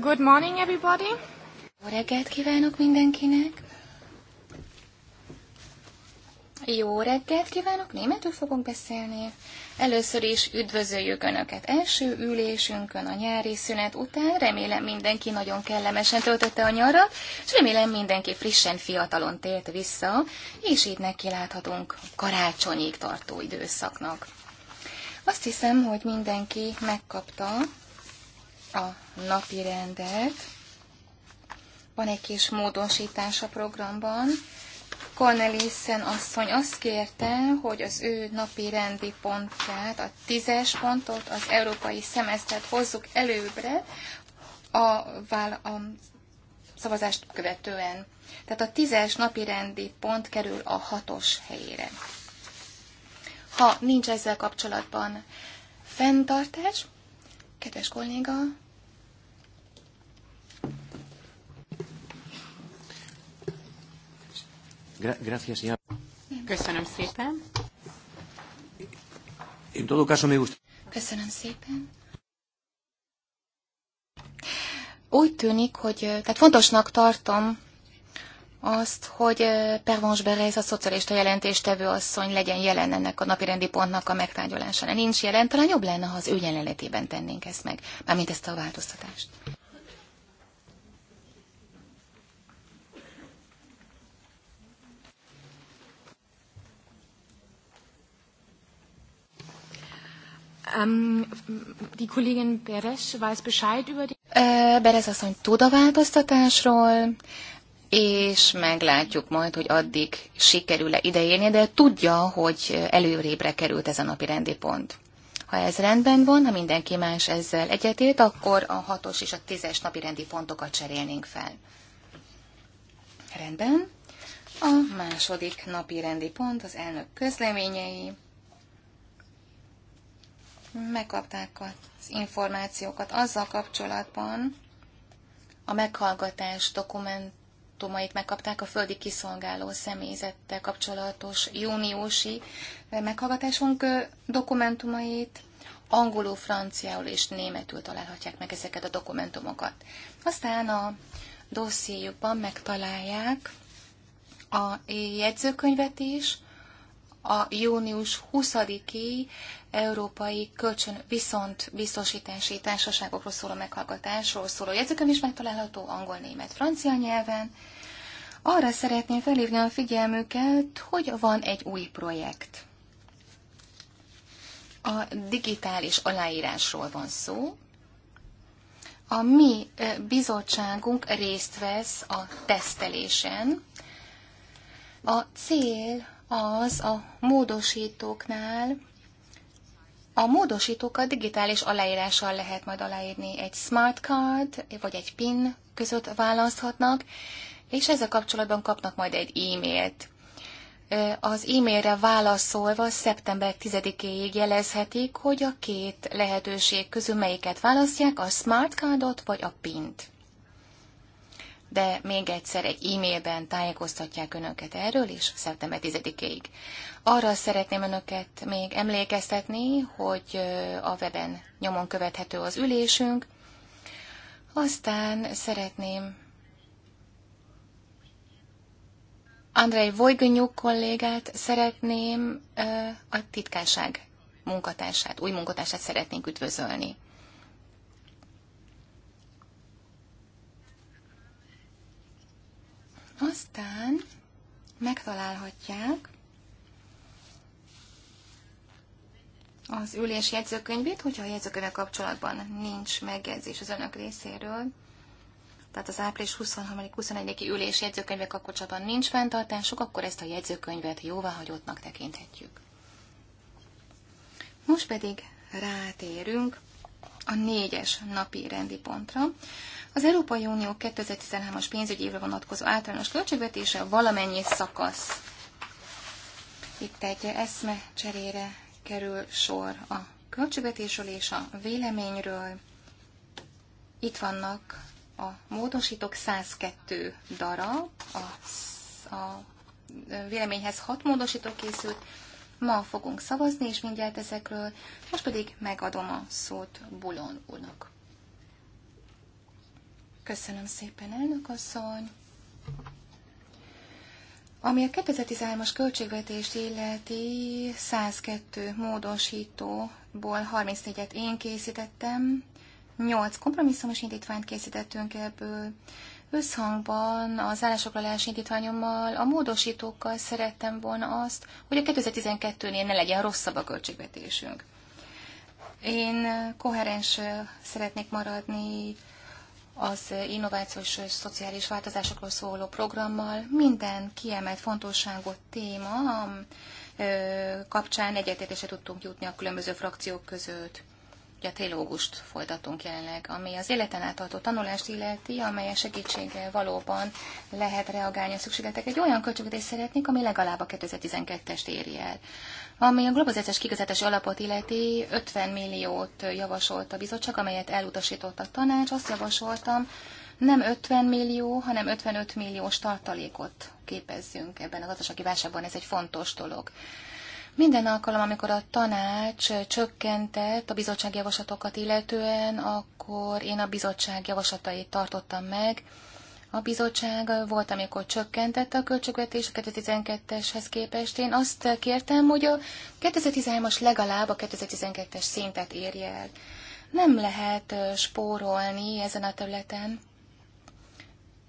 Good morning, everybody. Jó reggelt kívánok mindenkinek. Jó reggelt kívánok, németül fogok beszélni. Először is üdvözöljük Önöket első ülésünkön a nyári szünet után. Remélem mindenki nagyon kellemesen töltötte a nyarat, és remélem mindenki frissen, fiatalon tért vissza, és így neki láthatunk karácsonyig tartó időszaknak. Azt hiszem, hogy mindenki megkapta a napi rendet. Van egy kis módosítás a programban. Cornelissen asszony azt kérte, hogy az ő napi rendi pontját, a tízes pontot, az európai szemesztert hozzuk előbbre a, vál, a szavazást követően. Tehát a tízes napi rendi pont kerül a hatos helyére. Ha nincs ezzel kapcsolatban fenntartás, kedves kolléga, Köszönöm szépen. En todo caso me gusta. Köszönöm szépen. Úgy tűnik, hogy tehát fontosnak tartom azt, hogy Pervons Berez, a szocialista jelentéstevő asszony legyen jelen ennek a napirendi pontnak a megtárgyalásán. Nincs jelen, talán jobb lenne, ha az ő jelenlétében tennénk ezt meg, mármint ezt a változtatást. Um, die Kollegin Beres weiß Bescheid über die... Beres asszony tud a változtatásról, és meglátjuk majd, hogy addig sikerül-e ideérni, de tudja, hogy előrébre került ez a napi rendi pont. Ha ez rendben van, ha mindenki más ezzel egyetért, akkor a hatos és a tízes napi rendi pontokat cserélnénk fel. Rendben. A második napi rendi pont az elnök közleményei megkapták az információkat azzal kapcsolatban, a meghallgatás dokumentumait megkapták a földi kiszolgáló személyzettel kapcsolatos júniusi meghallgatásunk dokumentumait, angolul, franciául és németül találhatják meg ezeket a dokumentumokat. Aztán a dossziéjukban megtalálják a jegyzőkönyvet is, a június 20-i európai kölcsön viszont biztosítási társaságokról szóló meghallgatásról szóló jegyzőkönyv is megtalálható angol, német, francia nyelven. Arra szeretném felhívni a figyelmüket, hogy van egy új projekt. A digitális aláírásról van szó. A mi bizottságunk részt vesz a tesztelésen. A cél az a módosítóknál a módosítókat digitális aláírással lehet majd aláírni egy smart card vagy egy PIN között választhatnak, és ezzel kapcsolatban kapnak majd egy e-mailt. Az e-mailre válaszolva szeptember 10-éig jelezhetik, hogy a két lehetőség közül melyiket választják, a smart cardot vagy a PIN-t de még egyszer egy e-mailben tájékoztatják önöket erről is szeptember 10-ig. Arra szeretném önöket még emlékeztetni, hogy a weben nyomon követhető az ülésünk, aztán szeretném Andrei Vojgonyuk kollégát szeretném a titkárság munkatársát, új munkatársát szeretnénk üdvözölni. Aztán megtalálhatják az ülés jegyzőkönyvét, hogyha a jegyzőkönyve kapcsolatban nincs megjegyzés az önök részéről, tehát az április 23-21-i ülés jegyzőkönyvek kapcsolatban nincs fenntartásuk, akkor ezt a jegyzőkönyvet jóváhagyottnak tekinthetjük. Most pedig rátérünk a négyes napi rendi pontra, az Európai Unió 2013-as pénzügyi évre vonatkozó általános költségvetése valamennyi szakasz. Itt egy eszme cserére kerül sor a költségvetésről és a véleményről. Itt vannak a módosítók 102 darab, a, a véleményhez 6 módosító készült. Ma fogunk szavazni, és mindjárt ezekről. Most pedig megadom a szót Bulon úrnak. Köszönöm szépen, elnök asszony. Ami a 2013-as költségvetést illeti, 102 módosítóból 34-et én készítettem, 8 kompromisszumos indítványt készítettünk ebből. Összhangban az állásfoglalás indítványommal, a módosítókkal szerettem volna azt, hogy a 2012-nél ne legyen rosszabb a költségvetésünk. Én koherens szeretnék maradni az innovációs és szociális változásokról szóló programmal minden kiemelt fontosságú téma kapcsán egyetértésre tudtunk jutni a különböző frakciók között. Ugye a trilógust folytatunk jelenleg, ami az életen átartó tanulást illeti, amely segítséggel valóban lehet reagálni a szükségetek. Egy olyan költségvetést szeretnék, ami legalább a 2012-est éri el. Ami a globalizációs kigazatási alapot illeti, 50 milliót javasolt a bizottság, amelyet elutasított a tanács. Azt javasoltam, nem 50 millió, hanem 55 milliós tartalékot képezzünk ebben a gazdasági válságban. Ez egy fontos dolog. Minden alkalom, amikor a tanács csökkentett a bizottság javaslatokat illetően, akkor én a bizottság javaslatait tartottam meg. A bizottság volt, amikor csökkentette a költségvetés a 2012-eshez képest. Én azt kértem, hogy a 2013-as legalább a 2012-es szintet érje el. Nem lehet spórolni ezen a területen,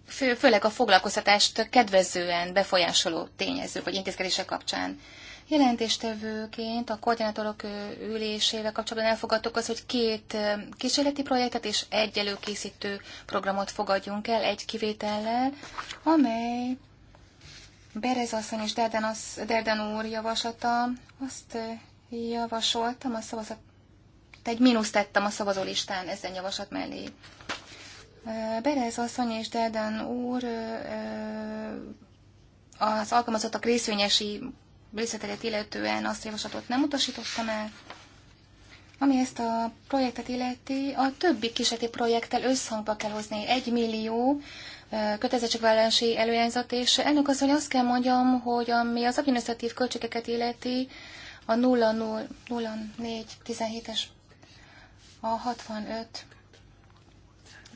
fő, főleg a foglalkoztatást kedvezően befolyásoló tényező vagy intézkedések kapcsán. Jelentéstevőként a koordinátorok ülésével kapcsolatban elfogadtuk az, hogy két kísérleti projektet és egy előkészítő programot fogadjunk el egy kivétellel, amely Berez asszony és Derden, az, Derden úr javaslata. Azt javasoltam a szavazat, egy mínuszt tettem a szavazólistán ezen javaslat mellé. Berez asszony és Derden úr az alkalmazottak részvényesi részletet illetően azt javaslatot nem utasítottam el. Ami ezt a projektet illeti, a többi kísérleti projekttel összhangba kell hozni. Egy millió kötelezettségvállalási előjelzat, és ennek az, hogy azt kell mondjam, hogy ami az administratív költségeket illeti, a 00417-es, a 65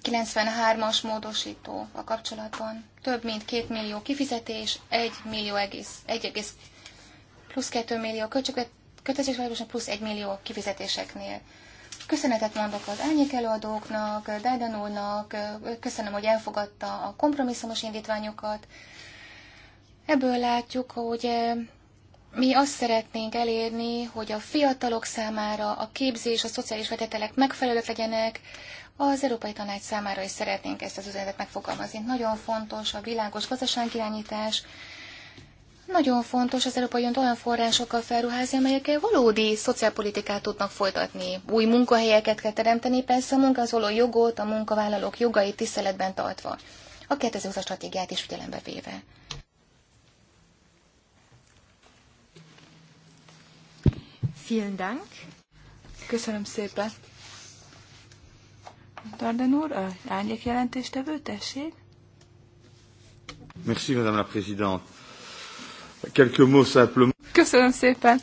93-as módosító a kapcsolatban. Több mint 2 millió kifizetés, 1 millió egész, plusz 2 millió kötelezettségvállaláson, plusz 1 millió kifizetéseknél. Köszönetet mondok az árnyék előadóknak, úrnak, köszönöm, hogy elfogadta a kompromisszumos indítványokat. Ebből látjuk, hogy eh, mi azt szeretnénk elérni, hogy a fiatalok számára a képzés, a szociális vetetelek megfelelő legyenek, az Európai Tanács számára is szeretnénk ezt az üzenetet megfogalmazni. Nagyon fontos a világos gazdaságirányítás, nagyon fontos az Európai Unió olyan forrásokkal felruházni, amelyekkel valódi szociálpolitikát tudnak folytatni. Új munkahelyeket kell teremteni, persze a munkahozoló jogot, a munkavállalók jogait tiszteletben tartva. A 2020-as stratégiát is figyelembe véve. Vielen Dank. Köszönöm szépen. Darden úr, árnyék jelentéstevő, tessék. Merci, Madame la Présidente quelques mots simplement. Köszönöm szépen,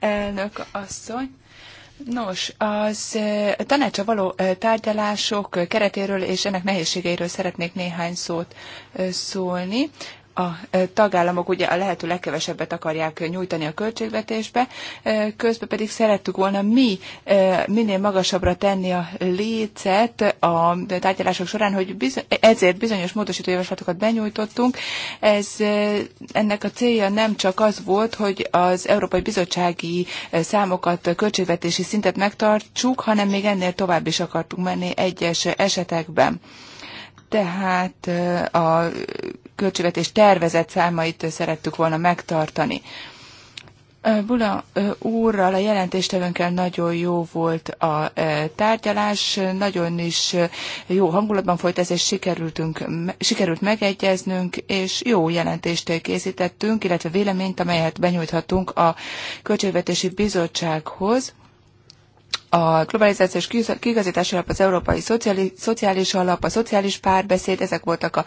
elnök asszony. Nos, az tanácsa való tárgyalások keretéről és ennek nehézségeiről szeretnék néhány szót szólni a e, tagállamok ugye a lehető legkevesebbet akarják nyújtani a költségvetésbe, e, közben pedig szerettük volna mi e, minél magasabbra tenni a lécet a tárgyalások során, hogy bizony, ezért bizonyos módosítójavaslatokat benyújtottunk. Ez, ennek a célja nem csak az volt, hogy az Európai Bizottsági számokat, költségvetési szintet megtartsuk, hanem még ennél tovább is akartunk menni egyes esetekben tehát a költségvetés tervezett számait szerettük volna megtartani. Bula úrral, a jelentéstevőnkkel nagyon jó volt a tárgyalás, nagyon is jó hangulatban folyt ez, és sikerültünk, sikerült megegyeznünk, és jó jelentést készítettünk, illetve véleményt, amelyet benyújthatunk a Költségvetési Bizottsághoz a globalizációs kigazítási alap, az európai szociális, szociális alap, a szociális párbeszéd, ezek voltak a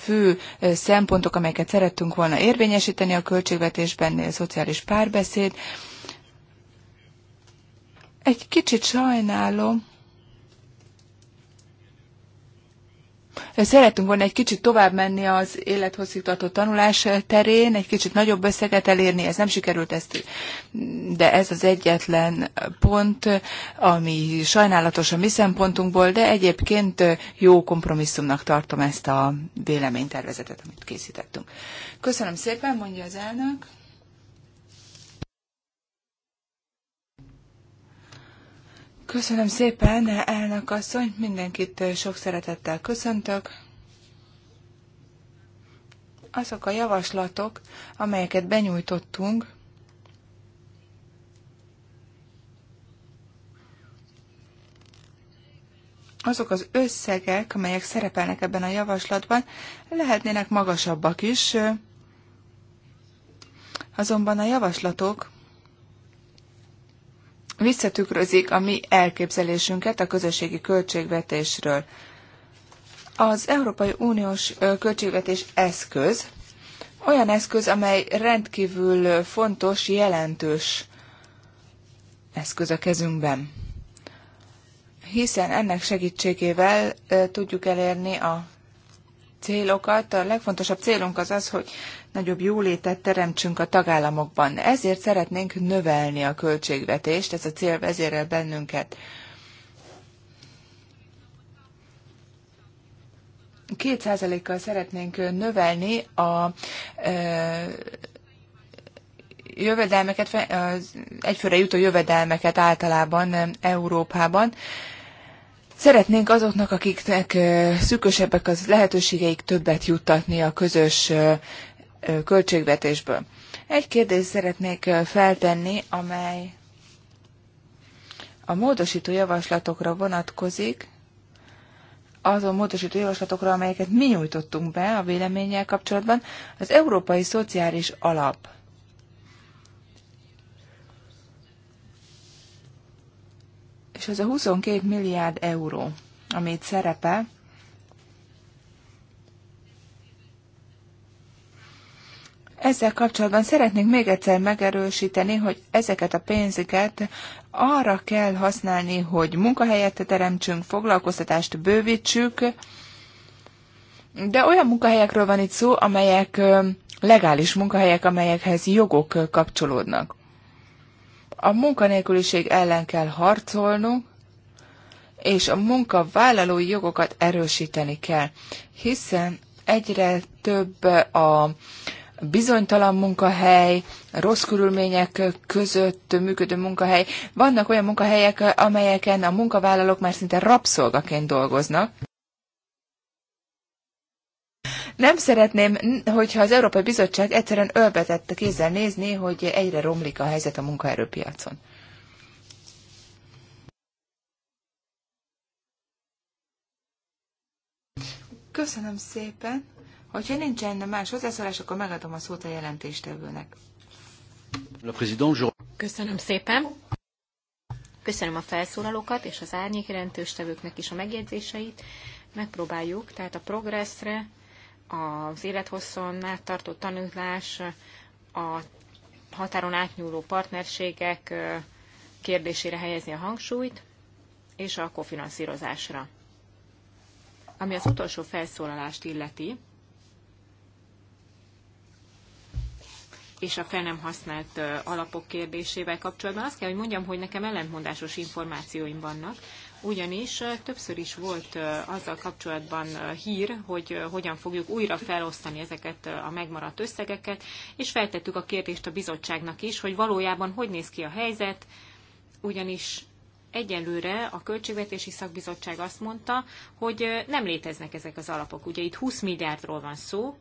fő szempontok, amelyeket szerettünk volna érvényesíteni a költségvetésben, a szociális párbeszéd. Egy kicsit sajnálom, Szeretünk volna egy kicsit tovább menni az élethosszígtató tanulás terén, egy kicsit nagyobb összeget elérni, ez nem sikerült, ezt, de ez az egyetlen pont, ami sajnálatos a mi szempontunkból, de egyébként jó kompromisszumnak tartom ezt a véleménytervezetet, amit készítettünk. Köszönöm szépen, mondja az elnök. Köszönöm szépen, elnök asszony, mindenkit sok szeretettel köszöntök. Azok a javaslatok, amelyeket benyújtottunk, azok az összegek, amelyek szerepelnek ebben a javaslatban, lehetnének magasabbak is, azonban a javaslatok visszatükrözik a mi elképzelésünket a közösségi költségvetésről. Az Európai Uniós költségvetés eszköz olyan eszköz, amely rendkívül fontos, jelentős eszköz a kezünkben. Hiszen ennek segítségével tudjuk elérni a célokat. A legfontosabb célunk az az, hogy nagyobb jólétet teremtsünk a tagállamokban. Ezért szeretnénk növelni a költségvetést, ez a cél vezérel bennünket. Két százalékkal szeretnénk növelni a e, jövedelmeket, az egyfőre jutó jövedelmeket általában Európában. Szeretnénk azoknak, akiknek szűkösebbek az lehetőségeik, többet juttatni a közös költségvetésből. Egy kérdést szeretnék feltenni, amely a módosító javaslatokra vonatkozik, azon módosító javaslatokra, amelyeket mi nyújtottunk be a véleménnyel kapcsolatban, az Európai Szociális Alap. És az a 22 milliárd euró, amit szerepel, Ezzel kapcsolatban szeretnénk még egyszer megerősíteni, hogy ezeket a pénzeket arra kell használni, hogy munkahelyet teremtsünk, foglalkoztatást bővítsük, de olyan munkahelyekről van itt szó, amelyek legális munkahelyek, amelyekhez jogok kapcsolódnak. A munkanélküliség ellen kell harcolnunk, és a munkavállalói jogokat erősíteni kell, hiszen egyre több a bizonytalan munkahely, rossz körülmények között működő munkahely. Vannak olyan munkahelyek, amelyeken a munkavállalók már szinte rabszolgaként dolgoznak. Nem szeretném, hogyha az Európai Bizottság egyszerűen ölbetette kézzel nézni, hogy egyre romlik a helyzet a munkaerőpiacon. Köszönöm szépen! Hogyha nincsen más hozzászólás, akkor megadom a szót a jelentéstevőnek. Köszönöm szépen. Köszönöm a felszólalókat és az árnyék jelentőstevőknek is a megjegyzéseit. Megpróbáljuk, tehát a progresszre, az élethosszon tartó tanulás, a határon átnyúló partnerségek kérdésére helyezni a hangsúlyt, és a kofinanszírozásra. Ami az utolsó felszólalást illeti, és a fel nem használt alapok kérdésével kapcsolatban azt kell, hogy mondjam, hogy nekem ellentmondásos információim vannak, ugyanis többször is volt azzal kapcsolatban hír, hogy hogyan fogjuk újra felosztani ezeket a megmaradt összegeket, és feltettük a kérdést a bizottságnak is, hogy valójában hogy néz ki a helyzet, ugyanis egyelőre a Költségvetési Szakbizottság azt mondta, hogy nem léteznek ezek az alapok. Ugye itt 20 milliárdról van szó,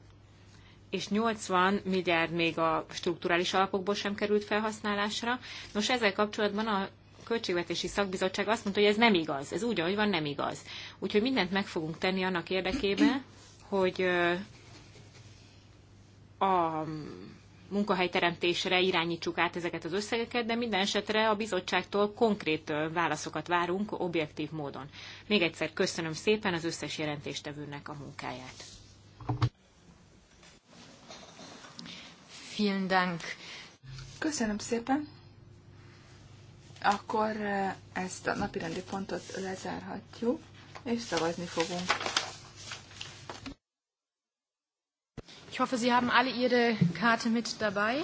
és 80 milliárd még a strukturális alapokból sem került felhasználásra. Nos, ezzel kapcsolatban a Költségvetési Szakbizottság azt mondta, hogy ez nem igaz, ez úgy, ahogy van, nem igaz. Úgyhogy mindent meg fogunk tenni annak érdekében, hogy a munkahelyteremtésre irányítsuk át ezeket az összegeket, de minden esetre a bizottságtól konkrét válaszokat várunk objektív módon. Még egyszer köszönöm szépen az összes jelentéstevőnek a munkáját. Vielen Dank. Köszönöm szépen. Akkor eh, ezt a napi rendi pontot lezárhatjuk, és szavazni fogunk. Ich hoffe, Sie haben alle Ihre Karte mit dabei.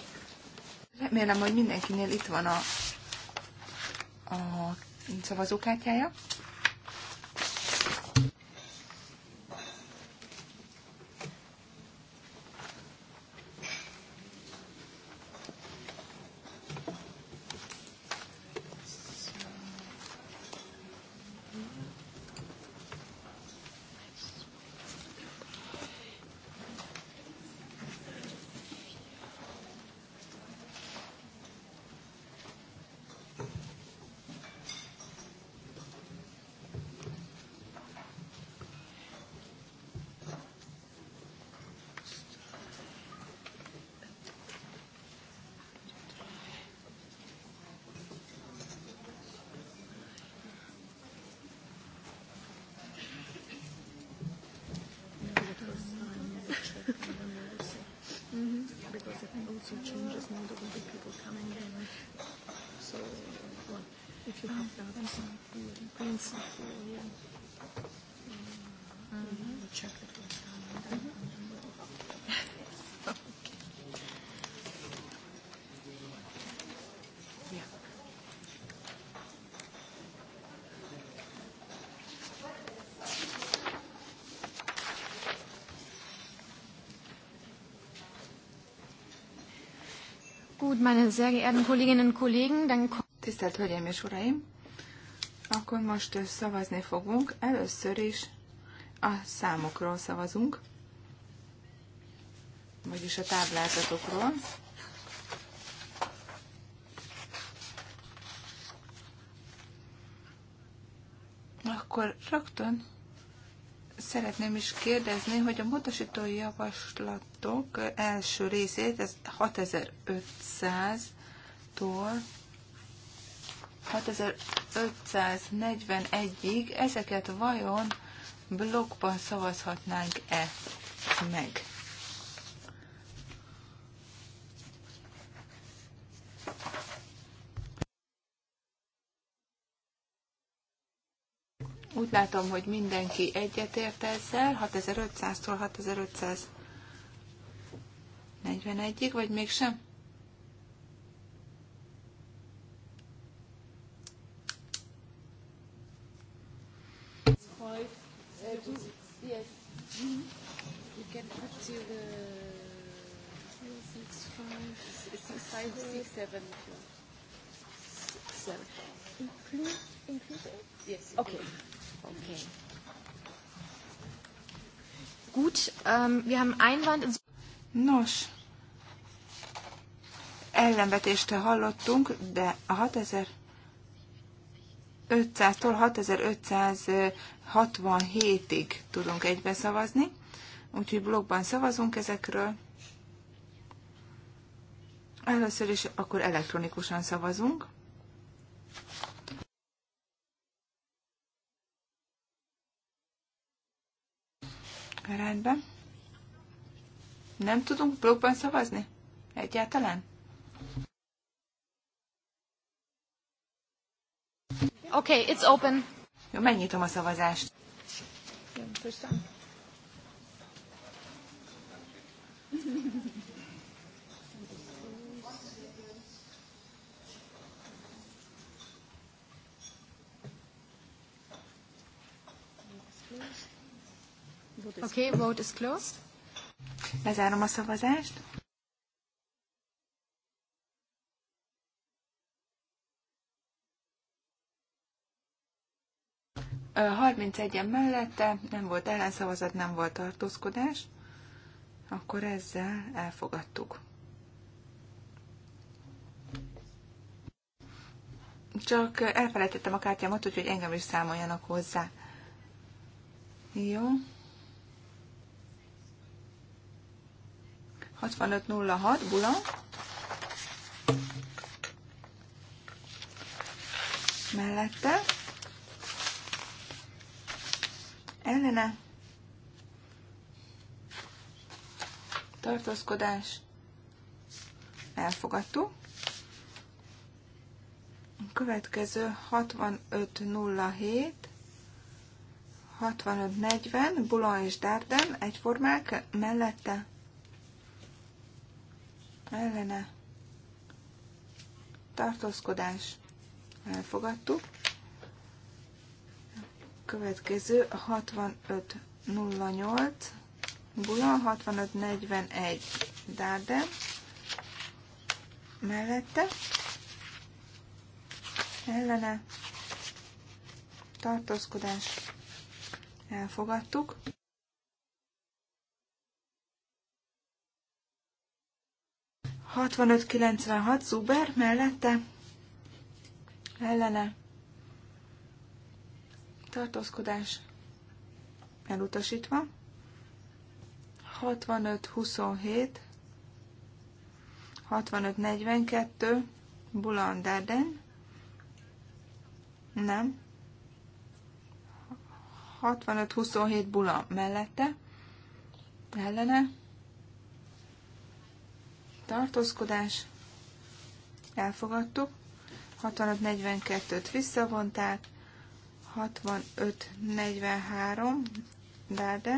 Remélem, hogy mindenkinél itt van a, a szavazókártyája. Gut, meine sehr geehrten Kolleginnen und Kollegen, dann... Tisztelt Hölgyeim és Uraim! Akkor most szavazni fogunk. Először is a számokról szavazunk, vagyis a táblázatokról. Akkor rögtön szeretném is kérdezni, hogy a módosító javaslatok első részét, ezt 6500-tól 6541-ig, ezeket vajon blokkban szavazhatnánk-e meg? Úgy látom, hogy mindenki egyetért ezzel, 6500-tól 41-ig, vagy mégsem? five, six, seven, Yes. Okay. Okay. Nos, ellenvetést hallottunk, de a 6000 500-tól 6567-ig tudunk egybe szavazni, úgyhogy blogban szavazunk ezekről. Először is akkor elektronikusan szavazunk. Rendben. Nem tudunk blogban szavazni? Egyáltalán? Okay, it's open. Jó, megnyitom a szavazást. Okay, vote is closed. Lezárom a szavazást. 31-en mellette nem volt ellenszavazat, nem volt tartózkodás, akkor ezzel elfogadtuk. Csak elfelejtettem a kártyámat, úgyhogy engem is számoljanak hozzá. Jó. 6506, bula. Mellette ellene tartózkodás elfogadtuk. Következő 6507 6540 Bulon és Darden egyformák mellette ellene tartózkodás elfogadtuk. Következő a 6508, Bula, 6541, Dárde, mellette, ellene, tartózkodás, elfogadtuk. Hatvanöt kilencvenhat Zuber mellette ellene tartózkodás elutasítva. 65-27, 65-42, Bulan nem, 65-27 Bula mellette, ellene, tartózkodás, elfogadtuk, 65-42-t visszavonták, 65-43 Dade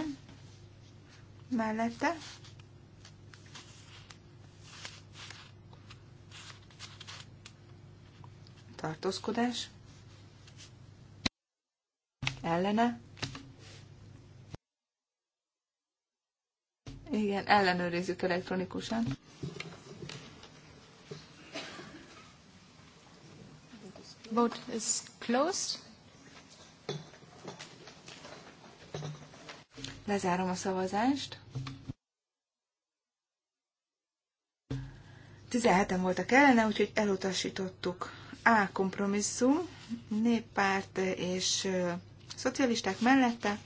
mellette. Tartózkodás. Ellene. Igen, ellenőrizzük elektronikusan. Vote is closed. Lezárom a szavazást. 17-en voltak ellene, úgyhogy elutasítottuk. A kompromisszum, néppárt és szocialisták mellette,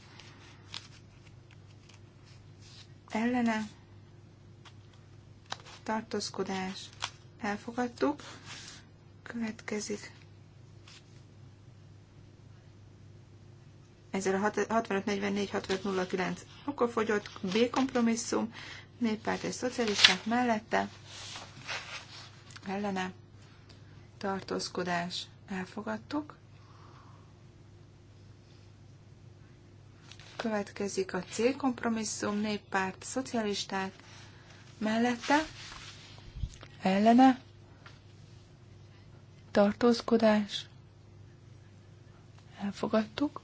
ellene, tartózkodás, elfogadtuk. Következik ezzel a 65-44-65-09 akkor fogyott B kompromisszum, néppárt és szocialisták mellette, ellene, tartózkodás, elfogadtuk. Következik a C kompromisszum, néppárt, szocialisták mellette, ellene, tartózkodás, elfogadtuk.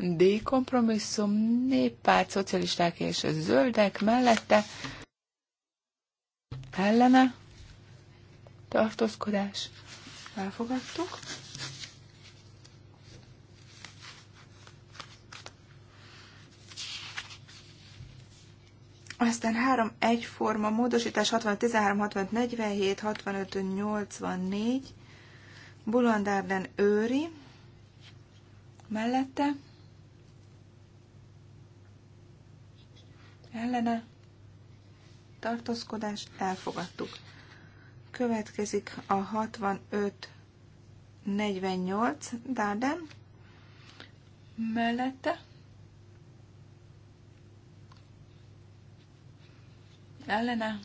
D kompromisszum, néppárt, szocialisták és zöldek mellette ellene tartózkodás. Elfogadtuk. Aztán 3 egyforma módosítás 60, 13, 60, 47, 65, 84, Bulandárden őri, mellette ellene tartózkodás elfogadtuk. Következik a 65-48 Darden mellette ellene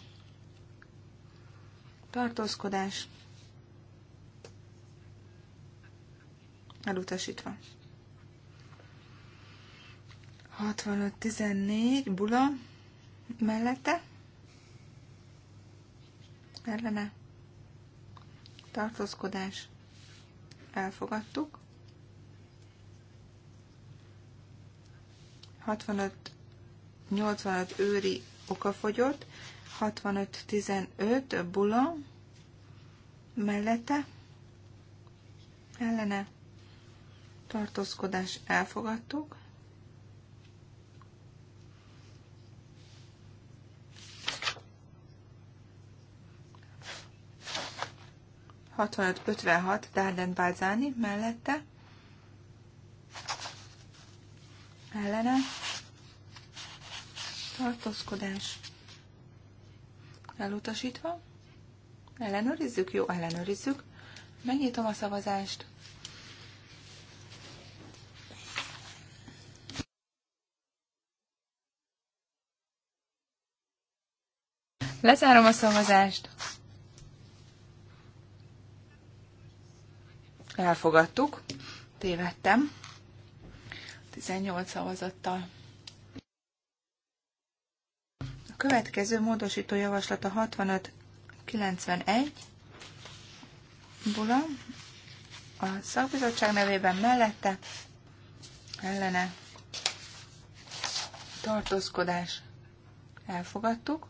tartózkodás elutasítva. 65-14, bula, mellette, ellene, tartózkodás, elfogadtuk. 65-85 őri okafogyott, 65-15 bula, mellette, ellene, tartózkodás, elfogadtuk. 65-56 Darden Balzani mellette. Ellene. Tartózkodás. Elutasítva. Ellenőrizzük? Jó, ellenőrizzük. Megnyitom a szavazást. Lezárom a szavazást. Elfogadtuk. Tévedtem. 18 szavazattal. A következő módosító javaslat a 6591. Bula a szakbizottság nevében mellette ellene tartózkodás elfogadtuk.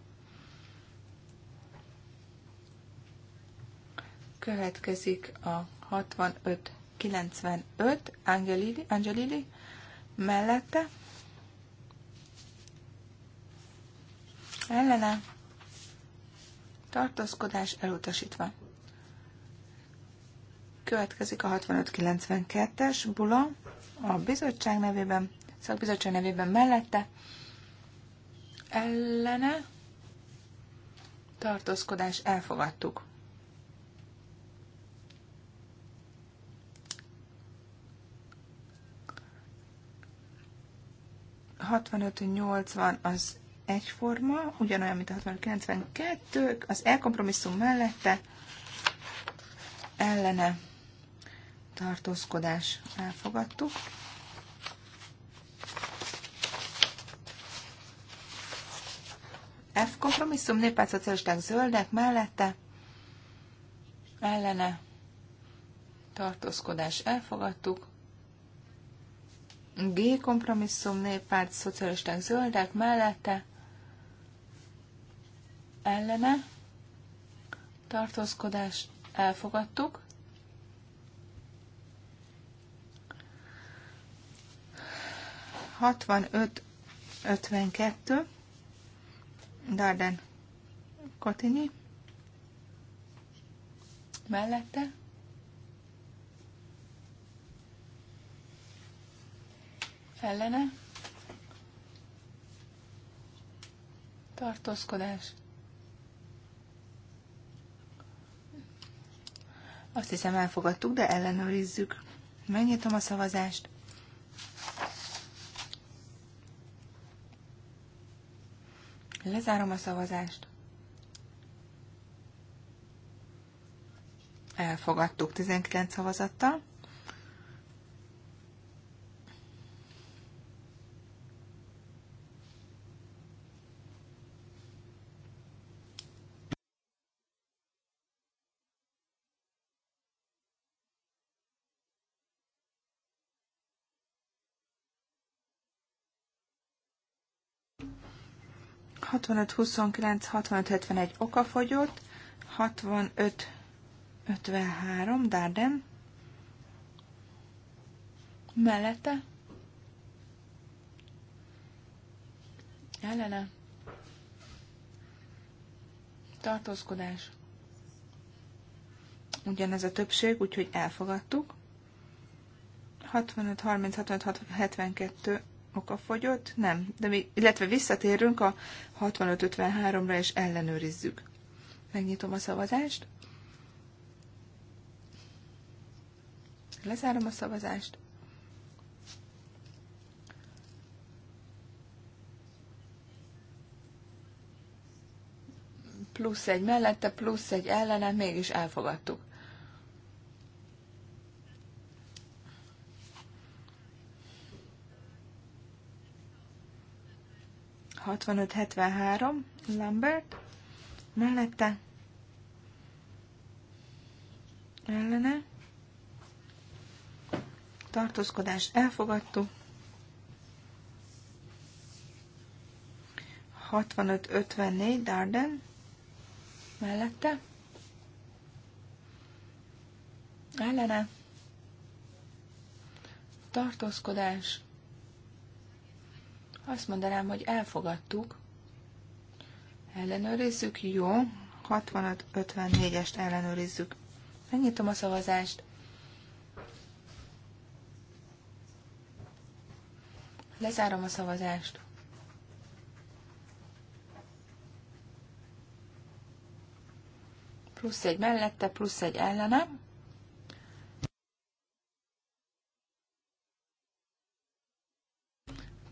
Következik a 65, 95, Angelili, Angelili mellette, ellene, tartózkodás elutasítva. Következik a 92 es bula a bizottság nevében, szakbizottság nevében mellette, ellene, tartózkodás elfogadtuk. 65-80 az egyforma, ugyanolyan, mint a 92, az elkompromisszum mellette ellene tartózkodás elfogadtuk. F kompromisszum, néppárt szocialisták zöldek mellette ellene tartózkodás elfogadtuk. G kompromisszum, néppárt, szocialisták, zöldek mellette, ellene, tartózkodás, elfogadtuk. ötven ötvenkettő, Darden Kotini mellette, ellene, tartózkodás. Azt hiszem elfogadtuk, de ellenőrizzük. Megnyitom a szavazást. Lezárom a szavazást. Elfogadtuk 19 szavazattal. 65, 29, 65, 71 okafogyott, 65, 53 Darden mellette ellene tartózkodás. Ugyanez a többség, úgyhogy elfogadtuk. 65, 30, 65, 72 okafogyott? Nem. De mi, illetve visszatérünk a 65-53-ra és ellenőrizzük. Megnyitom a szavazást. Lezárom a szavazást. Plusz egy mellette, plusz egy ellene, mégis elfogadtuk. 6573 Lambert, mellette, ellene, tartózkodás elfogadtuk, 6554 Darden, mellette, ellene, tartózkodás azt mondanám, hogy elfogadtuk. Ellenőrizzük, jó. 65-54-est ellenőrizzük. Megnyitom a szavazást. Lezárom a szavazást. Plusz egy mellette, plusz egy ellenem.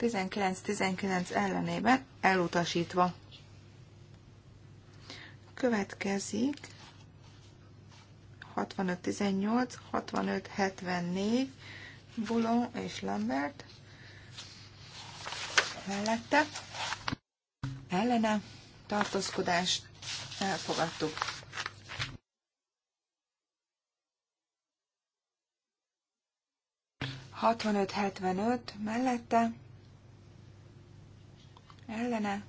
19-19 ellenében elutasítva. Következik 65-18, 65-74, Bulon és Lambert mellette. Ellene tartózkodást elfogadtuk. Hatvanöt, hetvenöt mellette ellene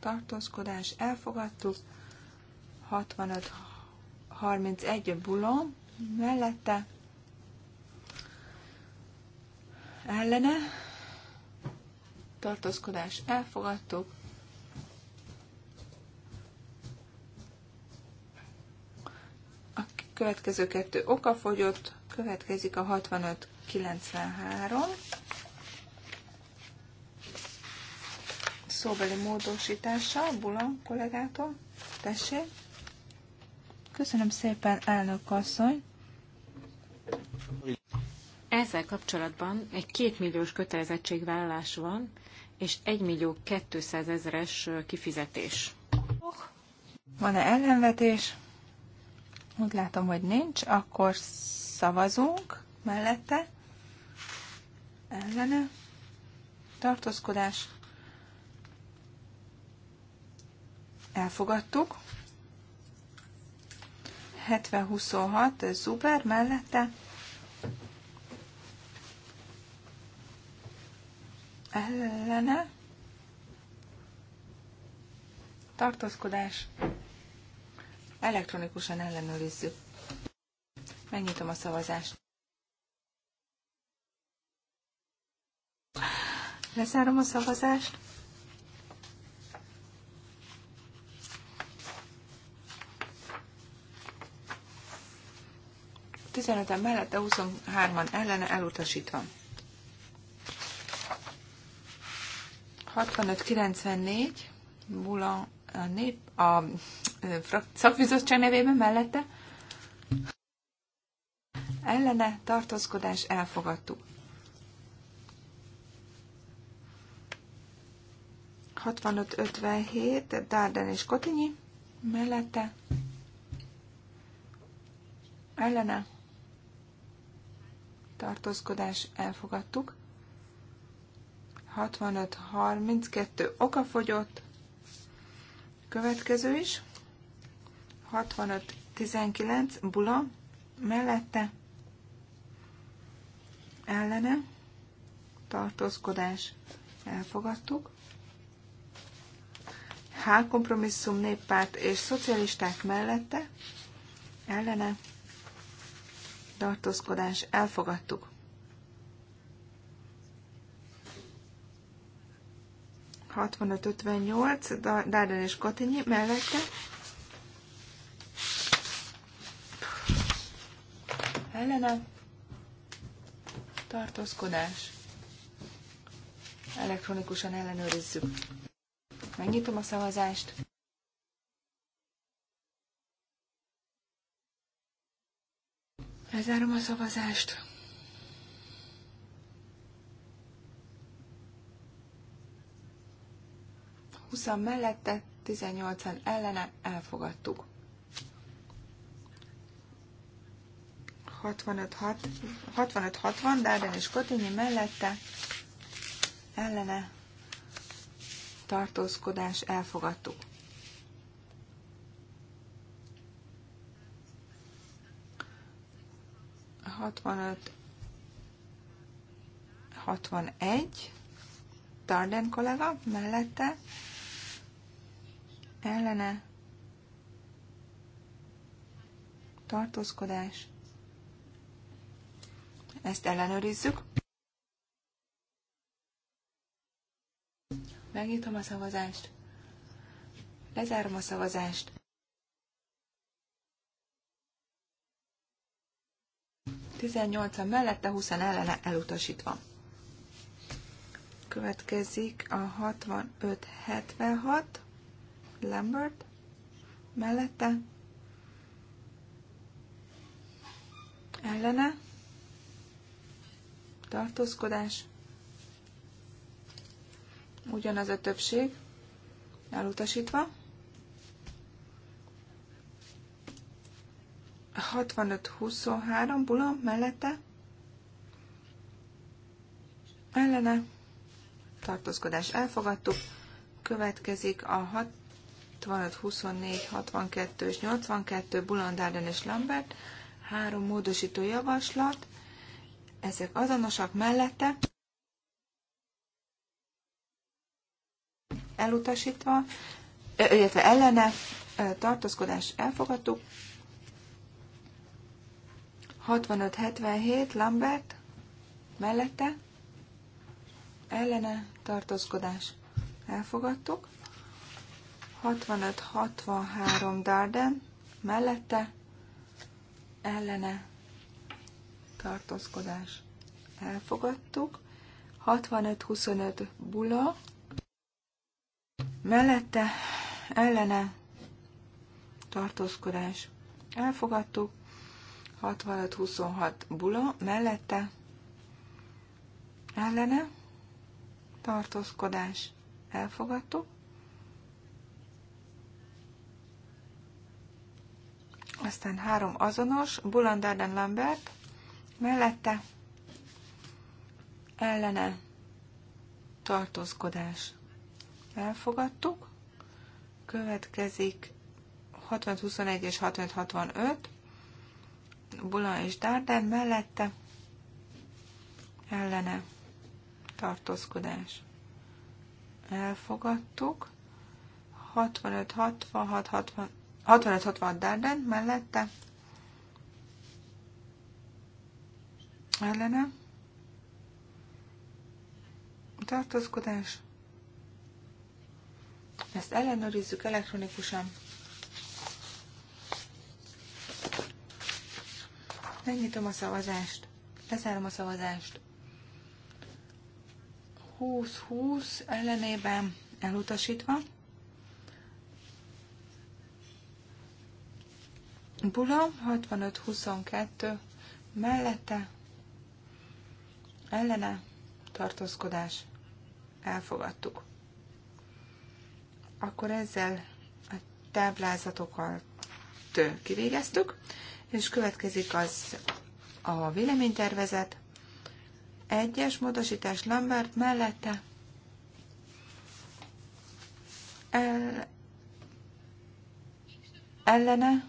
tartózkodás elfogadtuk, 65 31 bulon mellette ellene tartózkodás elfogadtuk, a következő kettő okafogyott, következik a 65 93 szóbeli módosítása Bula kollégától. Tessék. Köszönöm szépen, elnök asszony. Ezzel kapcsolatban egy kétmilliós kötelezettségvállalás van, és 1 millió 200 ezeres kifizetés. Van-e ellenvetés? Úgy látom, hogy nincs. Akkor szavazunk mellette. Ellene. Tartózkodás. elfogadtuk. 70-26 Zuber mellette. Ellene. Tartózkodás. Elektronikusan ellenőrizzük. Megnyitom a szavazást. Lezárom a szavazást. 15-en mellette, 23-an ellene elutasítva. 65-94, Bula a nép, a a szakbizottság nevében mellette, ellene tartózkodás elfogadtuk. 65-57, Darden és Kotinyi mellette, ellene tartózkodás elfogadtuk. 65-32 okafogyott, következő is. 65-19 bula, mellette, ellene, tartózkodás elfogadtuk. H kompromisszum néppárt és szocialisták mellette, ellene, tartózkodás, elfogadtuk. ...65-58, Darden és Kotinyi mellette. Helena. Tartózkodás. Elektronikusan ellenőrizzük. Megnyitom a szavazást. Lezárom a szavazást. Huszan mellette, 18-an ellene elfogadtuk. 65-60, Dárden és Kotinyi mellette ellene tartózkodás elfogadtuk. 65, 61, Darden kollega mellette, ellene, tartózkodás, ezt ellenőrizzük. Megnyitom a szavazást. Lezárom a szavazást. 18 mellette, 20 ellene elutasítva. Következik a 65-76, Lambert, mellette, ellene, tartózkodás, ugyanaz a többség, elutasítva. 65-23 bulon mellette ellene tartózkodás elfogadtuk. Következik a 65, 24, 62 és 82 Bulandárden és Lambert. Három módosító javaslat. Ezek azonosak mellette. Elutasítva, illetve ellene tartózkodás elfogadtuk. 65-77 Lambert mellette ellene tartózkodás elfogadtuk. 65-63 Darden mellette ellene tartózkodás elfogadtuk. 65-25 Bula mellette ellene tartózkodás elfogadtuk. 65-26 bula mellette ellene tartózkodás elfogadtuk. Aztán három azonos, Darden Lambert, mellette ellene tartózkodás elfogadtuk. Következik 65-21 és 65 Bula és Dárdán mellette ellene tartózkodás. Elfogadtuk. 65, 66, Dárdán Darden mellette. Ellene. Tartózkodás. Ezt ellenőrizzük elektronikusan. Megnyitom a szavazást. Leszárom a szavazást. 20-20 ellenében elutasítva. Bula 65-22 mellette ellene tartózkodás elfogadtuk. Akkor ezzel a táblázatokat kivégeztük és következik az a véleménytervezet. Egyes módosítás Lambert mellette el, ellene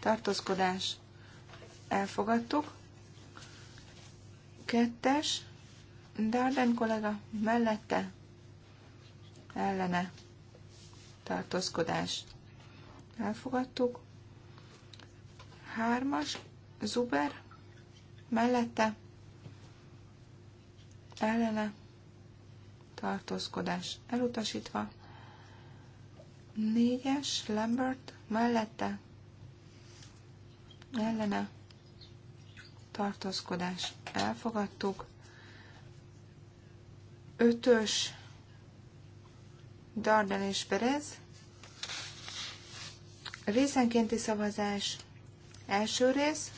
tartózkodás elfogadtuk. Kettes Darden kollega mellette ellene tartózkodás elfogadtuk. Hármas, Zuber, mellette, ellene, tartózkodás elutasítva. Négyes, Lambert, mellette, ellene, tartózkodás elfogadtuk. Ötös, Darden és Perez, részenkénti szavazás, Első rész.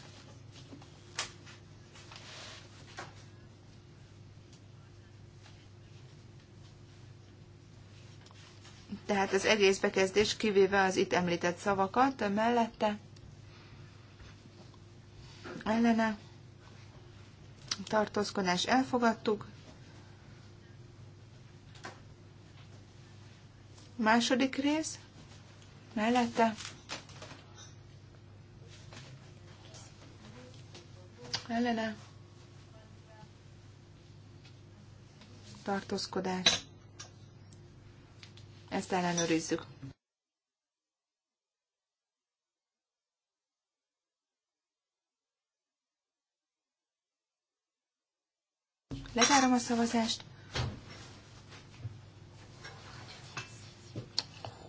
Tehát az egész bekezdés kivéve az itt említett szavakat mellette. Ellene. Tartózkodás elfogadtuk. Második rész. Mellette. ellene tartózkodás. Ezt ellenőrizzük. Lezárom a szavazást.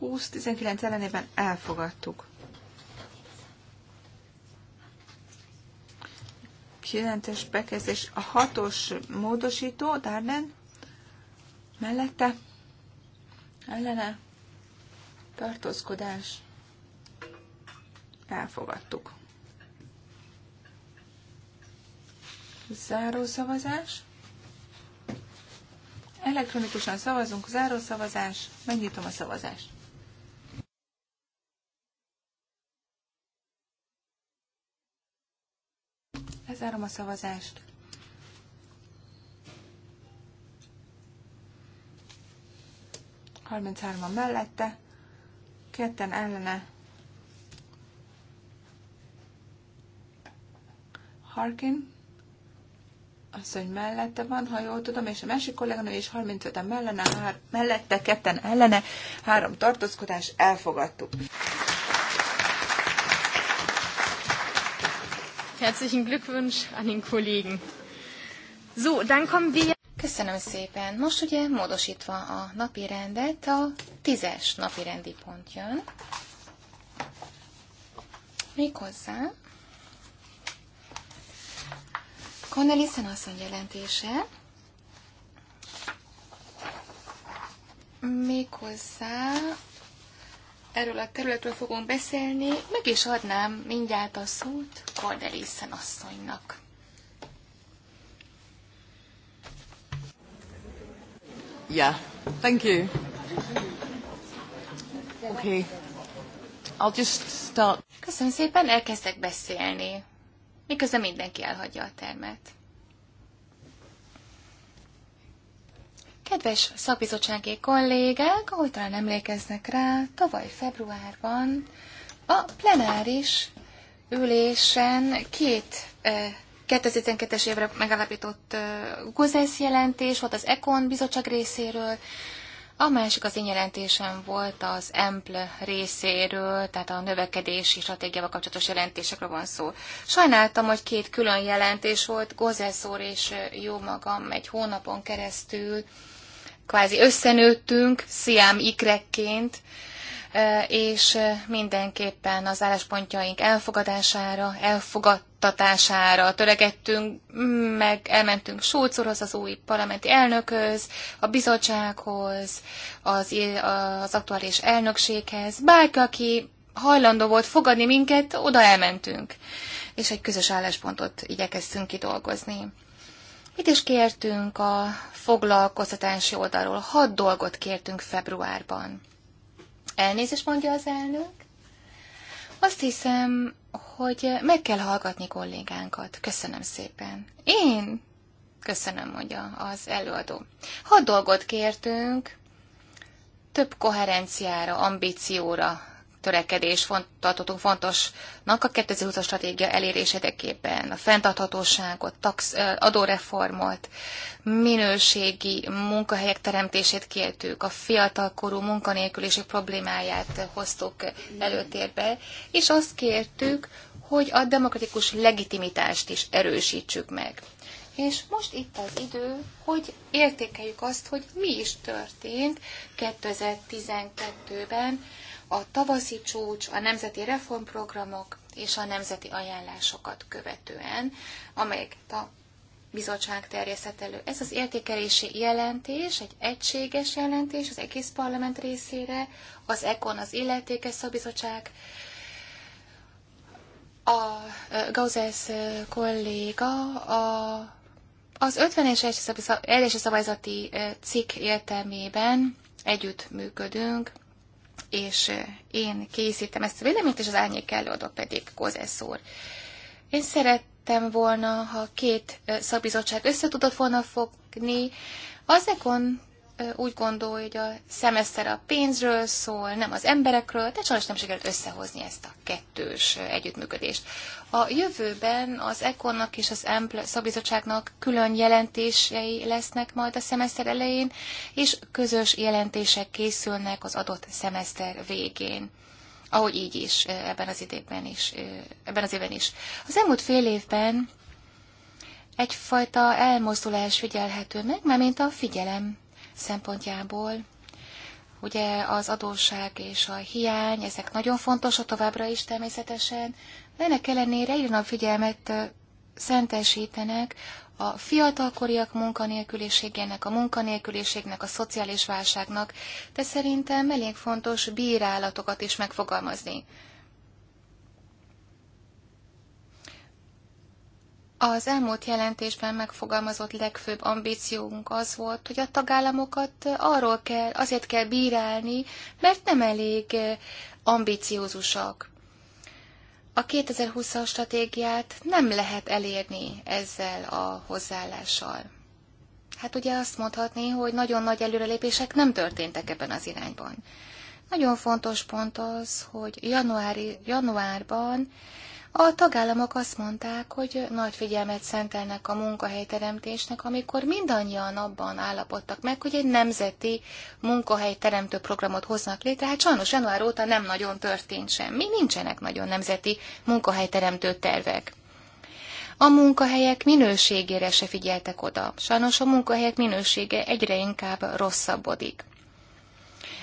20-19 ellenében elfogadtuk. jelentős bekezdés. A hatos módosító, Darden, mellette, ellene, tartózkodás, elfogadtuk. Záró szavazás. Elektronikusan szavazunk, záró szavazás, megnyitom a szavazást. Lezárom a szavazást. Harminchárman mellette, ketten ellene. Harkin, asszony mellette van, ha jól tudom, és a másik kolléganő is 35-en mellette, ketten ellene, három tartózkodás, elfogadtuk. Herzlichen Glückwunsch an den Kollegen. So, dann kommen wir... Köszönöm szépen. Most ugye módosítva a napi rendet, a tízes napi rendi pont jön. Méghozzá Cornelissen asszony jelentése, méghozzá erről a területről fogunk beszélni, meg is adnám mindjárt a szót Kordelészen asszonynak. Yeah, thank you. Okay. I'll just start. Köszönöm szépen, elkezdek beszélni, miközben mindenki elhagyja a termet. Kedves szakbizottsági kollégák, ahogy talán emlékeznek rá, tavaly februárban a plenáris ülésen két 2012-es évre megalapított GUZESZ jelentés volt az ECON bizottság részéről, a másik az én jelentésem volt az EMPL részéről, tehát a növekedési stratégiával kapcsolatos jelentésekről van szó. Sajnáltam, hogy két külön jelentés volt, Gozeszór és jó magam egy hónapon keresztül kvázi összenőttünk, sziám ikrekként, e, és e, mindenképpen az álláspontjaink elfogadására, elfogadtatására töregettünk, meg elmentünk Schulz az új parlamenti elnökhöz, a bizottsághoz, az, az aktuális elnökséghez. Bárki, aki hajlandó volt fogadni minket, oda elmentünk, és egy közös álláspontot igyekeztünk kidolgozni. Mit is kértünk a foglalkoztatási oldalról? Hat dolgot kértünk februárban. Elnézést mondja az elnök. Azt hiszem, hogy meg kell hallgatni kollégánkat. Köszönöm szépen. Én? Köszönöm, mondja az előadó. Hat dolgot kértünk, több koherenciára, ambícióra törekedés font, tartottunk fontosnak a 2020-as stratégia érdekében. A fenntarthatóságot, tax, adóreformot, minőségi munkahelyek teremtését kértük, a fiatalkorú munkanélküliség problémáját hoztuk előtérbe, és azt kértük, hogy a demokratikus legitimitást is erősítsük meg. És most itt az idő, hogy értékeljük azt, hogy mi is történt 2012-ben a tavaszi csúcs, a nemzeti reformprogramok és a nemzeti ajánlásokat követően, amelyeket a bizottság terjesztett elő. Ez az értékelési jelentés, egy egységes jelentés az egész parlament részére, az ECON, az illetékes szabizottság, a Gauzes kolléga a, az 50 és 1 szabályzati cikk értelmében együttműködünk, és én készítem ezt a véleményt, és az árnyék előadó pedig Kozesz úr. Én szerettem volna, ha két szakbizottság összetudott volna fogni, azekon úgy gondolja, hogy a szemeszter a pénzről szól, nem az emberekről, de sajnos nem sikerült összehozni ezt a kettős együttműködést. A jövőben az Ekonnak és az EMPL szabizottságnak külön jelentései lesznek majd a szemeszter elején, és közös jelentések készülnek az adott szemeszter végén ahogy így is, ebben az időben is, ebben az évben is. Az elmúlt fél évben egyfajta elmozdulás figyelhető meg, mert mint a figyelem szempontjából. Ugye az adósság és a hiány, ezek nagyon fontosak továbbra is természetesen, de ennek ellenére egyre a figyelmet szentesítenek a fiatalkoriak munkanélküliségének, a munkanélküliségnek, a szociális válságnak, de szerintem elég fontos bírálatokat is megfogalmazni. Az elmúlt jelentésben megfogalmazott legfőbb ambíciónk az volt, hogy a tagállamokat arról kell, azért kell bírálni, mert nem elég eh, ambiciózusak. A 2020-as stratégiát nem lehet elérni ezzel a hozzáállással. Hát ugye azt mondhatni, hogy nagyon nagy előrelépések nem történtek ebben az irányban. Nagyon fontos pont az, hogy januári, januárban a tagállamok azt mondták, hogy nagy figyelmet szentelnek a munkahelyteremtésnek, amikor mindannyian abban állapodtak meg, hogy egy nemzeti munkahelyteremtő programot hoznak létre. Hát sajnos január óta nem nagyon történt semmi, nincsenek nagyon nemzeti munkahelyteremtő tervek. A munkahelyek minőségére se figyeltek oda. Sajnos a munkahelyek minősége egyre inkább rosszabbodik.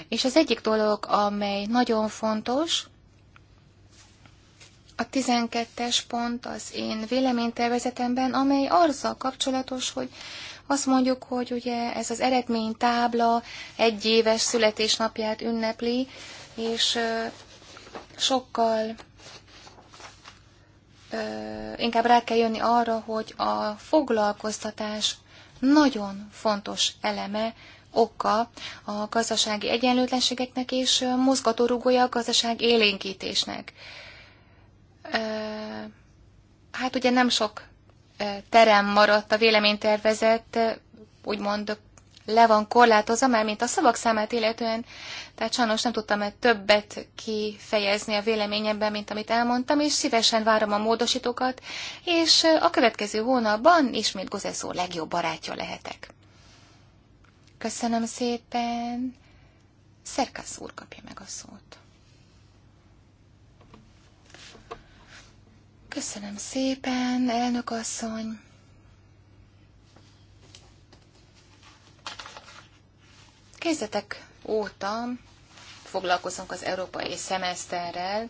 És az egyik dolog, amely nagyon fontos, a 12-es pont az én véleménytervezetemben, amely azzal kapcsolatos, hogy azt mondjuk, hogy ugye ez az eredménytábla egy éves születésnapját ünnepli, és sokkal inkább rá kell jönni arra, hogy a foglalkoztatás nagyon fontos eleme, oka a gazdasági egyenlőtlenségeknek és mozgatórugója a gazdaság élénkítésnek hát ugye nem sok terem maradt a véleménytervezet, úgymond le van korlátozva, már mint a szavak számát illetően, tehát sajnos nem tudtam -e többet kifejezni a véleményemben, mint amit elmondtam, és szívesen várom a módosítókat, és a következő hónapban ismét Gozeszó legjobb barátja lehetek. Köszönöm szépen! Szerkasz úr kapja meg a szót. Köszönöm szépen, elnök asszony. Kezdetek óta foglalkozunk az európai szemeszterrel.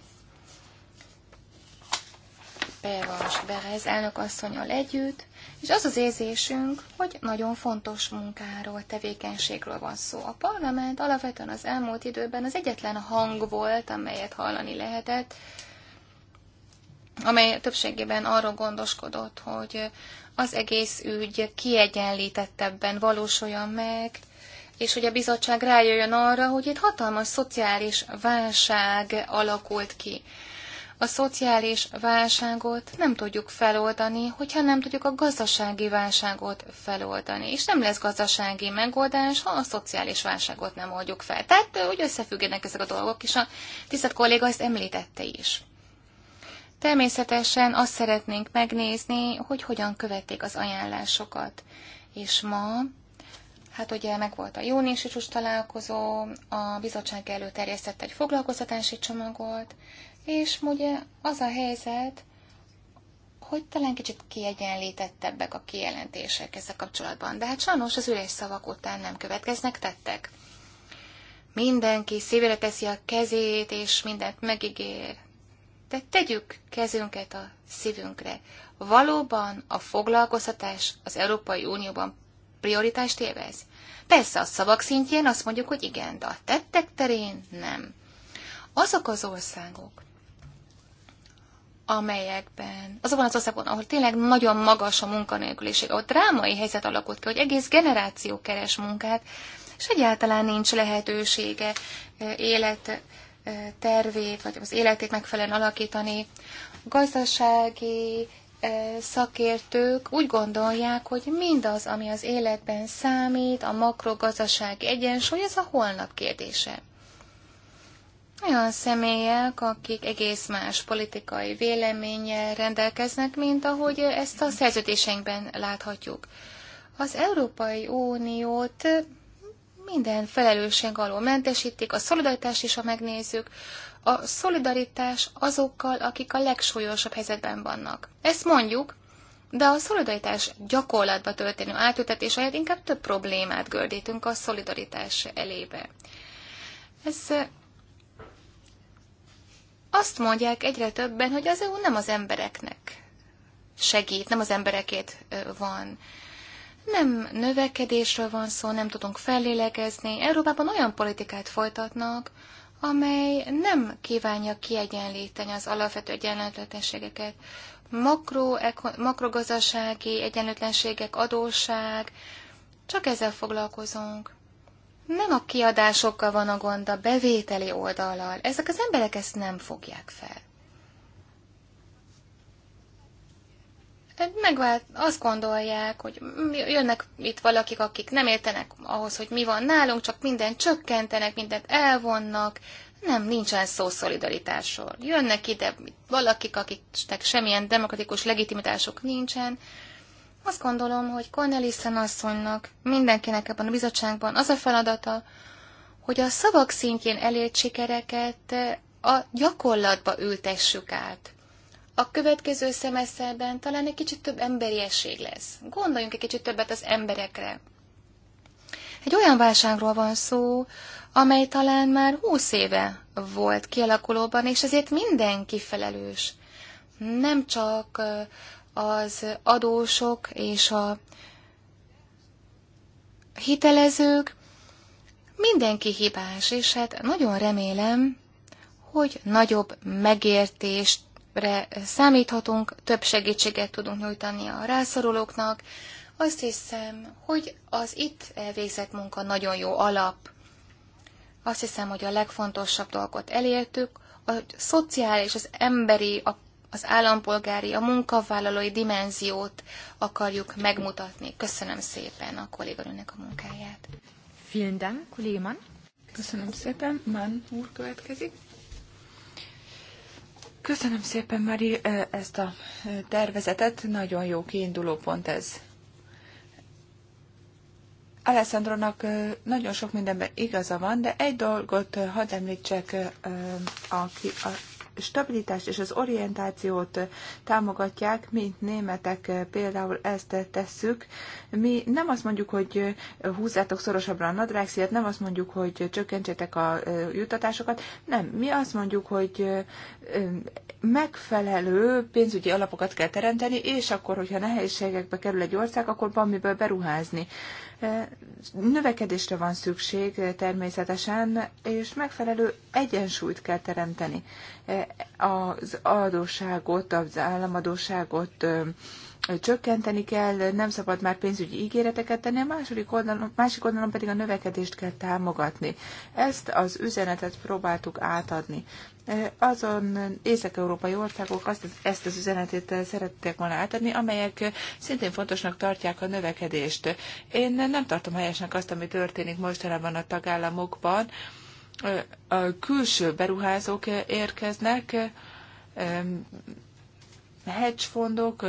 Pervas Berez elnök asszonyal együtt, és az az érzésünk, hogy nagyon fontos munkáról, tevékenységről van szó. A parlament alapvetően az elmúlt időben az egyetlen hang volt, amelyet hallani lehetett, amely többségében arról gondoskodott, hogy az egész ügy kiegyenlítettebben valósuljon meg, és hogy a bizottság rájöjjön arra, hogy itt hatalmas szociális válság alakult ki. A szociális válságot nem tudjuk feloldani, hogyha nem tudjuk a gazdasági válságot feloldani. És nem lesz gazdasági megoldás, ha a szociális válságot nem oldjuk fel. Tehát, hogy összefüggenek ezek a dolgok, és a tisztelt kolléga ezt említette is. Természetesen azt szeretnénk megnézni, hogy hogyan követték az ajánlásokat. És ma, hát ugye meg volt a júniusi csúcs találkozó, a bizottság előterjesztett egy foglalkoztatási csomagot, és ugye az a helyzet, hogy talán kicsit kiegyenlítettebbek a kijelentések ezzel kapcsolatban. De hát sajnos az üres szavak után nem következnek tettek. Mindenki szívére teszi a kezét, és mindent megígér. De tegyük kezünket a szívünkre. Valóban a foglalkoztatás az Európai Unióban prioritást élvez? Persze a szavak szintjén azt mondjuk, hogy igen, de a tettek terén nem. Azok az országok, amelyekben, azokban az országban, ahol tényleg nagyon magas a munkanélküliség, ahol drámai helyzet alakult ki, hogy egész generáció keres munkát, és egyáltalán nincs lehetősége eh, élet tervét, vagy az életét megfelelően alakítani. A gazdasági szakértők úgy gondolják, hogy mindaz, ami az életben számít, a makrogazdasági egyensúly, ez a holnap kérdése. Olyan személyek, akik egész más politikai véleménnyel rendelkeznek, mint ahogy ezt a szerződéseinkben láthatjuk. Az Európai Uniót minden felelősség alól mentesítik, a szolidaritást is, ha megnézzük, a szolidaritás azokkal, akik a legsúlyosabb helyzetben vannak. Ezt mondjuk, de a szolidaritás gyakorlatba történő átültetés helyett inkább több problémát gördítünk a szolidaritás elébe. Ez azt mondják egyre többen, hogy az EU nem az embereknek segít, nem az emberekét van. Nem növekedésről van szó, nem tudunk fellélegezni. Európában olyan politikát folytatnak, amely nem kívánja kiegyenlíteni az alapvető egyenlőtlenségeket. Makro, makrogazdasági egyenlőtlenségek, adósság, csak ezzel foglalkozunk. Nem a kiadásokkal van a gond, a bevételi oldallal. Ezek az emberek ezt nem fogják fel. Tehát megvált, azt gondolják, hogy jönnek itt valakik, akik nem értenek ahhoz, hogy mi van nálunk, csak mindent csökkentenek, mindent elvonnak. Nem, nincsen szó szolidaritásról. Jönnek ide valakik, akiknek semmilyen demokratikus legitimitások nincsen. Azt gondolom, hogy Cornelissen asszonynak, mindenkinek ebben a bizottságban az a feladata, hogy a szavak szintjén elért sikereket a gyakorlatba ültessük át a következő szemeszterben talán egy kicsit több emberiesség lesz. Gondoljunk egy kicsit többet az emberekre. Egy olyan válságról van szó, amely talán már húsz éve volt kialakulóban, és ezért mindenki felelős. Nem csak az adósok és a hitelezők, mindenki hibás, és hát nagyon remélem, hogy nagyobb megértést segítségre számíthatunk, több segítséget tudunk nyújtani a rászorulóknak. Azt hiszem, hogy az itt elvégzett munka nagyon jó alap. Azt hiszem, hogy a legfontosabb dolgot elértük, a szociális, az emberi, a az állampolgári, a munkavállalói dimenziót akarjuk megmutatni. Köszönöm szépen a kolléganőnek a munkáját. Vielen Dank, Köszönöm szépen. Mann úr következik. Köszönöm szépen, Mari, ezt a tervezetet. Nagyon jó kiinduló pont ez. Alessandronak nagyon sok mindenben igaza van, de egy dolgot hadd említsek a, a stabilitást és az orientációt támogatják, mint németek például ezt tesszük. Mi nem azt mondjuk, hogy húzzátok szorosabbra a nadrágszíjat, nem azt mondjuk, hogy csökkentsétek a juttatásokat, nem. Mi azt mondjuk, hogy megfelelő pénzügyi alapokat kell teremteni, és akkor, hogyha nehézségekbe kerül egy ország, akkor miből beruházni. Növekedésre van szükség természetesen, és megfelelő egyensúlyt kell teremteni. Az adóságot, az államadóságot csökkenteni kell, nem szabad már pénzügyi ígéreteket tenni, a második oldalon, másik oldalon pedig a növekedést kell támogatni. Ezt az üzenetet próbáltuk átadni. E, azon észak-európai országok azt, ezt az üzenetét szerettek volna átadni, amelyek szintén fontosnak tartják a növekedést. Én nem tartom helyesnek azt, ami történik mostanában a tagállamokban. E, a külső beruházók érkeznek, e, hedgefondok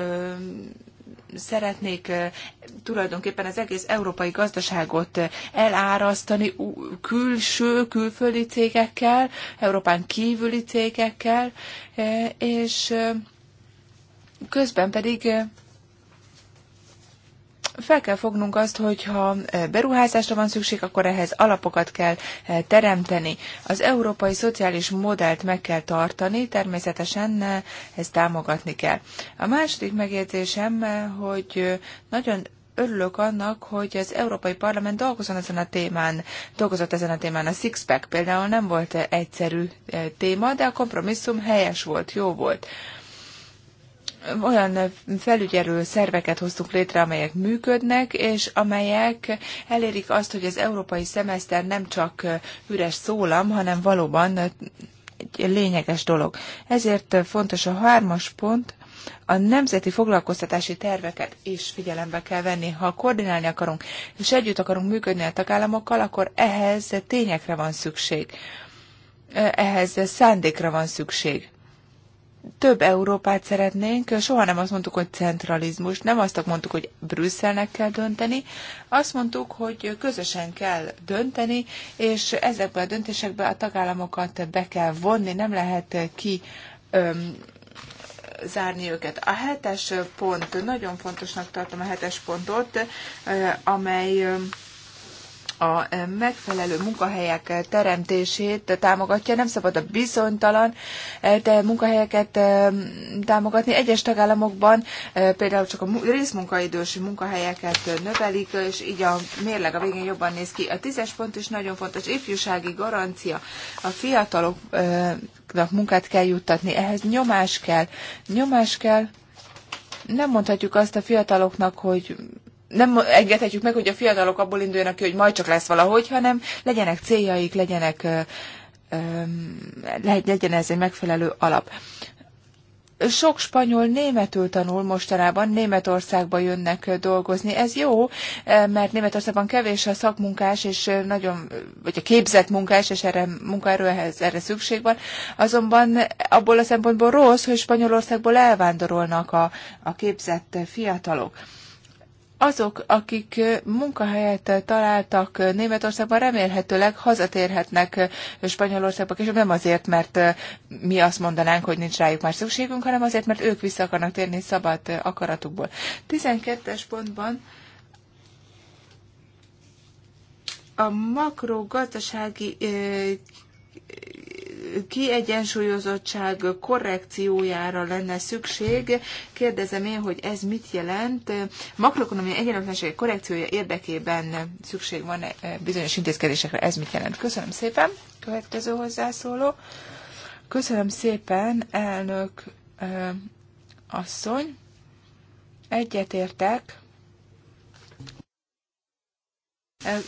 szeretnék tulajdonképpen az egész európai gazdaságot elárasztani külső, külföldi cégekkel, Európán kívüli cégekkel, és közben pedig fel kell fognunk azt, hogyha e, beruházásra van szükség, akkor ehhez alapokat kell e, teremteni. Az európai szociális modellt meg kell tartani, természetesen e, ezt támogatni kell. A második megjegyzésem, hogy nagyon örülök annak, hogy az Európai Parlament dolgozott ezen a témán, dolgozott ezen a témán. A Sixpack például nem volt egyszerű téma, de a kompromisszum helyes volt, jó volt olyan felügyelő szerveket hoztunk létre, amelyek működnek, és amelyek elérik azt, hogy az európai szemeszter nem csak üres szólam, hanem valóban egy lényeges dolog. Ezért fontos a hármas pont, a nemzeti foglalkoztatási terveket is figyelembe kell venni. Ha koordinálni akarunk, és együtt akarunk működni a tagállamokkal, akkor ehhez tényekre van szükség. Ehhez szándékra van szükség több Európát szeretnénk, soha nem azt mondtuk, hogy centralizmus, nem azt mondtuk, hogy Brüsszelnek kell dönteni, azt mondtuk, hogy közösen kell dönteni, és ezekben a döntésekben a tagállamokat be kell vonni, nem lehet ki öm, zárni őket. A hetes pont, nagyon fontosnak tartom a hetes pontot, amely a megfelelő munkahelyek teremtését támogatja. Nem szabad a bizonytalan de eh, munkahelyeket eh, támogatni. Egyes tagállamokban eh, például csak a részmunkaidős munkahelyeket növelik, és így a mérleg a végén jobban néz ki. A tízes pont is nagyon fontos, ifjúsági garancia. A fiataloknak munkát kell juttatni, ehhez nyomás kell. Nyomás kell. Nem mondhatjuk azt a fiataloknak, hogy nem engedhetjük meg, hogy a fiatalok abból induljanak ki, hogy majd csak lesz valahogy, hanem legyenek céljaik, legyenek, legyen ez egy megfelelő alap. Sok spanyol németül tanul mostanában, Németországba jönnek dolgozni. Ez jó, mert Németországban kevés a szakmunkás, és nagyon, vagy a képzett munkás, és erre ehhez, erre szükség van. Azonban abból a szempontból rossz, hogy Spanyolországból elvándorolnak a, a képzett fiatalok azok, akik munkahelyet találtak Németországban, remélhetőleg hazatérhetnek Spanyolországba, és nem azért, mert mi azt mondanánk, hogy nincs rájuk már szükségünk, hanem azért, mert ők vissza akarnak térni szabad akaratukból. 12-es pontban a makrogazdasági kiegyensúlyozottság korrekciójára lenne szükség. Kérdezem én, hogy ez mit jelent? Makroekonomiai egyenlőtlenség korrekciója érdekében szükség van -e bizonyos intézkedésekre. Ez mit jelent? Köszönöm szépen. Következő hozzászóló. Köszönöm szépen, elnök asszony. Egyetértek.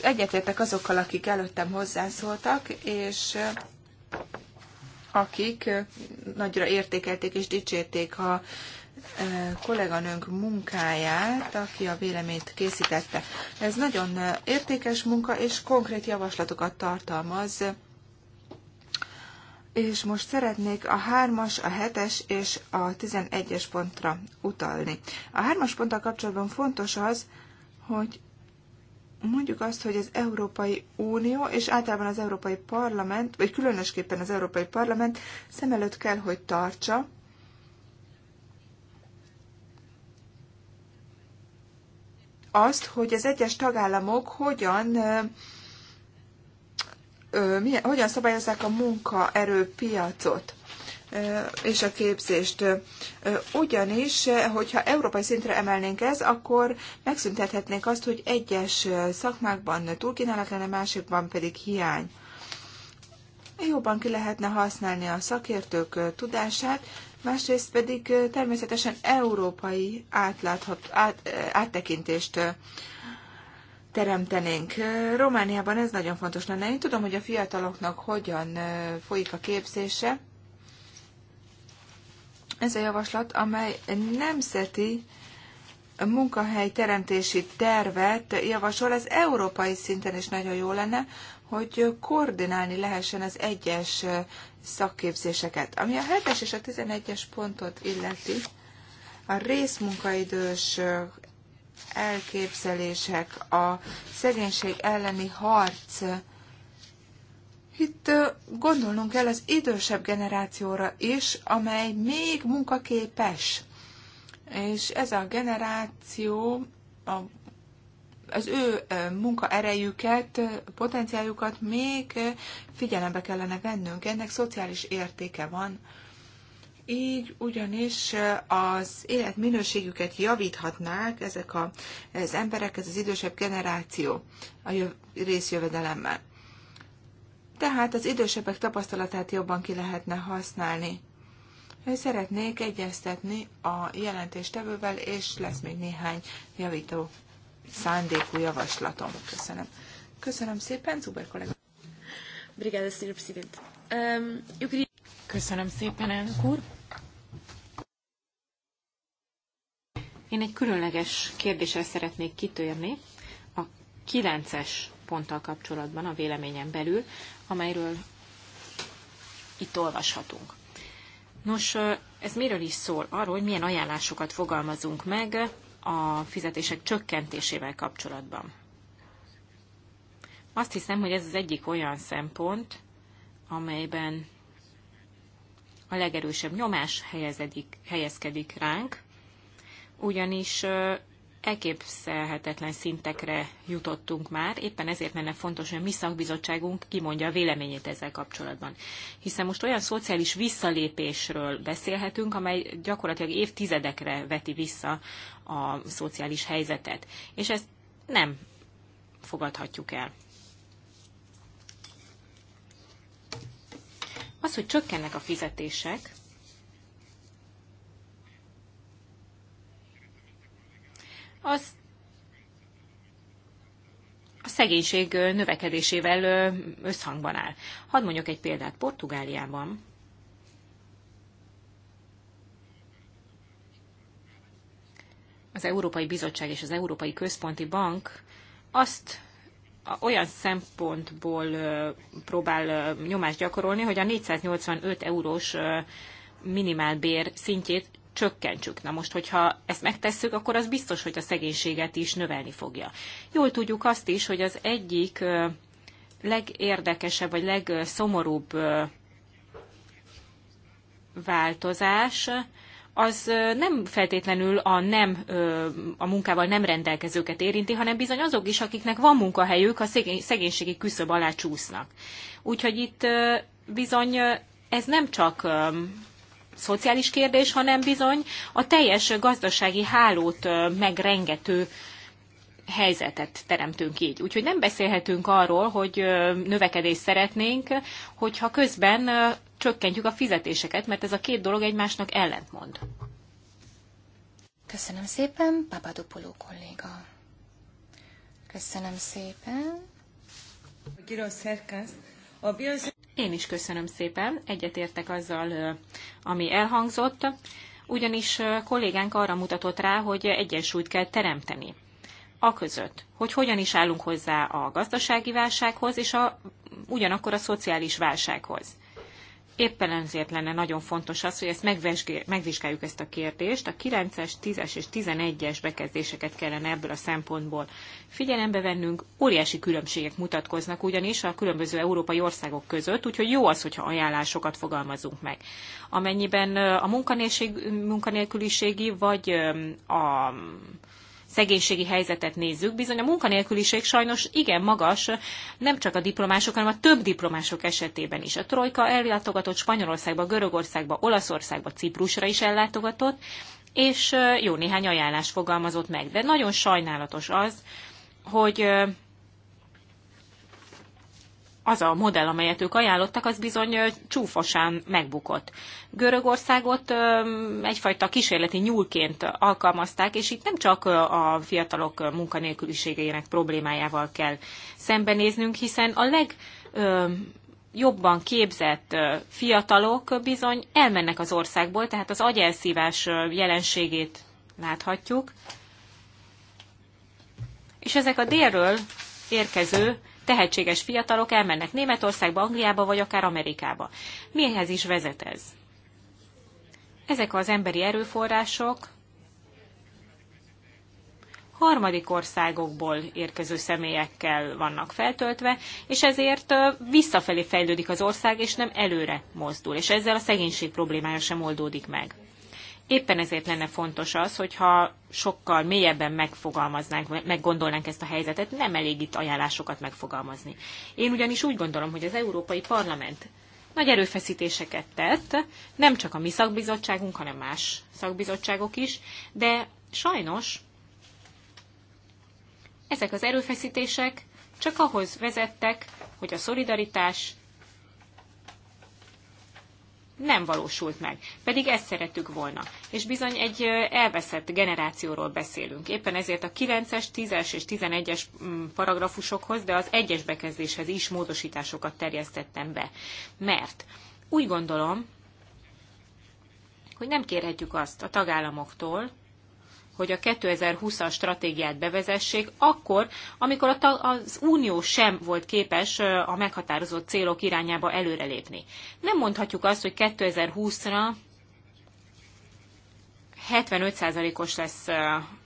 Egyetértek azokkal, akik előttem hozzászóltak, és akik nagyra értékelték és dicsérték a kolléganőnk munkáját, aki a véleményt készítette. Ez nagyon értékes munka, és konkrét javaslatokat tartalmaz. És most szeretnék a 3-as, a 7-es és a 11-es pontra utalni. A 3-as ponttal kapcsolatban fontos az, hogy mondjuk azt, hogy az Európai Unió és általában az Európai Parlament, vagy különösképpen az Európai Parlament szem előtt kell, hogy tartsa, azt, hogy az egyes tagállamok hogyan milyen, hogyan szabályozzák a munkaerőpiacot és a képzést. Ugyanis, hogyha európai szintre emelnénk ez, akkor megszüntethetnék azt, hogy egyes szakmákban túlkínálat lenne, másikban pedig hiány. Jobban ki lehetne használni a szakértők tudását, másrészt pedig természetesen európai átláthat, át, áttekintést teremtenénk. Romániában ez nagyon fontos lenne. Én tudom, hogy a fiataloknak hogyan folyik a képzése, ez a javaslat, amely nemzeti munkahely teremtési tervet javasol, ez európai szinten is nagyon jó lenne, hogy koordinálni lehessen az egyes szakképzéseket. Ami a 7-es és a 11-es pontot illeti, a részmunkaidős elképzelések, a szegénység elleni harc itt gondolnunk kell az idősebb generációra is, amely még munkaképes. És ez a generáció a, az ő munkaerejüket, potenciáljukat még figyelembe kellene vennünk. Ennek szociális értéke van. Így ugyanis az életminőségüket javíthatnák ezek a, az emberek, ez az idősebb generáció a jöv, részjövedelemmel tehát az idősebbek tapasztalatát jobban ki lehetne használni. Szeretnék egyeztetni a jelentéstevővel, és lesz még néhány javító szándékú javaslatom. Köszönöm. Köszönöm szépen, Zuber kollega. Obrigada, Sr. Köszönöm szépen, elnök úr. Én egy különleges kérdéssel szeretnék kitörni a 9-es ponttal kapcsolatban a véleményen belül, amelyről itt olvashatunk. Nos, ez miről is szól? Arról, hogy milyen ajánlásokat fogalmazunk meg a fizetések csökkentésével kapcsolatban. Azt hiszem, hogy ez az egyik olyan szempont, amelyben a legerősebb nyomás helyezedik, helyezkedik ránk, ugyanis elképzelhetetlen szintekre jutottunk már, éppen ezért lenne fontos, hogy a mi szakbizottságunk kimondja a véleményét ezzel kapcsolatban. Hiszen most olyan szociális visszalépésről beszélhetünk, amely gyakorlatilag évtizedekre veti vissza a szociális helyzetet. És ezt nem fogadhatjuk el. Az, hogy csökkennek a fizetések, az a szegénység növekedésével összhangban áll. Hadd mondjuk egy példát. Portugáliában az Európai Bizottság és az Európai Központi Bank azt olyan szempontból próbál nyomást gyakorolni, hogy a 485 eurós minimálbér szintjét csökkentsük. Na most, hogyha ezt megtesszük, akkor az biztos, hogy a szegénységet is növelni fogja. Jól tudjuk azt is, hogy az egyik legérdekesebb vagy legszomorúbb változás az nem feltétlenül a, nem, a munkával nem rendelkezőket érinti, hanem bizony azok is, akiknek van munkahelyük, a szegénységi küszöb alá csúsznak. Úgyhogy itt bizony ez nem csak szociális kérdés, hanem bizony a teljes gazdasági hálót megrengető helyzetet teremtünk így. Úgyhogy nem beszélhetünk arról, hogy növekedést szeretnénk, hogyha közben csökkentjük a fizetéseket, mert ez a két dolog egymásnak ellentmond. Köszönöm szépen, Papadopoló kolléga. Köszönöm szépen. a én is köszönöm szépen, egyetértek azzal, ami elhangzott, ugyanis kollégánk arra mutatott rá, hogy egyensúlyt kell teremteni. A között, hogy hogyan is állunk hozzá a gazdasági válsághoz és a, ugyanakkor a szociális válsághoz. Éppen ezért lenne nagyon fontos az, hogy ezt megvizsgáljuk ezt a kérdést. A 9-es, 10-es és 11-es bekezdéseket kellene ebből a szempontból figyelembe vennünk. Óriási különbségek mutatkoznak ugyanis a különböző európai országok között, úgyhogy jó az, hogyha ajánlásokat fogalmazunk meg. Amennyiben a munkanélküliségi vagy a szegénységi helyzetet nézzük, bizony a munkanélküliség sajnos igen magas, nem csak a diplomások, hanem a több diplomások esetében is. A Trojka ellátogatott Spanyolországba, Görögországba, Olaszországba, Ciprusra is ellátogatott, és jó néhány ajánlást fogalmazott meg. De nagyon sajnálatos az, hogy az a modell, amelyet ők ajánlottak, az bizony csúfosan megbukott. Görögországot egyfajta kísérleti nyúlként alkalmazták, és itt nem csak a fiatalok munkanélküliségének problémájával kell szembenéznünk, hiszen a leg jobban képzett fiatalok bizony elmennek az országból, tehát az agyelszívás jelenségét láthatjuk. És ezek a délről érkező tehetséges fiatalok elmennek Németországba, Angliába vagy akár Amerikába. Mihez is vezet ez? Ezek az emberi erőforrások harmadik országokból érkező személyekkel vannak feltöltve, és ezért visszafelé fejlődik az ország, és nem előre mozdul, és ezzel a szegénység problémája sem oldódik meg. Éppen ezért lenne fontos az, hogyha sokkal mélyebben megfogalmaznánk, meggondolnánk ezt a helyzetet, nem elég itt ajánlásokat megfogalmazni. Én ugyanis úgy gondolom, hogy az Európai Parlament nagy erőfeszítéseket tett, nem csak a mi szakbizottságunk, hanem más szakbizottságok is, de sajnos ezek az erőfeszítések csak ahhoz vezettek, hogy a szolidaritás nem valósult meg. Pedig ezt szerettük volna. És bizony egy elveszett generációról beszélünk. Éppen ezért a 9-es, 10-es és 11-es mm, paragrafusokhoz, de az egyes bekezdéshez is módosításokat terjesztettem be. Mert úgy gondolom, hogy nem kérhetjük azt a tagállamoktól, hogy a 2020-as stratégiát bevezessék, akkor, amikor az Unió sem volt képes a meghatározott célok irányába előrelépni. Nem mondhatjuk azt, hogy 2020-ra 75%-os lesz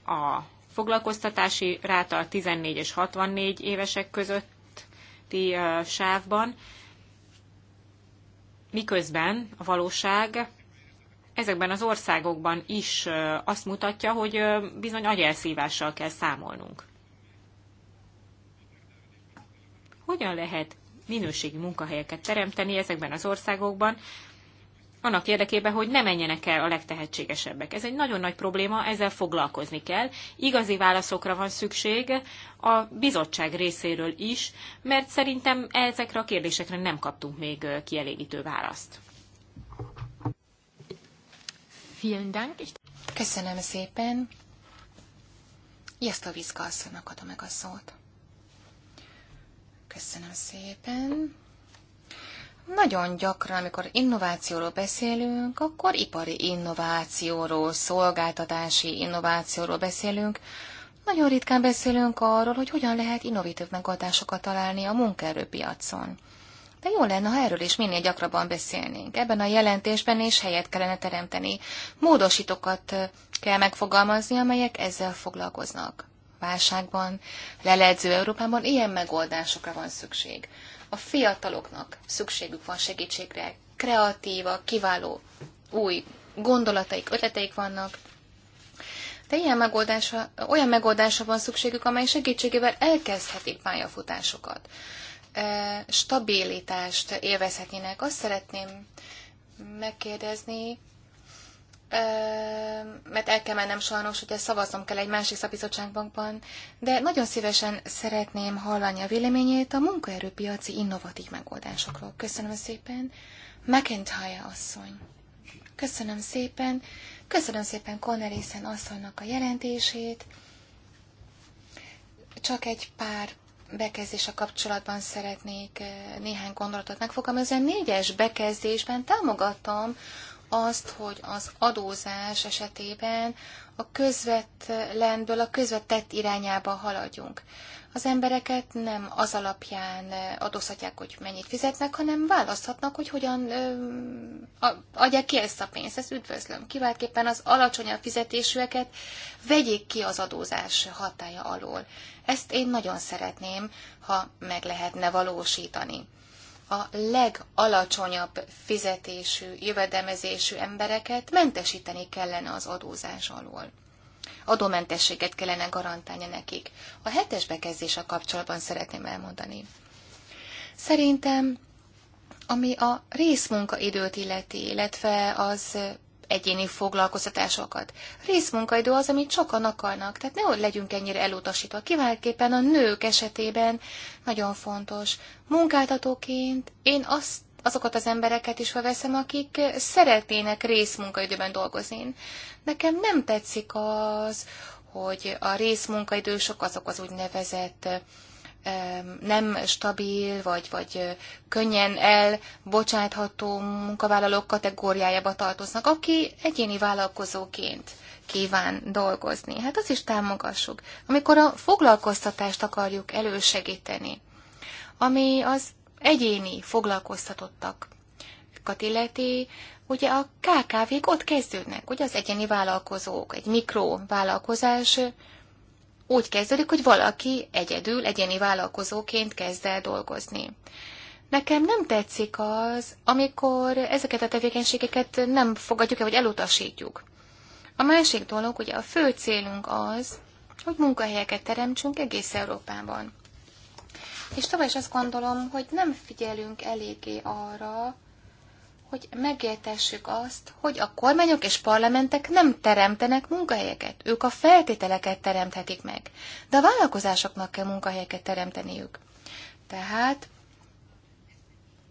a foglalkoztatási ráta a 14 és 64 évesek közötti sávban, miközben a valóság ezekben az országokban is azt mutatja, hogy bizony agyelszívással kell számolnunk. Hogyan lehet minőségi munkahelyeket teremteni ezekben az országokban, annak érdekében, hogy ne menjenek el a legtehetségesebbek. Ez egy nagyon nagy probléma, ezzel foglalkozni kell. Igazi válaszokra van szükség a bizottság részéről is, mert szerintem ezekre a kérdésekre nem kaptunk még kielégítő választ. Vielen Dank. Köszönöm szépen. Jesztovicka asszonynak adom meg a szót. Köszönöm szépen. Nagyon gyakran, amikor innovációról beszélünk, akkor ipari innovációról, szolgáltatási innovációról beszélünk. Nagyon ritkán beszélünk arról, hogy hogyan lehet innovatív megoldásokat találni a munkaerőpiacon. De jó lenne, ha erről is minél gyakrabban beszélnénk. Ebben a jelentésben is helyet kellene teremteni. Módosítókat kell megfogalmazni, amelyek ezzel foglalkoznak. Válságban, leledző Európában ilyen megoldásokra van szükség. A fiataloknak szükségük van segítségre. Kreatíva, kiváló új gondolataik, ötleteik vannak, de ilyen megoldása, olyan megoldásra van szükségük, amely segítségével elkezdhetik pályafutásokat stabilitást élvezhetnének. Azt szeretném megkérdezni, mert el kell mennem sajnos, hogy szavaznom kell egy másik szabizottságbankban, de nagyon szívesen szeretném hallani a véleményét a munkaerőpiaci innovatív megoldásokról. Köszönöm szépen, McIntyre asszony. Köszönöm szépen, köszönöm szépen Cornelissen asszonynak a jelentését. Csak egy pár bekezdése kapcsolatban szeretnék eh, néhány gondolatot megfogalmazni. A négyes bekezdésben támogatom azt, hogy az adózás esetében a közvetlenből a közvetett irányába haladjunk. Az embereket nem az alapján adózhatják, hogy mennyit fizetnek, hanem választhatnak, hogy hogyan ö, adják ki ezt a pénzt. Ezt üdvözlöm. Kiváltképpen az alacsonyabb fizetésűeket vegyék ki az adózás hatája alól. Ezt én nagyon szeretném, ha meg lehetne valósítani a legalacsonyabb fizetésű, jövedelmezésű embereket mentesíteni kellene az adózás alól adómentességet kellene garantálni nekik. A hetes bekezdés a kapcsolatban szeretném elmondani. Szerintem, ami a részmunkaidőt illeti, illetve az egyéni foglalkoztatásokat. Részmunkaidő az, amit sokan akarnak, tehát nehogy legyünk ennyire elutasítva. Kiváltképpen a nők esetében nagyon fontos. Munkáltatóként én azt azokat az embereket is felveszem, akik szeretnének részmunkaidőben dolgozni. Nekem nem tetszik az, hogy a részmunkaidősok azok az úgynevezett nem stabil, vagy, vagy könnyen elbocsátható munkavállalók kategóriájába tartoznak, aki egyéni vállalkozóként kíván dolgozni. Hát azt is támogassuk. Amikor a foglalkoztatást akarjuk elősegíteni, ami az egyéni foglalkoztatottak illeti, ugye a KKV-k ott kezdődnek, ugye az egyéni vállalkozók, egy mikrovállalkozás úgy kezdődik, hogy valaki egyedül egyéni vállalkozóként kezd el dolgozni. Nekem nem tetszik az, amikor ezeket a tevékenységeket nem fogadjuk el, vagy elutasítjuk. A másik dolog, ugye a fő célunk az, hogy munkahelyeket teremtsünk egész Európában. És tovább is azt gondolom, hogy nem figyelünk eléggé arra, hogy megértessük azt, hogy a kormányok és parlamentek nem teremtenek munkahelyeket, ők a feltételeket teremthetik meg, de a vállalkozásoknak kell munkahelyeket teremteniük. Tehát,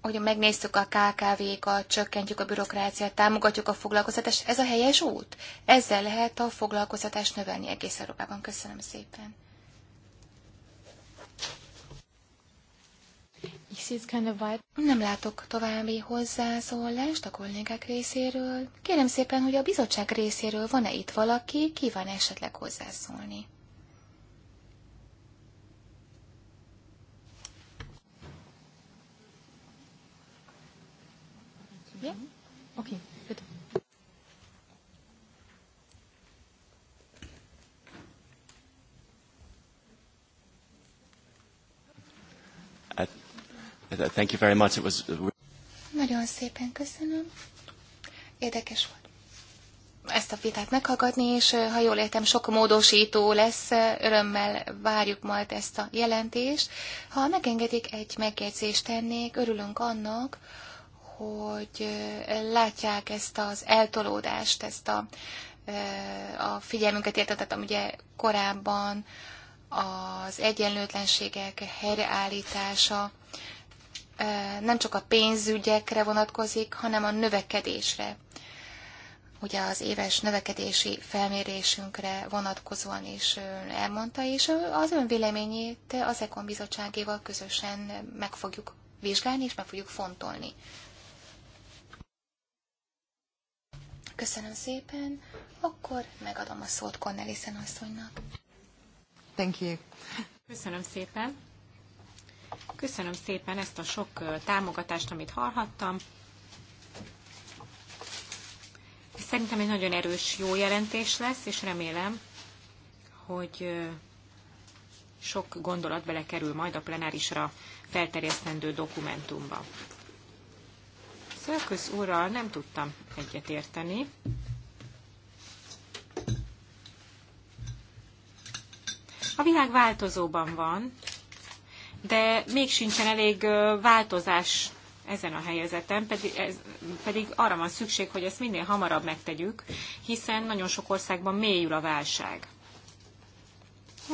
hogy megnéztük a KKV-kat, csökkentjük a bürokráciát, támogatjuk a foglalkoztatást, ez a helyes út. Ezzel lehet a foglalkoztatást növelni egész Európában. Köszönöm szépen. Nem látok további hozzászólást a kollégák részéről. Kérem szépen, hogy a bizottság részéről van-e itt valaki, kíván esetleg hozzászólni. Yeah? Okay. Thank you very much. It was... Nagyon szépen köszönöm. Érdekes volt ezt a vitát meghallgatni, és ha jól értem, sok módosító lesz, örömmel várjuk majd ezt a jelentést. Ha megengedik, egy megjegyzést tennék, örülünk annak, hogy látják ezt az eltolódást, ezt a, a figyelmünket értetettem, ugye korábban az egyenlőtlenségek helyreállítása nem csak a pénzügyekre vonatkozik, hanem a növekedésre. Ugye az éves növekedési felmérésünkre vonatkozóan is elmondta, és az véleményét az Ekon bizottságéval közösen meg fogjuk vizsgálni, és meg fogjuk fontolni. Köszönöm szépen, akkor megadom a szót Cornelissen asszonynak. Thank you. Köszönöm szépen. Köszönöm szépen ezt a sok támogatást, amit hallhattam. Szerintem egy nagyon erős, jó jelentés lesz, és remélem, hogy sok gondolat belekerül majd a plenárisra felterjesztendő dokumentumba. Szörköz úrral nem tudtam egyetérteni. A világ változóban van, de még sincsen elég változás ezen a helyzeten, pedig, ez, pedig arra van szükség, hogy ezt minél hamarabb megtegyük, hiszen nagyon sok országban mélyül a válság.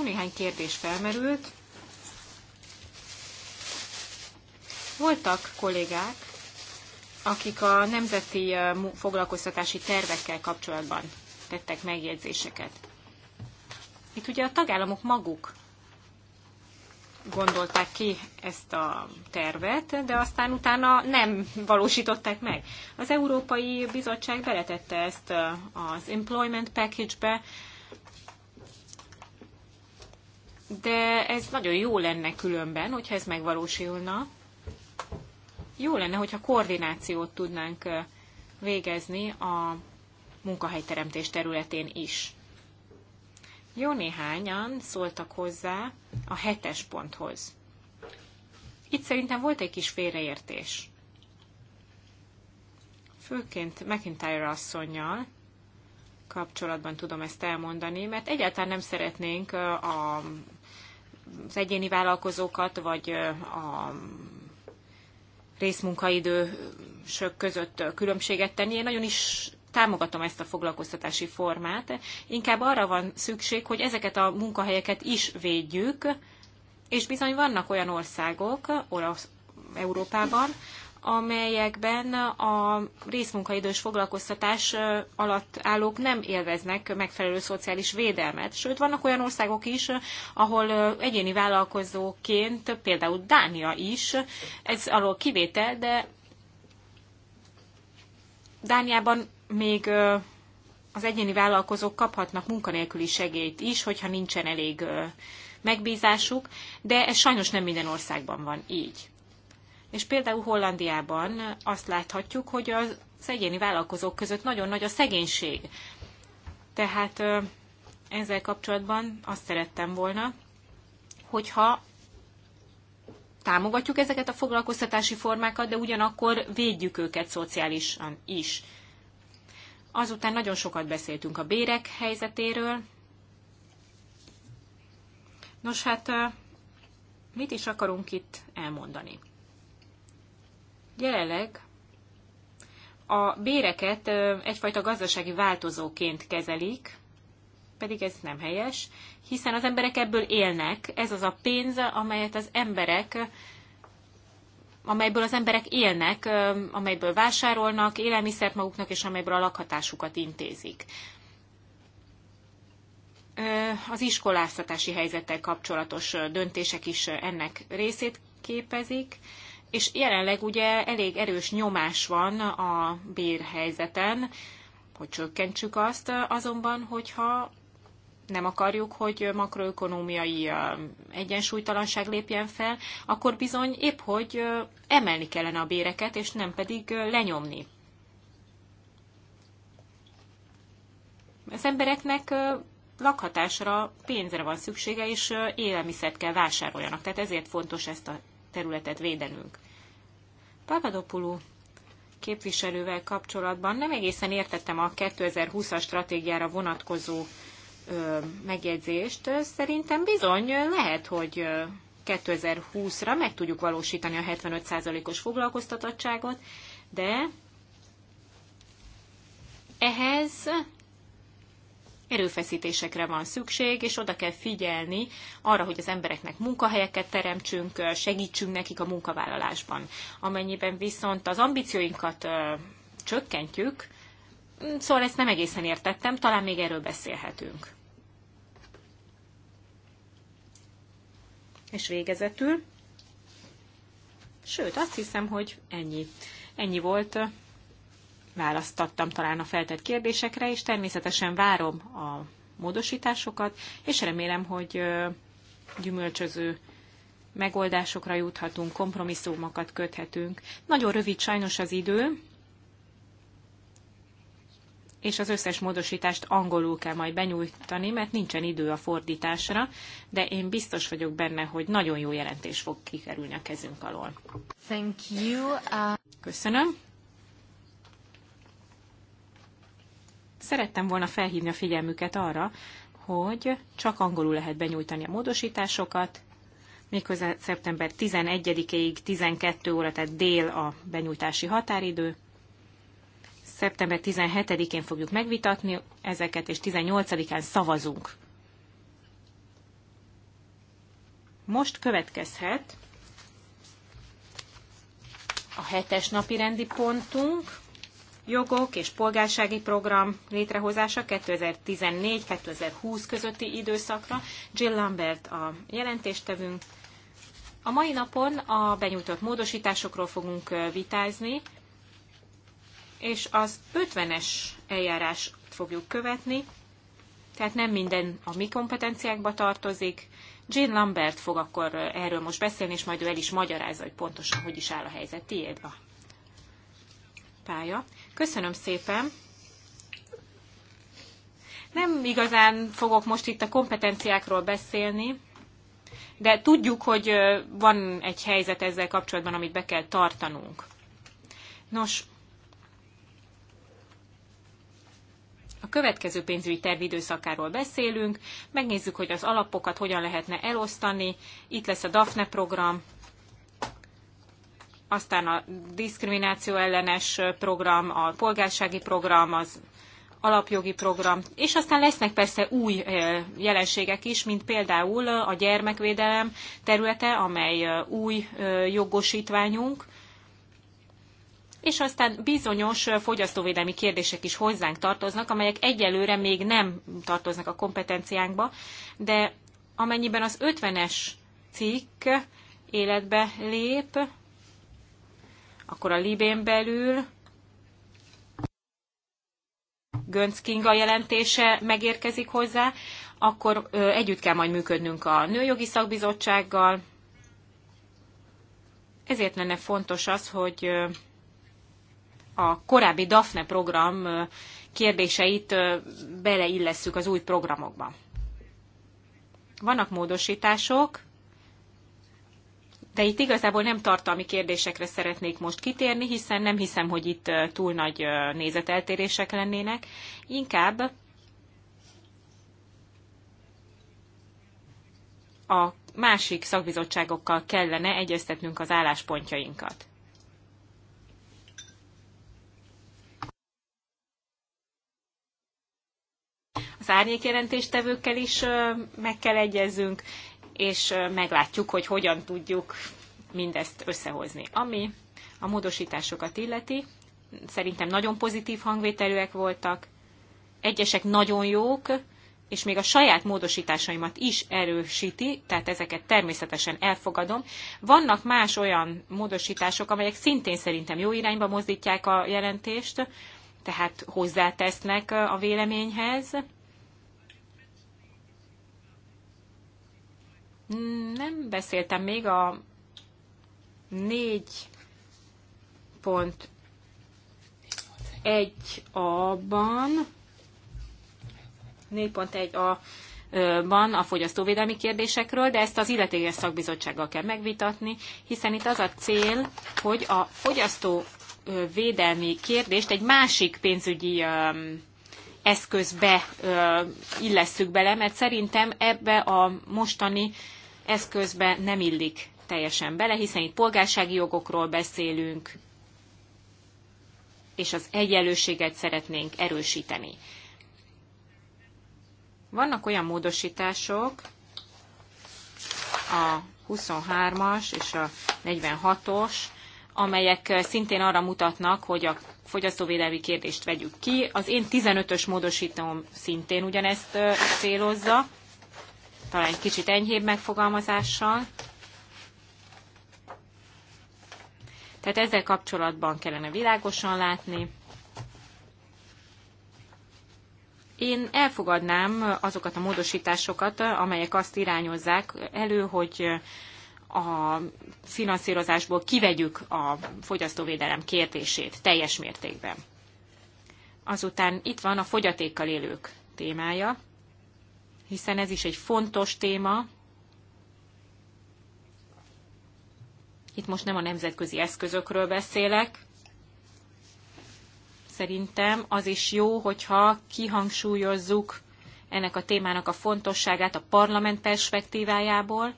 Néhány kérdés felmerült. Voltak kollégák, akik a nemzeti foglalkoztatási tervekkel kapcsolatban tettek megjegyzéseket. Itt ugye a tagállamok maguk gondolták ki ezt a tervet, de aztán utána nem valósították meg. Az Európai Bizottság beletette ezt az Employment Package-be, de ez nagyon jó lenne különben, hogyha ez megvalósulna. Jó lenne, hogyha koordinációt tudnánk végezni a munkahelyteremtés területén is. Jó néhányan szóltak hozzá a hetes ponthoz. Itt szerintem volt egy kis félreértés. Főként McIntyre asszonynal kapcsolatban tudom ezt elmondani, mert egyáltalán nem szeretnénk a, az egyéni vállalkozókat, vagy a részmunkaidősök között különbséget tenni. Én nagyon is támogatom ezt a foglalkoztatási formát. Inkább arra van szükség, hogy ezeket a munkahelyeket is védjük, és bizony vannak olyan országok, Orosz, Európában, amelyekben a részmunkaidős foglalkoztatás alatt állók nem élveznek megfelelő szociális védelmet. Sőt, vannak olyan országok is, ahol egyéni vállalkozóként, például Dánia is, ez alól kivétel, de Dániában még az egyéni vállalkozók kaphatnak munkanélküli segélyt is, hogyha nincsen elég megbízásuk, de ez sajnos nem minden országban van így. És például Hollandiában azt láthatjuk, hogy az egyéni vállalkozók között nagyon nagy a szegénység. Tehát ezzel kapcsolatban azt szerettem volna, hogyha támogatjuk ezeket a foglalkoztatási formákat, de ugyanakkor védjük őket szociálisan is. Azután nagyon sokat beszéltünk a bérek helyzetéről. Nos hát, mit is akarunk itt elmondani? Jelenleg a béreket egyfajta gazdasági változóként kezelik, pedig ez nem helyes, hiszen az emberek ebből élnek. Ez az a pénz, amelyet az emberek amelyből az emberek élnek, amelyből vásárolnak élelmiszert maguknak, és amelyből a lakhatásukat intézik. Az iskoláztatási helyzettel kapcsolatos döntések is ennek részét képezik, és jelenleg ugye elég erős nyomás van a bérhelyzeten, hogy csökkentsük azt, azonban, hogyha nem akarjuk, hogy makroökonómiai egyensúlytalanság lépjen fel, akkor bizony épp, hogy emelni kellene a béreket, és nem pedig lenyomni. Az embereknek lakhatásra, pénzre van szüksége, és élelmiszert kell vásároljanak. Tehát ezért fontos ezt a területet védenünk. Papadopoulou képviselővel kapcsolatban nem egészen értettem a 2020-as stratégiára vonatkozó megjegyzést, szerintem bizony lehet, hogy 2020-ra meg tudjuk valósítani a 75%-os foglalkoztatottságot, de ehhez erőfeszítésekre van szükség, és oda kell figyelni arra, hogy az embereknek munkahelyeket teremtsünk, segítsünk nekik a munkavállalásban. Amennyiben viszont az ambícióinkat csökkentjük, Szóval ezt nem egészen értettem, talán még erről beszélhetünk. És végezetül, sőt, azt hiszem, hogy ennyi. Ennyi volt, választattam talán a feltett kérdésekre, és természetesen várom a módosításokat, és remélem, hogy gyümölcsöző megoldásokra juthatunk, kompromisszumokat köthetünk. Nagyon rövid sajnos az idő, és az összes módosítást angolul kell majd benyújtani, mert nincsen idő a fordításra, de én biztos vagyok benne, hogy nagyon jó jelentés fog kikerülni a kezünk alól. Thank you. Uh... Köszönöm. Szerettem volna felhívni a figyelmüket arra, hogy csak angolul lehet benyújtani a módosításokat, méghozzá szeptember 11-ig 12 óra, tehát dél a benyújtási határidő, Szeptember 17-én fogjuk megvitatni ezeket, és 18-án szavazunk. Most következhet a hetes napi rendi pontunk, jogok és polgársági program létrehozása 2014-2020 közötti időszakra. Jill Lambert a jelentéstevünk. A mai napon a benyújtott módosításokról fogunk vitázni, és az 50-es eljárás fogjuk követni, tehát nem minden a mi kompetenciákba tartozik. Jean Lambert fog akkor erről most beszélni, és majd ő el is magyarázza, hogy pontosan hogy is áll a helyzet. Tiéd a pálya. Köszönöm szépen! Nem igazán fogok most itt a kompetenciákról beszélni, de tudjuk, hogy van egy helyzet ezzel kapcsolatban, amit be kell tartanunk. Nos, következő pénzügyi terv időszakáról beszélünk, megnézzük, hogy az alapokat hogyan lehetne elosztani, itt lesz a DAFNE program, aztán a diszkrimináció ellenes program, a polgársági program, az alapjogi program, és aztán lesznek persze új jelenségek is, mint például a gyermekvédelem területe, amely új jogosítványunk, és aztán bizonyos fogyasztóvédelmi kérdések is hozzánk tartoznak, amelyek egyelőre még nem tartoznak a kompetenciánkba, de amennyiben az 50-es cikk életbe lép, akkor a Libén belül Gönc Kinga jelentése megérkezik hozzá, akkor együtt kell majd működnünk a Nőjogi Szakbizottsággal. Ezért lenne fontos az, hogy a korábbi DAFNE program kérdéseit beleillesszük az új programokba. Vannak módosítások, de itt igazából nem tartalmi kérdésekre szeretnék most kitérni, hiszen nem hiszem, hogy itt túl nagy nézeteltérések lennének. Inkább a másik szakbizottságokkal kellene egyeztetnünk az álláspontjainkat. az árnyékjelentéstevőkkel is meg kell egyezzünk, és meglátjuk, hogy hogyan tudjuk mindezt összehozni. Ami a módosításokat illeti, szerintem nagyon pozitív hangvételűek voltak, egyesek nagyon jók, és még a saját módosításaimat is erősíti, tehát ezeket természetesen elfogadom. Vannak más olyan módosítások, amelyek szintén szerintem jó irányba mozdítják a jelentést, tehát hozzátesznek a véleményhez, Nem beszéltem még a 4.1 ban 4.1 a van a fogyasztóvédelmi kérdésekről, de ezt az illetékes szakbizottsággal kell megvitatni, hiszen itt az a cél, hogy a fogyasztóvédelmi kérdést egy másik pénzügyi eszközbe illesszük bele, mert szerintem ebbe a mostani ez közben nem illik teljesen bele, hiszen itt polgársági jogokról beszélünk, és az egyenlőséget szeretnénk erősíteni. Vannak olyan módosítások, a 23-as és a 46-os, amelyek szintén arra mutatnak, hogy a fogyasztóvédelmi kérdést vegyük ki. Az én 15-ös módosítom szintén ugyanezt célozza, talán egy kicsit enyhébb megfogalmazással. Tehát ezzel kapcsolatban kellene világosan látni. Én elfogadnám azokat a módosításokat, amelyek azt irányozzák elő, hogy a finanszírozásból kivegyük a fogyasztóvédelem kérdését teljes mértékben. Azután itt van a fogyatékkal élők témája hiszen ez is egy fontos téma. Itt most nem a nemzetközi eszközökről beszélek. Szerintem az is jó, hogyha kihangsúlyozzuk ennek a témának a fontosságát a parlament perspektívájából,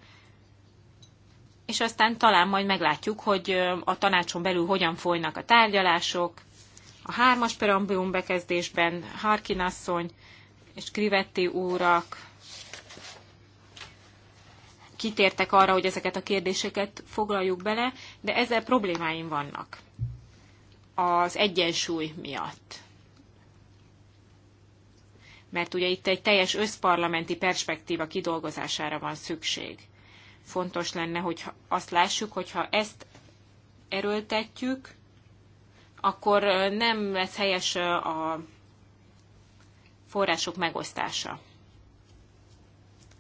és aztán talán majd meglátjuk, hogy a tanácson belül hogyan folynak a tárgyalások. A hármas perambulum bekezdésben Harkin asszony és Krivetti úrak kitértek arra, hogy ezeket a kérdéseket foglaljuk bele, de ezzel problémáim vannak az egyensúly miatt. Mert ugye itt egy teljes összparlamenti perspektíva kidolgozására van szükség. Fontos lenne, hogy azt lássuk, hogyha ezt erőltetjük, akkor nem lesz helyes a források megosztása.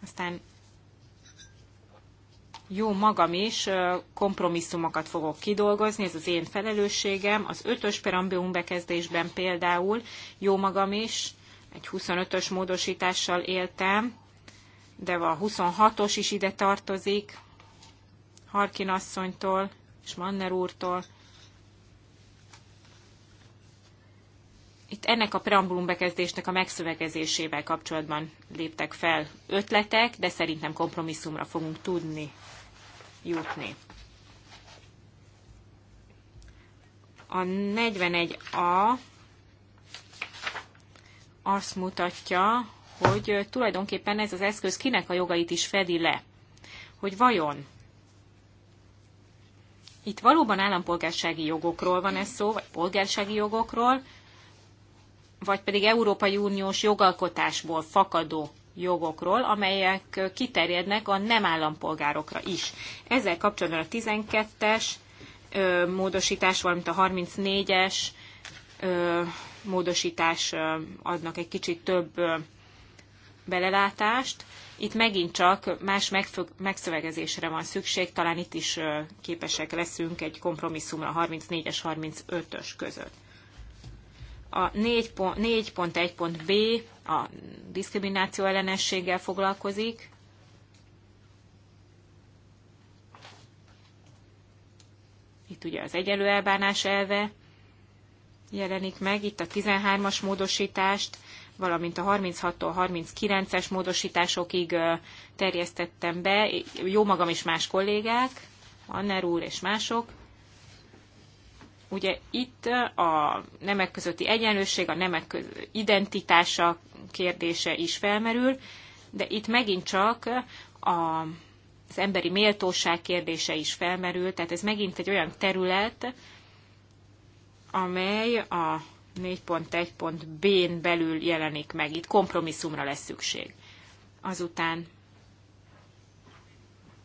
Aztán jó magam is kompromisszumokat fogok kidolgozni, ez az én felelősségem. Az ötös perambium bekezdésben például jó magam is egy 25-ös módosítással éltem, de a 26-os is ide tartozik, Harkin asszonytól és Manner úrtól. itt ennek a preambulum bekezdésnek a megszövegezésével kapcsolatban léptek fel ötletek, de szerintem kompromisszumra fogunk tudni jutni. A 41A azt mutatja, hogy tulajdonképpen ez az eszköz kinek a jogait is fedi le. Hogy vajon itt valóban állampolgársági jogokról van ez szó, vagy polgársági jogokról, vagy pedig Európai Uniós jogalkotásból fakadó jogokról, amelyek kiterjednek a nem állampolgárokra is. Ezzel kapcsolatban a 12-es módosítás, valamint a 34-es módosítás adnak egy kicsit több belelátást. Itt megint csak más megszövegezésre van szükség, talán itt is képesek leszünk egy kompromisszumra 34-es, 35-ös között a 4.1.b a diszkrimináció ellenességgel foglalkozik, itt ugye az egyelő elbánás elve jelenik meg, itt a 13-as módosítást, valamint a 36-tól 39-es módosításokig terjesztettem be, jó magam és más kollégák, Anner úr és mások. Ugye itt a nemek közötti egyenlőség, a nemek identitása kérdése is felmerül, de itt megint csak a, az emberi méltóság kérdése is felmerül, tehát ez megint egy olyan terület, amely a 4.1.b-n belül jelenik meg. Itt kompromisszumra lesz szükség. Azután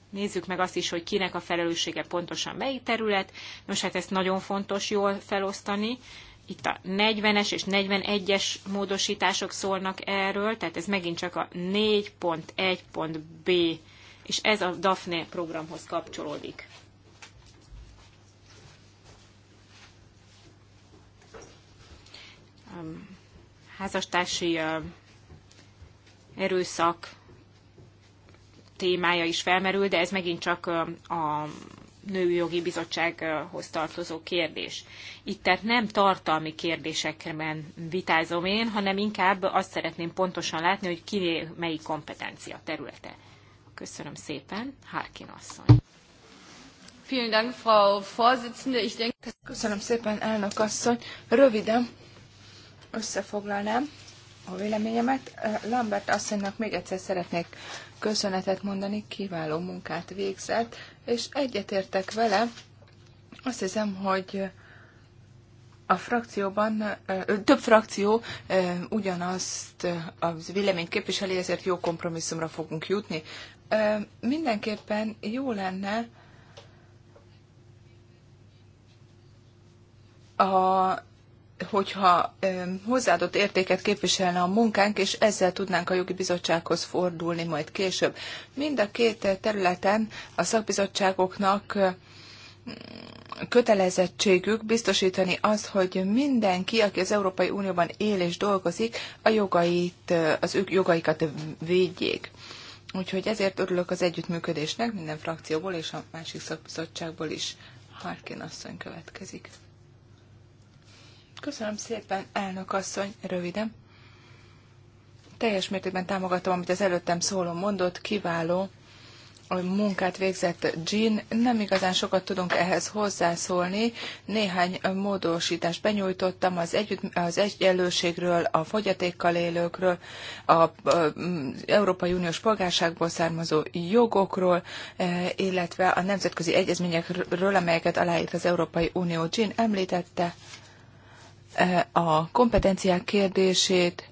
nézzük meg azt is, hogy kinek a felelőssége pontosan melyik terület. Nos, hát ezt nagyon fontos jól felosztani. Itt a 40-es és 41-es módosítások szólnak erről, tehát ez megint csak a 4.1.b, és ez a DAFNE programhoz kapcsolódik. házastársi erőszak témája is felmerül, de ez megint csak a Női Jogi Bizottsághoz tartozó kérdés. Itt tehát nem tartalmi kérdésekben vitázom én, hanem inkább azt szeretném pontosan látni, hogy ki melyik kompetencia területe. Köszönöm szépen, Harkin asszony. Köszönöm szépen, elnök asszony. Röviden összefoglalnám a véleményemet. Lambert asszonynak még egyszer szeretnék köszönetet mondani, kiváló munkát végzett, és egyetértek vele, azt hiszem, hogy a frakcióban, több frakció ugyanazt a véleményt képviseli, ezért jó kompromisszumra fogunk jutni. Mindenképpen jó lenne a hogyha hozzáadott értéket képviselne a munkánk, és ezzel tudnánk a jogi bizottsághoz fordulni majd később. Mind a két területen a szakbizottságoknak kötelezettségük biztosítani azt, hogy mindenki, aki az Európai Unióban él és dolgozik, a jogait, az ők jogaikat védjék. Úgyhogy ezért örülök az együttműködésnek minden frakcióból és a másik szakbizottságból is. Harkin asszony következik. Köszönöm szépen, elnök asszony, röviden. Teljes mértékben támogatom, amit az előttem szóló mondott, kiváló munkát végzett Jean. Nem igazán sokat tudunk ehhez hozzászólni. Néhány módosítást benyújtottam az, együtt, az egyenlőségről, a fogyatékkal élőkről, az mm, Európai Uniós polgárságból származó jogokról, e, illetve a nemzetközi egyezményekről, amelyeket aláírt az Európai Unió. Jean említette a kompetenciák kérdését,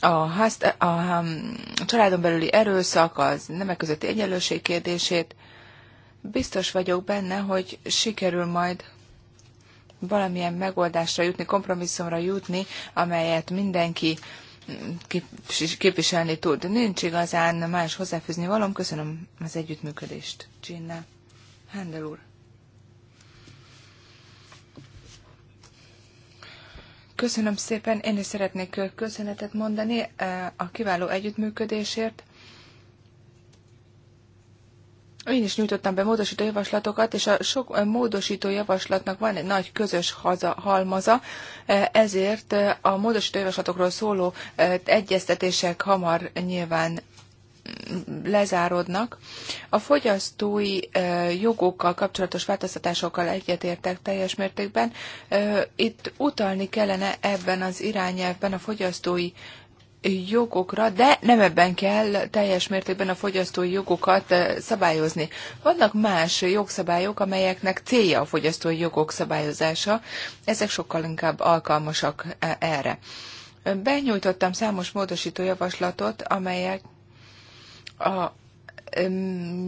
a, ház, a um, családon belüli erőszak, az nemek közötti egyenlőség kérdését. Biztos vagyok benne, hogy sikerül majd valamilyen megoldásra jutni, kompromisszumra jutni, amelyet mindenki képviselni tud. Nincs igazán más hozzáfűzni valam. Köszönöm az együttműködést, Csinna. Handel úr. Köszönöm szépen, én is szeretnék köszönetet mondani a kiváló együttműködésért. Én is nyújtottam be módosító javaslatokat, és a sok módosító javaslatnak van egy nagy közös haza, halmaza, ezért a módosító javaslatokról szóló egyeztetések hamar nyilván lezárodnak. A fogyasztói jogokkal kapcsolatos változtatásokkal egyetértek teljes mértékben. Itt utalni kellene ebben az irányelvben a fogyasztói jogokra, de nem ebben kell teljes mértékben a fogyasztói jogokat szabályozni. Vannak más jogszabályok, amelyeknek célja a fogyasztói jogok szabályozása, ezek sokkal inkább alkalmasak e, erre. Benyújtottam számos módosító javaslatot, amelyek a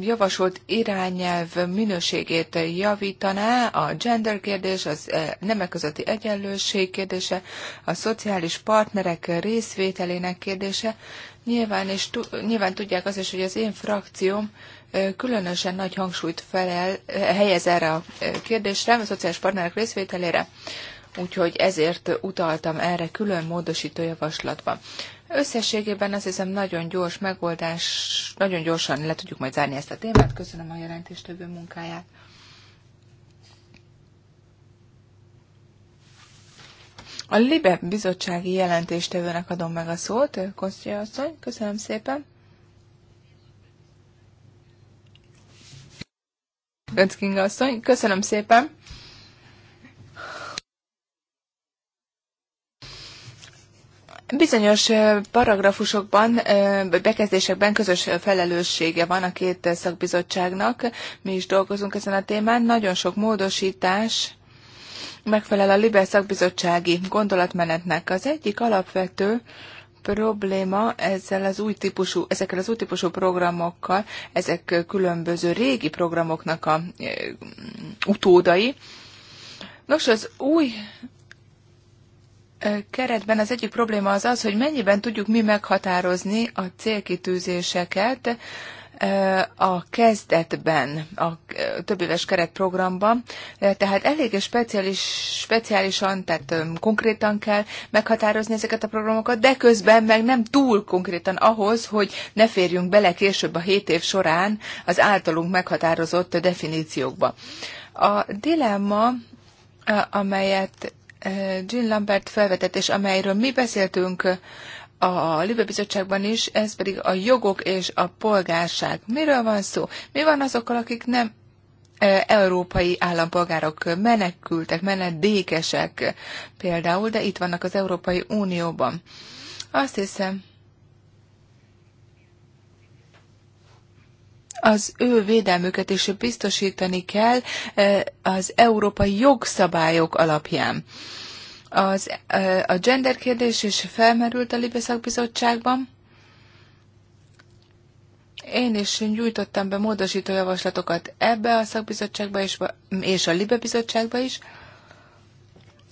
javasolt irányelv minőségét javítaná a gender kérdés, az e, nemek közötti egyenlőség kérdése, a szociális partnerek részvételének kérdése. Nyilván, és nyilván tudják az is, hogy az én frakcióm e, különösen nagy hangsúlyt felel, e, helyez erre a kérdésre, a szociális partnerek részvételére, úgyhogy ezért utaltam erre külön módosító javaslatban. Összességében azt hiszem nagyon gyors megoldás, nagyon gyorsan le tudjuk majd zárni ezt a témát. Köszönöm a jelentéstevő munkáját. A LIBE bizottsági jelentéstevőnek adom meg a szót, Konsztia asszony, köszönöm szépen. Göncking asszony, köszönöm szépen. Bizonyos paragrafusokban, bekezdésekben közös felelőssége van a két szakbizottságnak. Mi is dolgozunk ezen a témán. Nagyon sok módosítás megfelel a Libe szakbizottsági gondolatmenetnek. Az egyik alapvető probléma ezzel az új típusú, ezekkel az új típusú programokkal, ezek különböző régi programoknak a utódai. Nos, az új keretben az egyik probléma az az, hogy mennyiben tudjuk mi meghatározni a célkitűzéseket a kezdetben, a éves keretprogramban, tehát eléggé speciális, speciálisan, tehát konkrétan kell meghatározni ezeket a programokat, de közben meg nem túl konkrétan ahhoz, hogy ne férjünk bele később a hét év során az általunk meghatározott definíciókba. A dilemma, amelyet Jean Lambert felvetetés, amelyről mi beszéltünk a Libe Bizottságban is, ez pedig a jogok és a polgárság. Miről van szó? Mi van azokkal, akik nem európai állampolgárok menekültek, menedékesek például, de itt vannak az Európai Unióban. Azt hiszem, az ő védelmüket is biztosítani kell e, az európai jogszabályok alapján. Az, e, a gender kérdés is felmerült a Libe szakbizottságban. Én is nyújtottam be módosító javaslatokat ebbe a szakbizottságba is, és a Libe bizottságba is.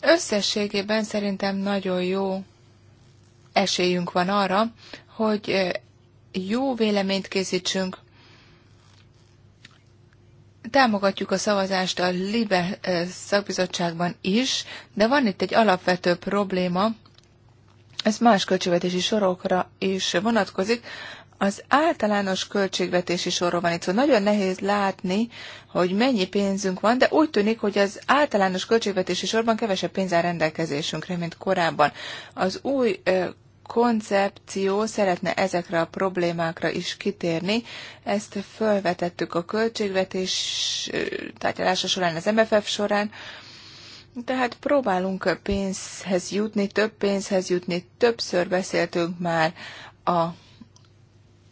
Összességében szerintem nagyon jó esélyünk van arra, hogy e, jó véleményt készítsünk támogatjuk a szavazást a LIBE szakbizottságban is, de van itt egy alapvető probléma, ez más költségvetési sorokra is vonatkozik. Az általános költségvetési sorról van itt, szóval nagyon nehéz látni, hogy mennyi pénzünk van, de úgy tűnik, hogy az általános költségvetési sorban kevesebb pénz áll rendelkezésünkre, mint korábban. Az új koncepció szeretne ezekre a problémákra is kitérni. Ezt felvetettük a költségvetés tárgyalása során, az MFF során. Tehát próbálunk pénzhez jutni, több pénzhez jutni. Többször beszéltünk már a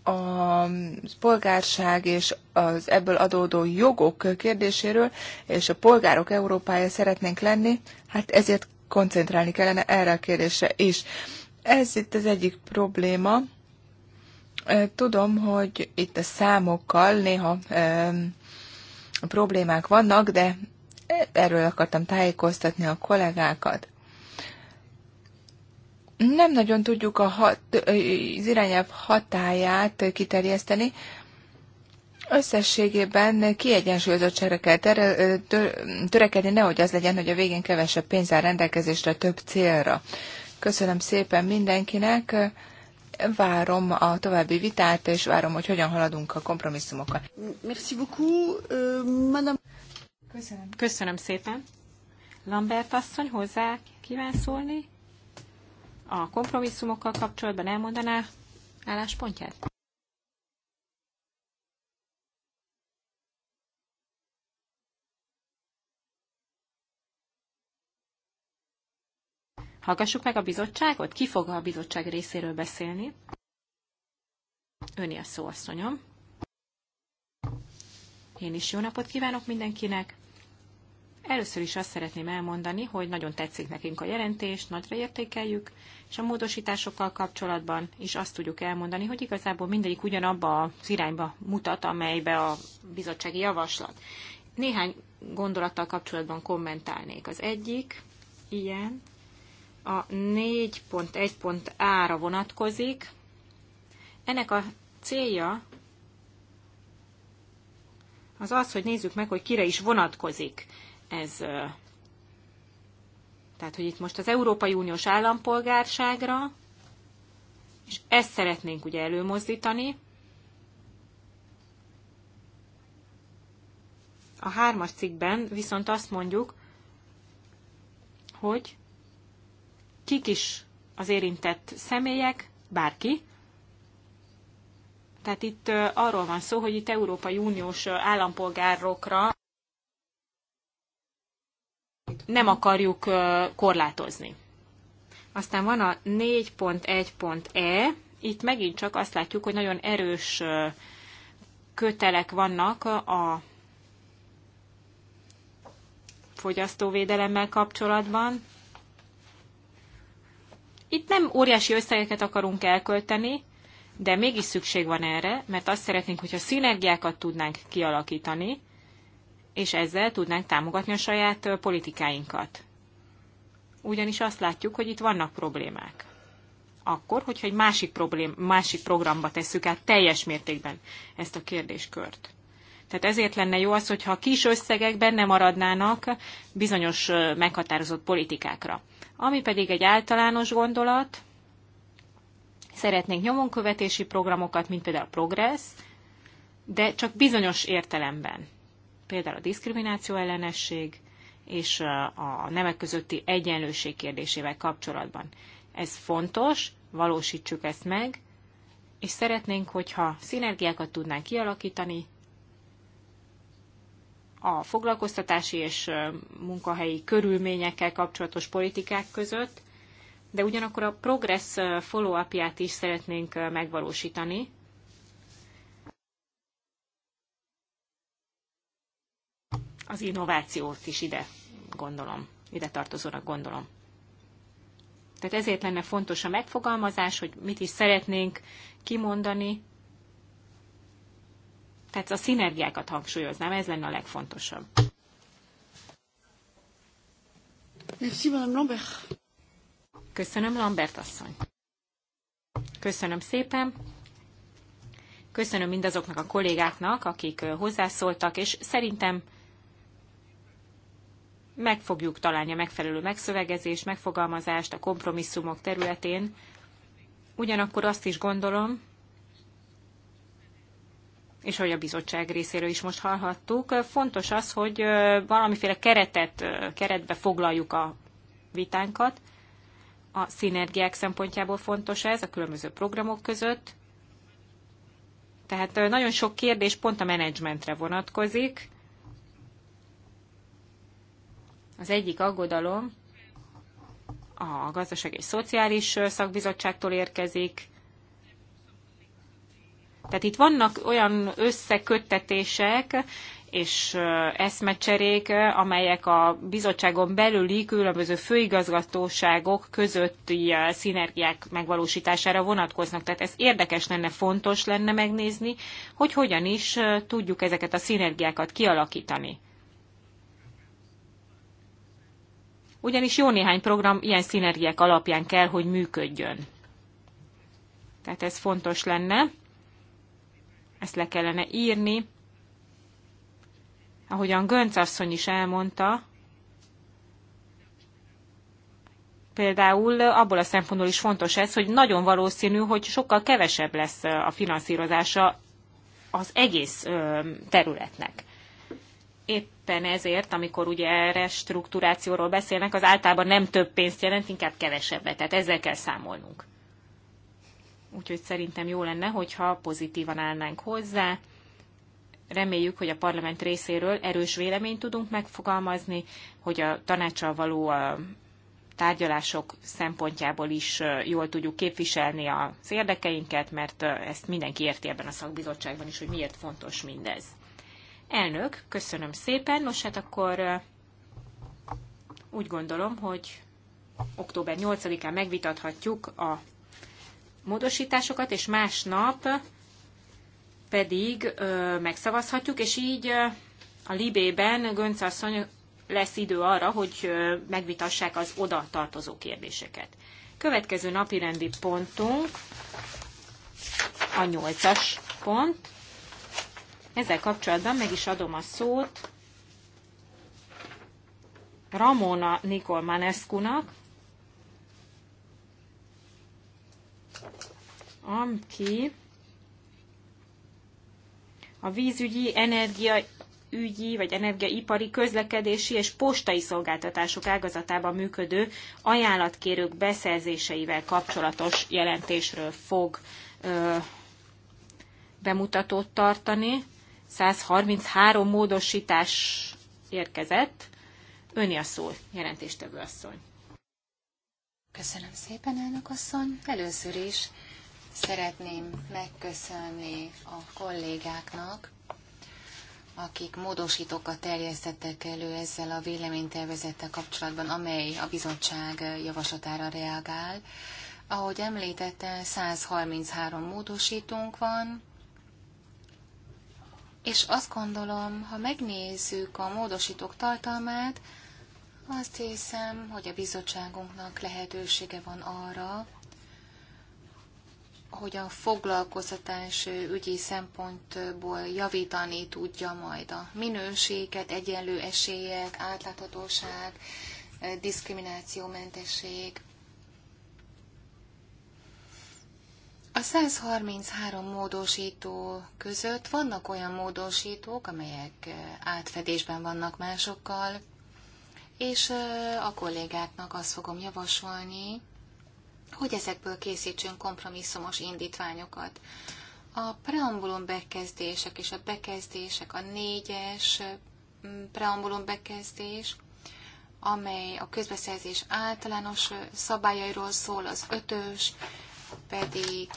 a polgárság és az ebből adódó jogok kérdéséről, és a polgárok Európája szeretnénk lenni, hát ezért koncentrálni kellene erre a kérdésre is. Ez itt az egyik probléma. Tudom, hogy itt a számokkal néha problémák vannak, de erről akartam tájékoztatni a kollégákat. Nem nagyon tudjuk a hat, az irányelv hatáját kiterjeszteni. Összességében kiegyensúlyozottságra kell törekedni, nehogy az legyen, hogy a végén kevesebb pénz áll rendelkezésre több célra. Köszönöm szépen mindenkinek. Várom a további vitát, és várom, hogy hogyan haladunk a kompromisszumokkal. Merci beaucoup, euh, madame. Köszönöm. Köszönöm szépen. Lambert asszony, hozzá kíván szólni? A kompromisszumokkal kapcsolatban elmondaná álláspontját? Hallgassuk meg a bizottságot. Ki fog a bizottság részéről beszélni? Öni a szó, asszonyom. Én is jó napot kívánok mindenkinek. Először is azt szeretném elmondani, hogy nagyon tetszik nekünk a jelentés, nagyra értékeljük, és a módosításokkal kapcsolatban is azt tudjuk elmondani, hogy igazából mindegyik ugyanabba az irányba mutat, amelybe a bizottsági javaslat. Néhány gondolattal kapcsolatban kommentálnék. Az egyik ilyen, a 4.1.a-ra vonatkozik. Ennek a célja az az, hogy nézzük meg, hogy kire is vonatkozik ez. Tehát, hogy itt most az Európai Uniós állampolgárságra, és ezt szeretnénk ugye előmozdítani. A hármas cikkben viszont azt mondjuk, hogy kik is az érintett személyek, bárki. Tehát itt arról van szó, hogy itt Európai Uniós állampolgárokra nem akarjuk korlátozni. Aztán van a 4.1.e, itt megint csak azt látjuk, hogy nagyon erős kötelek vannak a fogyasztóvédelemmel kapcsolatban. Itt nem óriási összegeket akarunk elkölteni, de mégis szükség van erre, mert azt szeretnénk, hogyha szinergiákat tudnánk kialakítani, és ezzel tudnánk támogatni a saját politikáinkat. Ugyanis azt látjuk, hogy itt vannak problémák. Akkor, hogyha egy másik, problém, másik programba tesszük át teljes mértékben ezt a kérdéskört. Tehát ezért lenne jó az, hogyha kis összegek benne maradnának bizonyos meghatározott politikákra. Ami pedig egy általános gondolat, szeretnénk nyomonkövetési programokat, mint például a Progress, de csak bizonyos értelemben. Például a diszkrimináció ellenesség és a nemek közötti egyenlőség kérdésével kapcsolatban. Ez fontos, valósítsuk ezt meg, és szeretnénk, hogyha szinergiákat tudnánk kialakítani a foglalkoztatási és munkahelyi körülményekkel kapcsolatos politikák között, de ugyanakkor a progress follow-upját is szeretnénk megvalósítani. Az innovációt is ide gondolom, ide tartozónak gondolom. Tehát ezért lenne fontos a megfogalmazás, hogy mit is szeretnénk kimondani, tehát a szinergiákat hangsúlyoznám, ez lenne a legfontosabb. Merci, Madame Lambert. Köszönöm, Lambert asszony. Köszönöm szépen. Köszönöm mindazoknak a kollégáknak, akik hozzászóltak, és szerintem meg fogjuk találni a megfelelő megszövegezés, megfogalmazást a kompromisszumok területén. Ugyanakkor azt is gondolom, és hogy a bizottság részéről is most hallhattuk, fontos az, hogy valamiféle keretet, keretbe foglaljuk a vitánkat. A szinergiák szempontjából fontos ez a különböző programok között. Tehát nagyon sok kérdés pont a menedzsmentre vonatkozik. Az egyik aggodalom a gazdaság és szociális szakbizottságtól érkezik, tehát itt vannak olyan összeköttetések és eszmecserék, amelyek a bizottságon belüli különböző főigazgatóságok közötti szinergiák megvalósítására vonatkoznak. Tehát ez érdekes lenne, fontos lenne megnézni, hogy hogyan is tudjuk ezeket a szinergiákat kialakítani. Ugyanis jó néhány program ilyen szinergiák alapján kell, hogy működjön. Tehát ez fontos lenne ezt le kellene írni. Ahogyan Gönc asszony is elmondta, például abból a szempontból is fontos ez, hogy nagyon valószínű, hogy sokkal kevesebb lesz a finanszírozása az egész területnek. Éppen ezért, amikor ugye erre struktúrációról beszélnek, az általában nem több pénzt jelent, inkább kevesebbet. Tehát ezzel kell számolnunk úgyhogy szerintem jó lenne, hogyha pozitívan állnánk hozzá. Reméljük, hogy a parlament részéről erős véleményt tudunk megfogalmazni, hogy a tanácsal való tárgyalások szempontjából is jól tudjuk képviselni az érdekeinket, mert ezt mindenki érti ebben a szakbizottságban is, hogy miért fontos mindez. Elnök, köszönöm szépen. Nos, hát akkor úgy gondolom, hogy október 8-án megvitathatjuk a módosításokat, és másnap pedig ö, megszavazhatjuk, és így ö, a Libében Gönc asszony lesz idő arra, hogy ö, megvitassák az oda tartozó kérdéseket. Következő napi rendi pontunk a nyolcas pont. Ezzel kapcsolatban meg is adom a szót Ramona Nikol Manescu-nak, AMKI a vízügyi, energiaügyi vagy energiaipari közlekedési és postai szolgáltatások ágazatában működő ajánlatkérők beszerzéseivel kapcsolatos jelentésről fog ö, bemutatót tartani. 133 módosítás érkezett. Öni a szó, jelentéstevő asszony. Köszönöm szépen, elnök asszony. Először is Szeretném megköszönni a kollégáknak, akik módosítókat terjesztettek elő ezzel a véleménytervezettel kapcsolatban, amely a bizottság javaslatára reagál. Ahogy említette, 133 módosítónk van, és azt gondolom, ha megnézzük a módosítók tartalmát, azt hiszem, hogy a bizottságunknak lehetősége van arra, hogy a foglalkoztatás ügyi szempontból javítani tudja majd a minőséget, egyenlő esélyek, átláthatóság, diszkriminációmentesség. A 133 módosító között vannak olyan módosítók, amelyek átfedésben vannak másokkal, és a kollégáknak azt fogom javasolni, hogy ezekből készítsünk kompromisszumos indítványokat. A preambulum bekezdések és a bekezdések, a négyes mm, preambulum bekezdés, amely a közbeszerzés általános szabályairól szól, az ötös pedig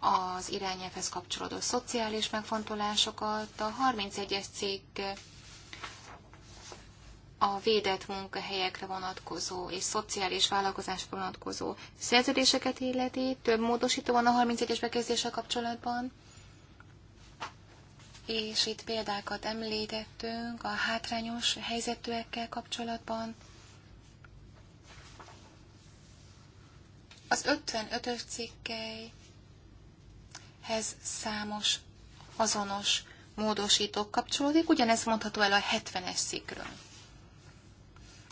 az irányelvhez kapcsolódó szociális megfontolásokat, a 31-es cikk a védett munkahelyekre vonatkozó és szociális vállalkozásra vonatkozó szerződéseket illeti. Több módosító van a 31-es bekezdéssel kapcsolatban. És itt példákat említettünk a hátrányos helyzetűekkel kapcsolatban. Az 55-ös cikkelyhez számos azonos módosítók kapcsolódik, ugyanez mondható el a 70-es cikkről.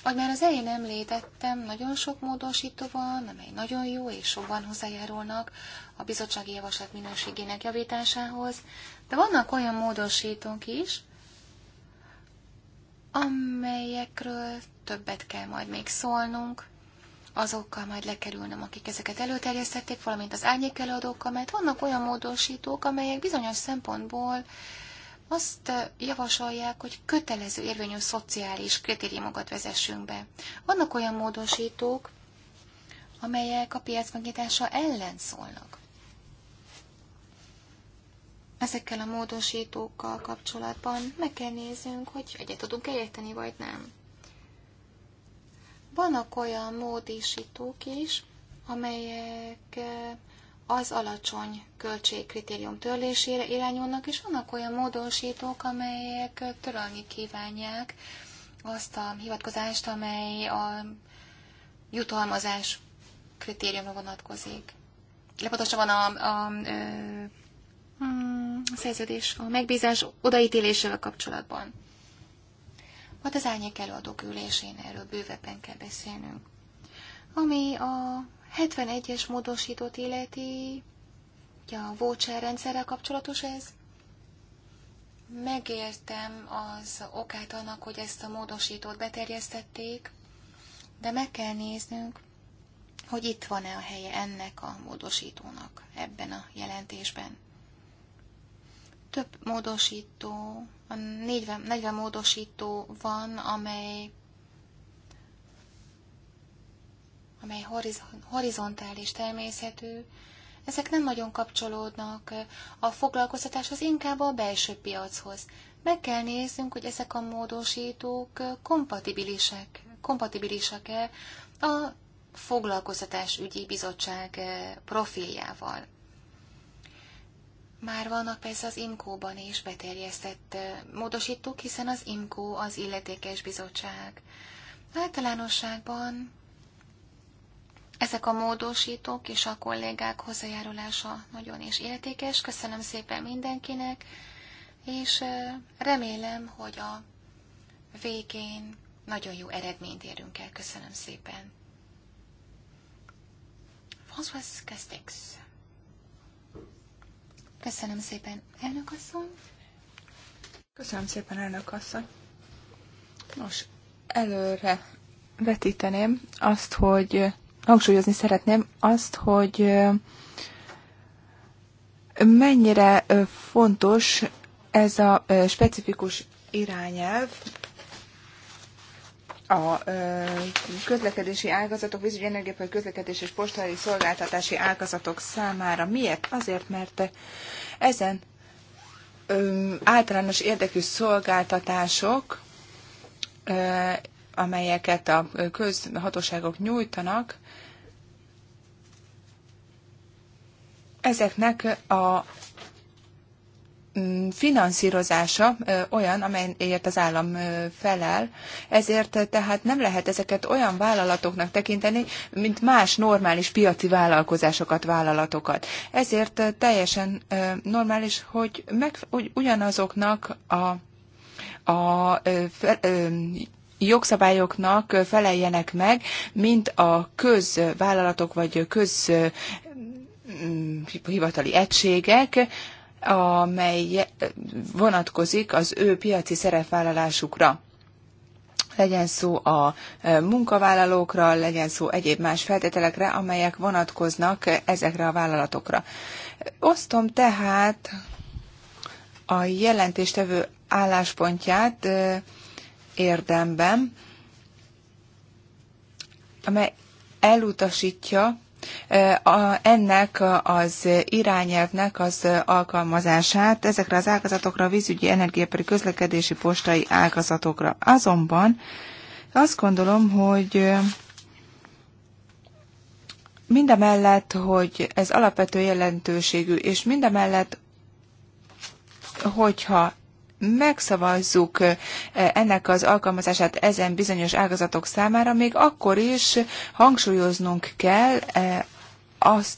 Ahogy már az elején említettem, nagyon sok módosító van, amely nagyon jó és sokan hozzájárulnak a bizottsági javaslat minőségének javításához, de vannak olyan módosítók is, amelyekről többet kell majd még szólnunk, azokkal majd lekerülnem, akik ezeket előterjesztették, valamint az árnyékelőadókkal, mert vannak olyan módosítók, amelyek bizonyos szempontból azt javasolják, hogy kötelező érvényű szociális kritériumokat vezessünk be. Vannak olyan módosítók, amelyek a piac megnyitása ellen szólnak. Ezekkel a módosítókkal kapcsolatban meg kell néznünk, hogy egyet tudunk érteni, vagy nem. Vannak olyan módosítók is, amelyek az alacsony költségkritérium törlésére irányulnak, és vannak olyan módosítók, amelyek törölni kívánják azt a hivatkozást, amely a jutalmazás kritériumra vonatkozik. Lepontosabban a, a, a hmm, a szerződés, a megbízás odaítélésével kapcsolatban. Hát az árnyék előadók ülésén erről bővebben kell beszélnünk. Ami a 71-es módosított életi, ugye a voucher rendszerrel kapcsolatos ez. Megértem az okát annak, hogy ezt a módosítót beterjesztették, de meg kell néznünk, hogy itt van-e a helye ennek a módosítónak ebben a jelentésben. Több módosító, 40, 40 módosító van, amely amely horizontális természetű, ezek nem nagyon kapcsolódnak a foglalkoztatáshoz, inkább a belső piachoz. Meg kell néznünk, hogy ezek a módosítók kompatibilisek, kompatibilisek-e a foglalkoztatás ügyi bizottság profiljával. Már vannak persze az imco ban is beterjesztett módosítók, hiszen az IMCO az illetékes bizottság. Általánosságban ezek a módosítók és a kollégák hozzájárulása nagyon is értékes. Köszönöm szépen mindenkinek, és remélem, hogy a végén nagyon jó eredményt érünk el. Köszönöm szépen. François Castex. Köszönöm szépen, elnök asszony. Köszönöm szépen, elnök asszony. Nos, előre vetíteném azt, hogy hangsúlyozni szeretném azt, hogy mennyire fontos ez a specifikus irányelv a közlekedési ágazatok, vízügyi energiapai közlekedés és postai szolgáltatási ágazatok számára. Miért? Azért, mert ezen általános érdekű szolgáltatások amelyeket a közhatóságok nyújtanak, ezeknek a mm, finanszírozása olyan, amelyért az állam felel, ezért tehát nem lehet ezeket olyan vállalatoknak tekinteni, mint más normális piaci vállalkozásokat, vállalatokat. Ezért teljesen normális, hogy, meg, hogy ugyanazoknak a, a jogszabályoknak feleljenek meg, mint a közvállalatok vagy közhivatali mm, egységek, amely vonatkozik az ő piaci szerepvállalásukra legyen szó a munkavállalókra, legyen szó egyéb más feltételekre, amelyek vonatkoznak ezekre a vállalatokra. Osztom tehát a jelentéstevő álláspontját, érdemben, amely elutasítja ennek az irányelvnek az alkalmazását ezekre az ágazatokra, a vízügyi, energiapari, közlekedési, postai ágazatokra. Azonban azt gondolom, hogy mindemellett, hogy ez alapvető jelentőségű, és mindemellett, hogyha megszavazzuk eh, ennek az alkalmazását ezen bizonyos ágazatok számára, még akkor is hangsúlyoznunk kell eh, azt,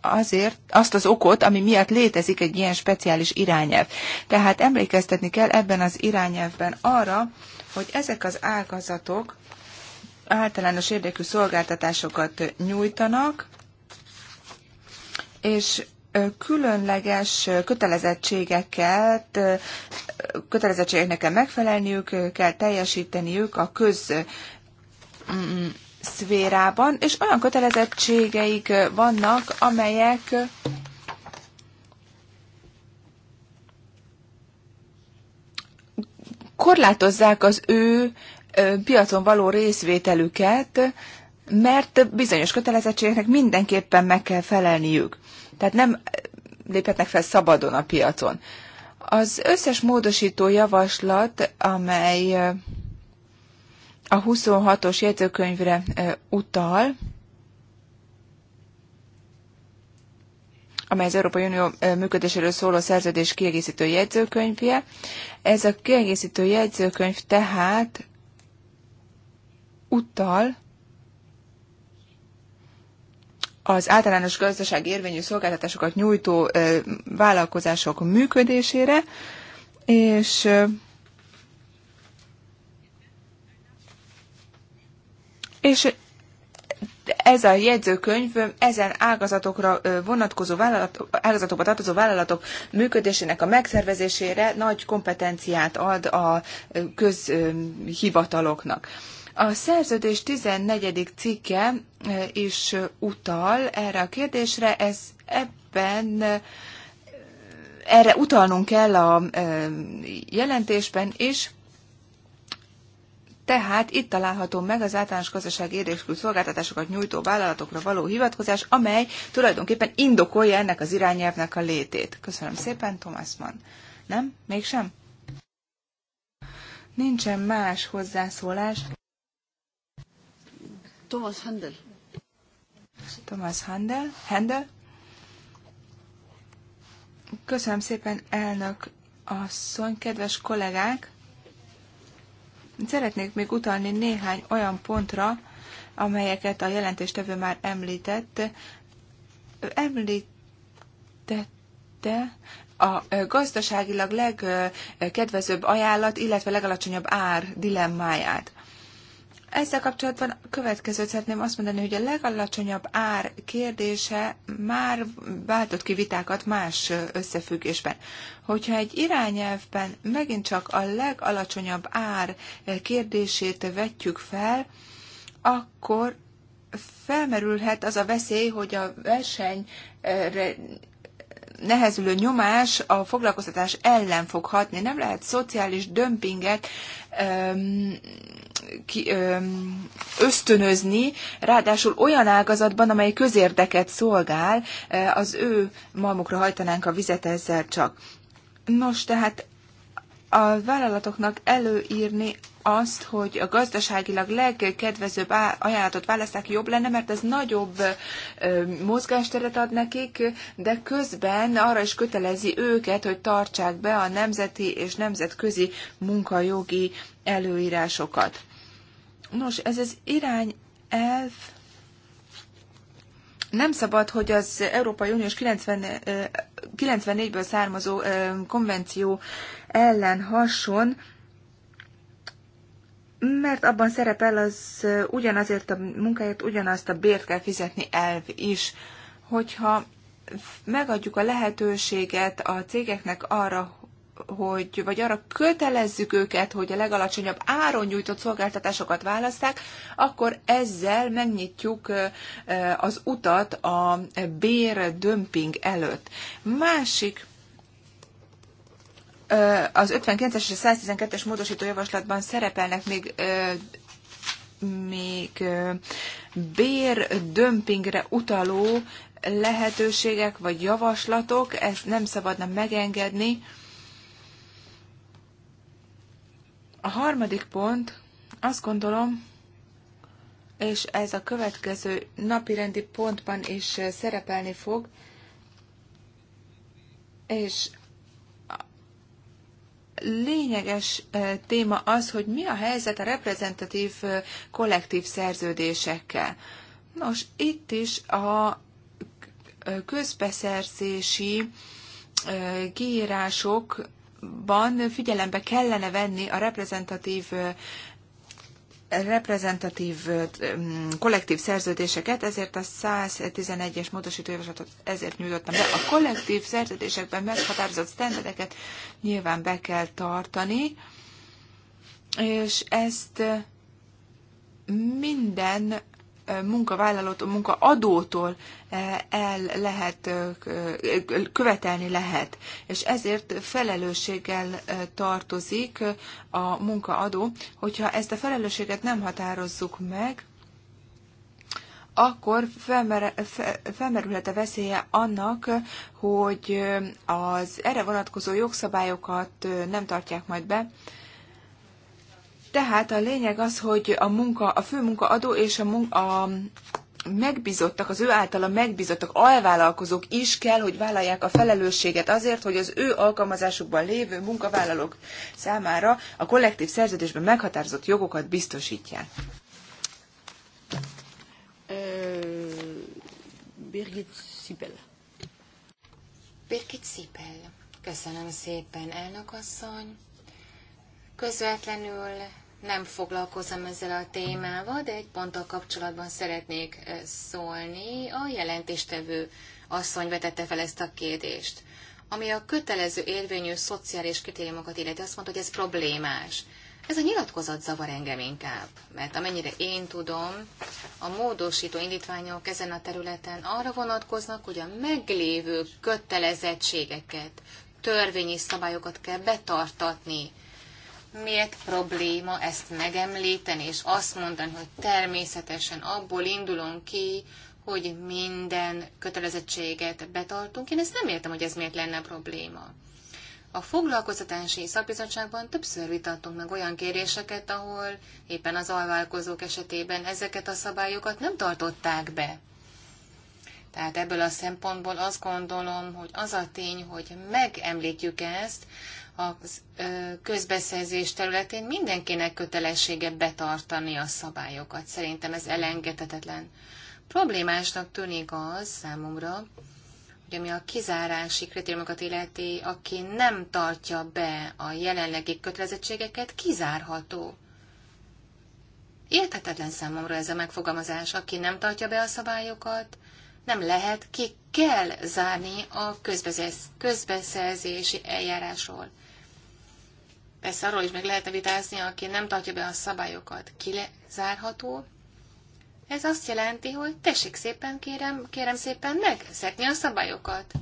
azért azt az okot, ami miatt létezik egy ilyen speciális irányelv. Tehát emlékeztetni kell ebben az irányelvben arra, hogy ezek az ágazatok általános érdekű szolgáltatásokat nyújtanak, és különleges kötelezettségeket, kötelezettségeknek kell megfelelniük, kell teljesíteniük a köz mm, mm, szférában, és olyan kötelezettségeik vannak, amelyek korlátozzák az ő piacon való részvételüket, mert bizonyos kötelezettségeknek mindenképpen meg kell felelniük tehát nem léphetnek fel szabadon a piacon. Az összes módosító javaslat, amely a 26-os jegyzőkönyvre utal, amely az Európai Unió működéséről szóló szerződés kiegészítő jegyzőkönyvje. Ez a kiegészítő jegyzőkönyv tehát utal az általános gazdaság érvényű szolgáltatásokat nyújtó vállalkozások működésére, és és ez a jegyzőkönyv ezen ágazatokra vonatkozó vállalatok ágazatokba tartozó vállalatok működésének a megszervezésére nagy kompetenciát ad a közhivataloknak. A szerződés 14. cikke e, is utal erre a kérdésre, ez ebben e, erre utalnunk kell a e, jelentésben is, tehát itt található meg az általános gazdasági érdekű szolgáltatásokat nyújtó vállalatokra való hivatkozás, amely tulajdonképpen indokolja ennek az irányelvnek a létét. Köszönöm szépen, Thomas Mann. Nem? Mégsem? Nincsen más hozzászólás. Thomas Handel. Thomas Handel. Handel. Köszönöm szépen, elnök asszony, kedves kollégák! Szeretnék még utalni néhány olyan pontra, amelyeket a jelentéstevő már említett. Említette a gazdaságilag legkedvezőbb ajánlat, illetve legalacsonyabb ár dilemmáját. Ezzel kapcsolatban a következőt szeretném azt mondani, hogy a legalacsonyabb ár kérdése már váltott ki vitákat más összefüggésben. Hogyha egy irányelvben megint csak a legalacsonyabb ár kérdését vetjük fel, akkor felmerülhet az a veszély, hogy a verseny nehezülő nyomás a foglalkoztatás ellen fog hatni. Nem lehet szociális dömpinget ki, ö, ösztönözni, ráadásul olyan ágazatban, amely közérdeket szolgál, az ő malmukra hajtanánk a vizet ezzel csak. Nos, tehát a vállalatoknak előírni azt, hogy a gazdaságilag legkedvezőbb ajánlatot választák, jobb lenne, mert ez nagyobb mozgásteret ad nekik, de közben arra is kötelezi őket, hogy tartsák be a nemzeti és nemzetközi munkajogi előírásokat. Nos, ez az irány elv nem szabad, hogy az Európai Uniós 90, 94-ből származó konvenció ellen hason, mert abban szerepel az ugyanazért a munkáért ugyanazt a bért kell fizetni elv is. Hogyha megadjuk a lehetőséget a cégeknek arra, hogy, vagy arra kötelezzük őket, hogy a legalacsonyabb áron nyújtott szolgáltatásokat választák, akkor ezzel megnyitjuk az utat a bérdömping előtt. Másik az 59-es és a 112-es módosító javaslatban szerepelnek még még bérdömpingre utaló lehetőségek vagy javaslatok, ezt nem szabadna megengedni. A harmadik pont, azt gondolom, és ez a következő napi rendi pontban is szerepelni fog, és lényeges téma az, hogy mi a helyzet a reprezentatív kollektív szerződésekkel. Nos, itt is a közbeszerzési kiírások ban figyelembe kellene venni a reprezentatív reprezentatív kollektív szerződéseket, ezért a 111-es módosítójavaslatot ezért nyújtottam be. A kollektív szerződésekben meghatározott sztenderdeket nyilván be kell tartani, és ezt minden munkavállalótól, munkaadótól el lehet, követelni lehet. És ezért felelősséggel tartozik a munkaadó. Hogyha ezt a felelősséget nem határozzuk meg, akkor felmer, felmerülhet a veszélye annak, hogy az erre vonatkozó jogszabályokat nem tartják majd be, tehát a lényeg az, hogy a, munka, a munkaadó és a, munka, a megbizottak, az ő általa megbizottak alvállalkozók is kell, hogy vállalják a felelősséget azért, hogy az ő alkalmazásukban lévő munkavállalók számára a kollektív szerződésben meghatározott jogokat biztosítják. Birgit Szipel. Birgit Szipel. Köszönöm szépen, elnök asszony. Közvetlenül nem foglalkozom ezzel a témával, de egy ponttal kapcsolatban szeretnék szólni. A jelentéstevő asszony vetette fel ezt a kérdést. Ami a kötelező érvényű szociális kritériumokat illeti, azt mondta, hogy ez problémás. Ez a nyilatkozat zavar engem inkább, mert amennyire én tudom, a módosító indítványok ezen a területen arra vonatkoznak, hogy a meglévő kötelezettségeket, törvényi szabályokat kell betartatni miért probléma ezt megemlíteni, és azt mondani, hogy természetesen abból indulunk ki, hogy minden kötelezettséget betartunk. Én ezt nem értem, hogy ez miért lenne probléma. A foglalkoztatási szakbizottságban többször vitattunk meg olyan kéréseket, ahol éppen az alvállalkozók esetében ezeket a szabályokat nem tartották be. Tehát ebből a szempontból azt gondolom, hogy az a tény, hogy megemlítjük ezt, a közbeszerzés területén mindenkinek kötelessége betartani a szabályokat. Szerintem ez elengedhetetlen. Problémásnak tűnik az számomra, hogy ami a kizárási kritériumokat illeti, aki nem tartja be a jelenlegi kötelezettségeket, kizárható. Érthetetlen számomra ez a megfogalmazás, aki nem tartja be a szabályokat, nem lehet, ki kell zárni a közbeszerzési eljárásról. Persze arról is meg lehetne vitázni, aki nem tartja be a szabályokat, kilezárható. Ez azt jelenti, hogy tessék szépen, kérem, kérem szépen megszegni a szabályokat.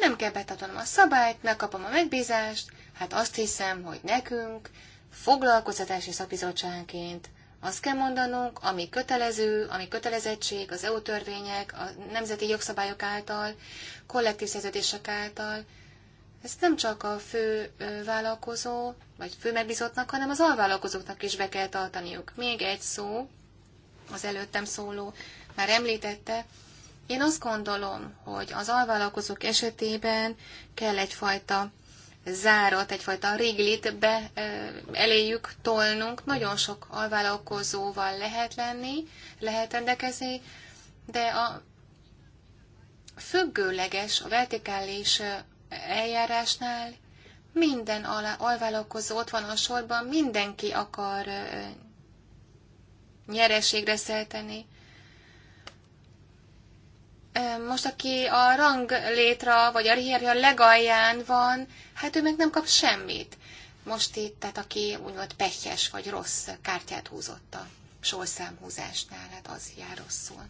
Nem kell betartanom a szabályt, megkapom a megbízást, hát azt hiszem, hogy nekünk foglalkoztatási szakbizottságként azt kell mondanunk, ami kötelező, ami kötelezettség az EU törvények, a nemzeti jogszabályok által, kollektív szerződések által, ezt nem csak a fő vállalkozó, vagy fő megbízottnak, hanem az alvállalkozóknak is be kell tartaniuk. Még egy szó, az előttem szóló már említette, én azt gondolom, hogy az alvállalkozók esetében kell egyfajta zárat, egyfajta riglit be eléjük tolnunk. Nagyon sok alvállalkozóval lehet lenni, lehet rendelkezni, de a függőleges, a vertikális eljárásnál minden alvállalkozó ott van a sorban, mindenki akar nyereségre szelteni. Most aki a rang létra, vagy a hierja legalján van, hát ő meg nem kap semmit. Most itt, tehát aki úgymond pehjes vagy rossz kártyát húzott a sorszámhúzásnál, hát az jár rosszul.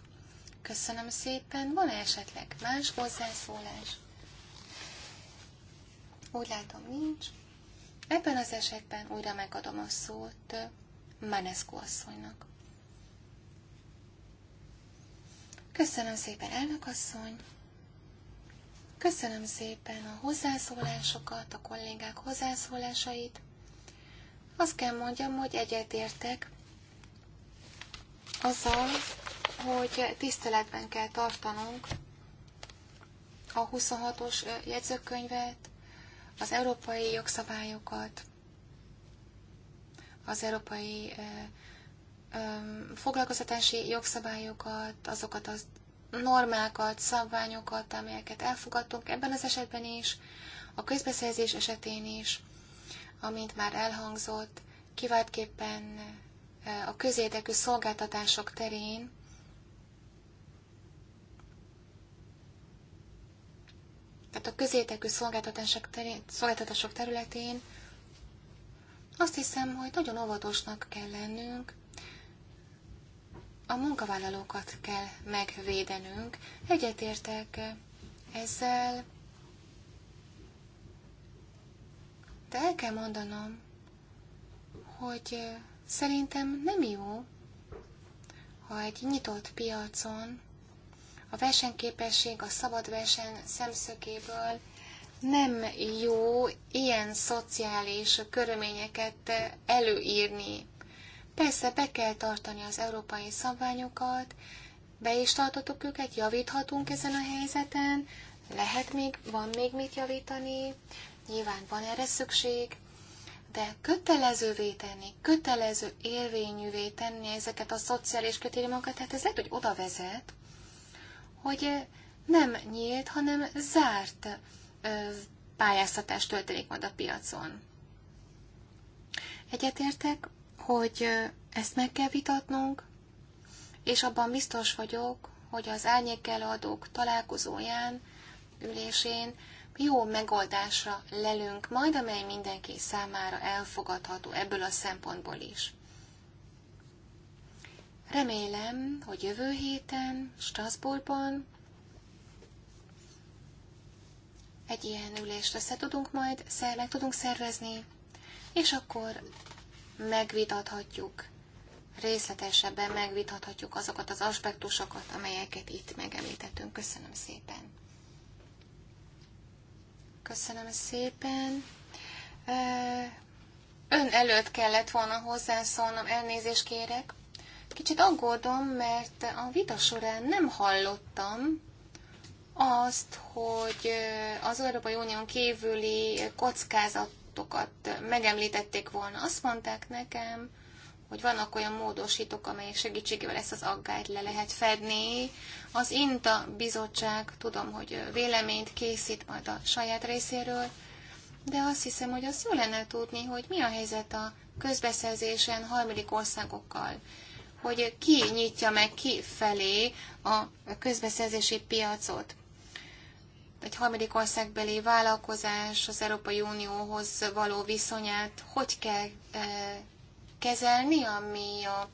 Köszönöm szépen. Van-e esetleg más hozzászólás? Úgy látom, nincs. Ebben az esetben újra megadom a szót Maneszko asszonynak. Köszönöm szépen, elnök asszony! Köszönöm szépen a hozzászólásokat, a kollégák hozzászólásait. Azt kell mondjam, hogy egyetértek azzal, hogy tiszteletben kell tartanunk a 26-os jegyzőkönyvet, az európai jogszabályokat, az európai foglalkoztatási jogszabályokat, azokat a az normákat, szabványokat, amelyeket elfogadtunk ebben az esetben is, a közbeszerzés esetén is, amint már elhangzott, kiváltképpen a közérdekű szolgáltatások terén tehát a közétekű szolgáltatások, szolgáltatások területén azt hiszem, hogy nagyon óvatosnak kell lennünk, a munkavállalókat kell megvédenünk. Egyetértek ezzel, de el kell mondanom, hogy szerintem nem jó, ha egy nyitott piacon a versenyképesség a szabad verseny szemszögéből nem jó ilyen szociális körülményeket előírni. Persze be kell tartani az európai szabványokat, be is tartottuk őket, javíthatunk ezen a helyzeten, lehet még, van még mit javítani, nyilván van erre szükség, de kötelezővé tenni, kötelező érvényűvé tenni ezeket a szociális kritériumokat, Tehát ez lehet, hogy oda vezet, hogy nem nyílt, hanem zárt pályáztatás történik majd a piacon. Egyetértek, hogy ezt meg kell vitatnunk, és abban biztos vagyok, hogy az árnyék előadók találkozóján, ülésén jó megoldásra lelünk majd, amely mindenki számára elfogadható ebből a szempontból is. Remélem, hogy jövő héten Strasbourgban egy ilyen ülést össze tudunk majd, meg tudunk szervezni, és akkor megvitathatjuk, részletesebben megvitathatjuk azokat az aspektusokat, amelyeket itt megemlítettünk. Köszönöm szépen! Köszönöm szépen! Ön előtt kellett volna hozzászólnom, elnézést kérek. Kicsit aggódom, mert a vita során nem hallottam azt, hogy eh, az Európai Unión kívüli kockázatokat megemlítették volna. Azt mondták nekem, hogy vannak olyan módosítók, amelyek segítségével ezt az aggályt le lehet fedni. Az INTA bizottság, tudom, hogy véleményt készít majd a saját részéről, de azt hiszem, hogy azt jó lenne tudni, hogy mi a helyzet a közbeszerzésen harmadik országokkal hogy ki nyitja meg ki felé a közbeszerzési piacot. Egy harmadik országbeli vállalkozás az Európai Unióhoz való viszonyát hogy kell eh, kezelni, ami a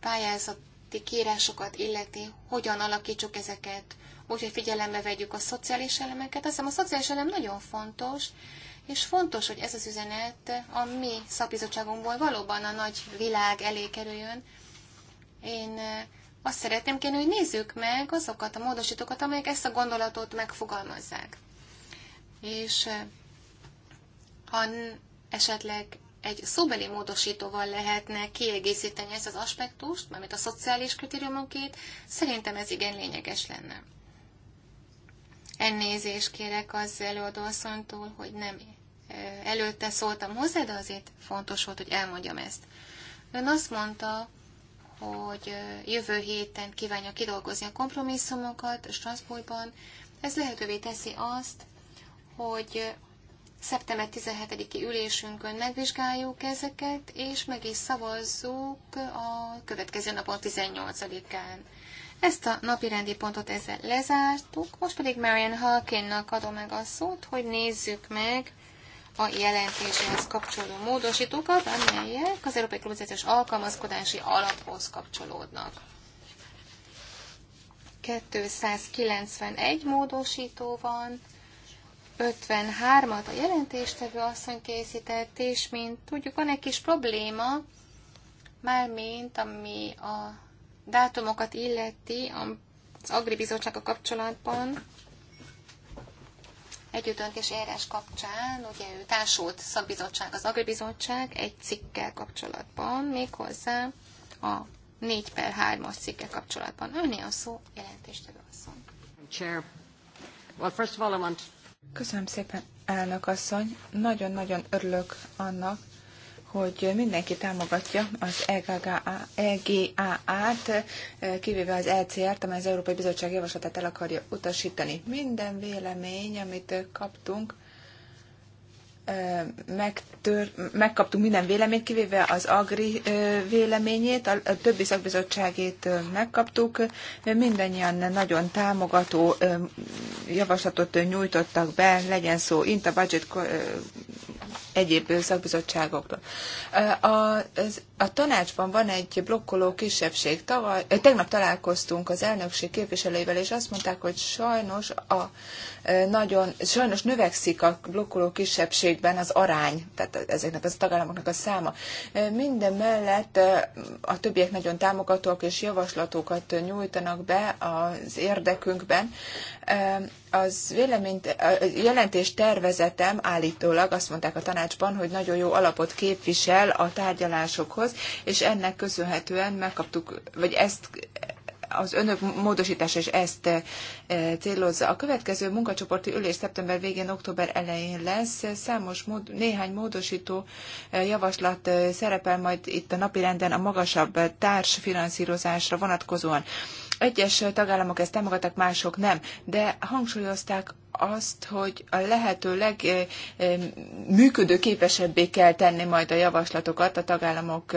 pályázati kírásokat illeti, hogyan alakítsuk ezeket, úgyhogy figyelembe vegyük a szociális elemeket. Azt hiszem a szociális elem nagyon fontos, és fontos, hogy ez az üzenet a mi szakbizottságunkból valóban a nagy világ elé kerüljön. Én eh, azt szeretném kérni, hogy nézzük meg azokat a módosítókat, amelyek ezt a gondolatot megfogalmazzák. És eh, ha esetleg egy szóbeli módosítóval lehetne kiegészíteni ezt az aspektust, mármint a szociális kritériumokét, szerintem ez igen lényeges lenne. Elnézést kérek az előadóasszonytól, hogy nem előtte szóltam hozzá, de azért fontos volt, hogy elmondjam ezt. Ön azt mondta, hogy jövő héten kívánja kidolgozni a kompromisszumokat Strasbourgban. Ez lehetővé teszi azt, hogy szeptember 17-i ülésünkön megvizsgáljuk ezeket, és meg is szavazzuk a következő napon 18-án. Ezt a napi rendi pontot ezzel lezártuk, most pedig Marian Halkinnak adom meg a szót, hogy nézzük meg a jelentéséhez kapcsolódó módosítókat, amelyek az Európai Globalizációs Alkalmazkodási Alaphoz kapcsolódnak. 291 módosító van, 53-at a jelentéstevő asszony készített, és mint tudjuk, van egy kis probléma, mármint ami a dátumokat illeti az Agri a kapcsolatban, együttöntés érés kapcsán, ugye ő társult szakbizottság, az agribizottság egy cikkel kapcsolatban, méghozzá a 4 per 3-as cikkel kapcsolatban. Önni a szó, jelentéstevő asszony. Well, first of all, I want... Köszönöm szépen, elnök asszony. Nagyon-nagyon örülök annak, hogy mindenki támogatja az EGAA-t, e kivéve az ECR-t, amely az Európai Bizottság javaslatát el akarja utasítani. Minden vélemény, amit kaptunk, megtör, megkaptunk minden véleményt, kivéve az Agri véleményét, a többi szakbizottságét megkaptuk. Mindennyian nagyon támogató javaslatot nyújtottak be, legyen szó Inta Budget egyéb szakbizottságoktól. A, a tanácsban van egy blokkoló kisebbség. Tavaly, tegnap találkoztunk az elnökség képviselőivel, és azt mondták, hogy sajnos, a, nagyon, sajnos növekszik a blokkoló kisebbség egyben az arány, tehát ezeknek az tagállamoknak a száma. Minden mellett a többiek nagyon támogatók és javaslatokat nyújtanak be az érdekünkben. Az véleményt, a jelentés tervezetem állítólag azt mondták a tanácsban, hogy nagyon jó alapot képvisel a tárgyalásokhoz, és ennek köszönhetően megkaptuk, vagy ezt az önök módosítása is ezt eh, célozza. A következő munkacsoporti ülés szeptember végén, október elején lesz. Számos mód, néhány módosító eh, javaslat eh, szerepel majd itt a napirenden a magasabb társfinanszírozásra vonatkozóan. Egyes tagállamok ezt támogattak, mások nem, de hangsúlyozták azt, hogy a lehető legműködőképesebbé kell tenni majd a javaslatokat a tagállamok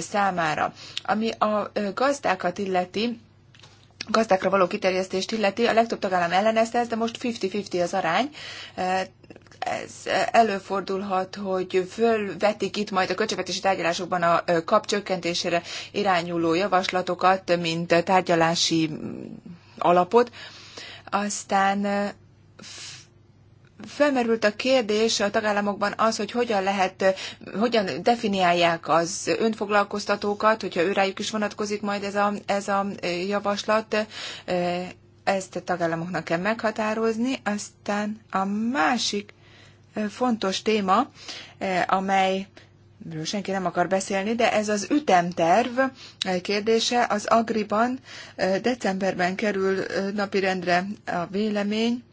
számára. Ami a gazdákat illeti, gazdákra való kiterjesztést illeti, a legtöbb tagállam ellenezte ezt, de most 50-50 az arány. Ez előfordulhat, hogy fölvetik itt majd a költségvetési tárgyalásokban a kapcsökkentésére irányuló javaslatokat, mint tárgyalási alapot. Aztán Felmerült a kérdés a tagállamokban az, hogy hogyan lehet, hogyan definiálják az önfoglalkoztatókat, hogyha őrájuk is vonatkozik majd ez a, ez a javaslat, ezt a tagállamoknak kell meghatározni. Aztán a másik fontos téma, amely senki nem akar beszélni, de ez az ütemterv kérdése az Agriban decemberben kerül napirendre a vélemény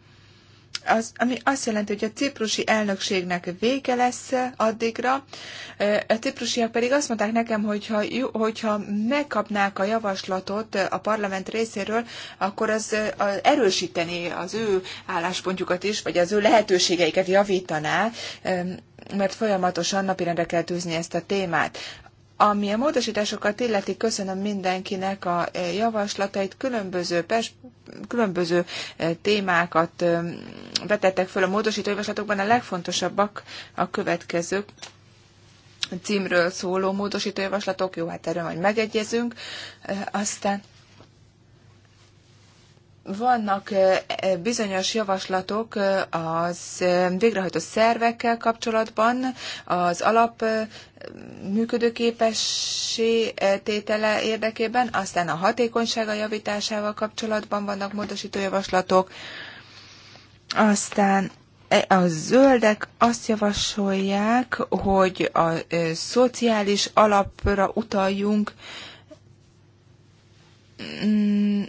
az, ami azt jelenti, hogy a ciprusi elnökségnek vége lesz eh, addigra. Eh, a ciprusiak pedig azt mondták nekem, hogyha, hogyha megkapnák a javaslatot eh, a parlament részéről, akkor az, az erősíteni az ő álláspontjukat is, vagy az ő lehetőségeiket javítaná, mert folyamatosan napirendre kell tűzni ezt a témát. Ami a módosításokat illeti, köszönöm mindenkinek a eh, javaslatait, különböző, pers- különböző eh, témákat eh, vetettek föl a módosító javaslatokban, a legfontosabbak a következők címről szóló módosító javaslatok, jó, hát erről majd megegyezünk. Aztán vannak bizonyos javaslatok az végrehajtó szervekkel kapcsolatban, az alap működőképessé tétele érdekében, aztán a hatékonysága javításával kapcsolatban vannak módosító javaslatok, aztán e, a zöldek azt javasolják, hogy a szociális alapra utaljunk, mm,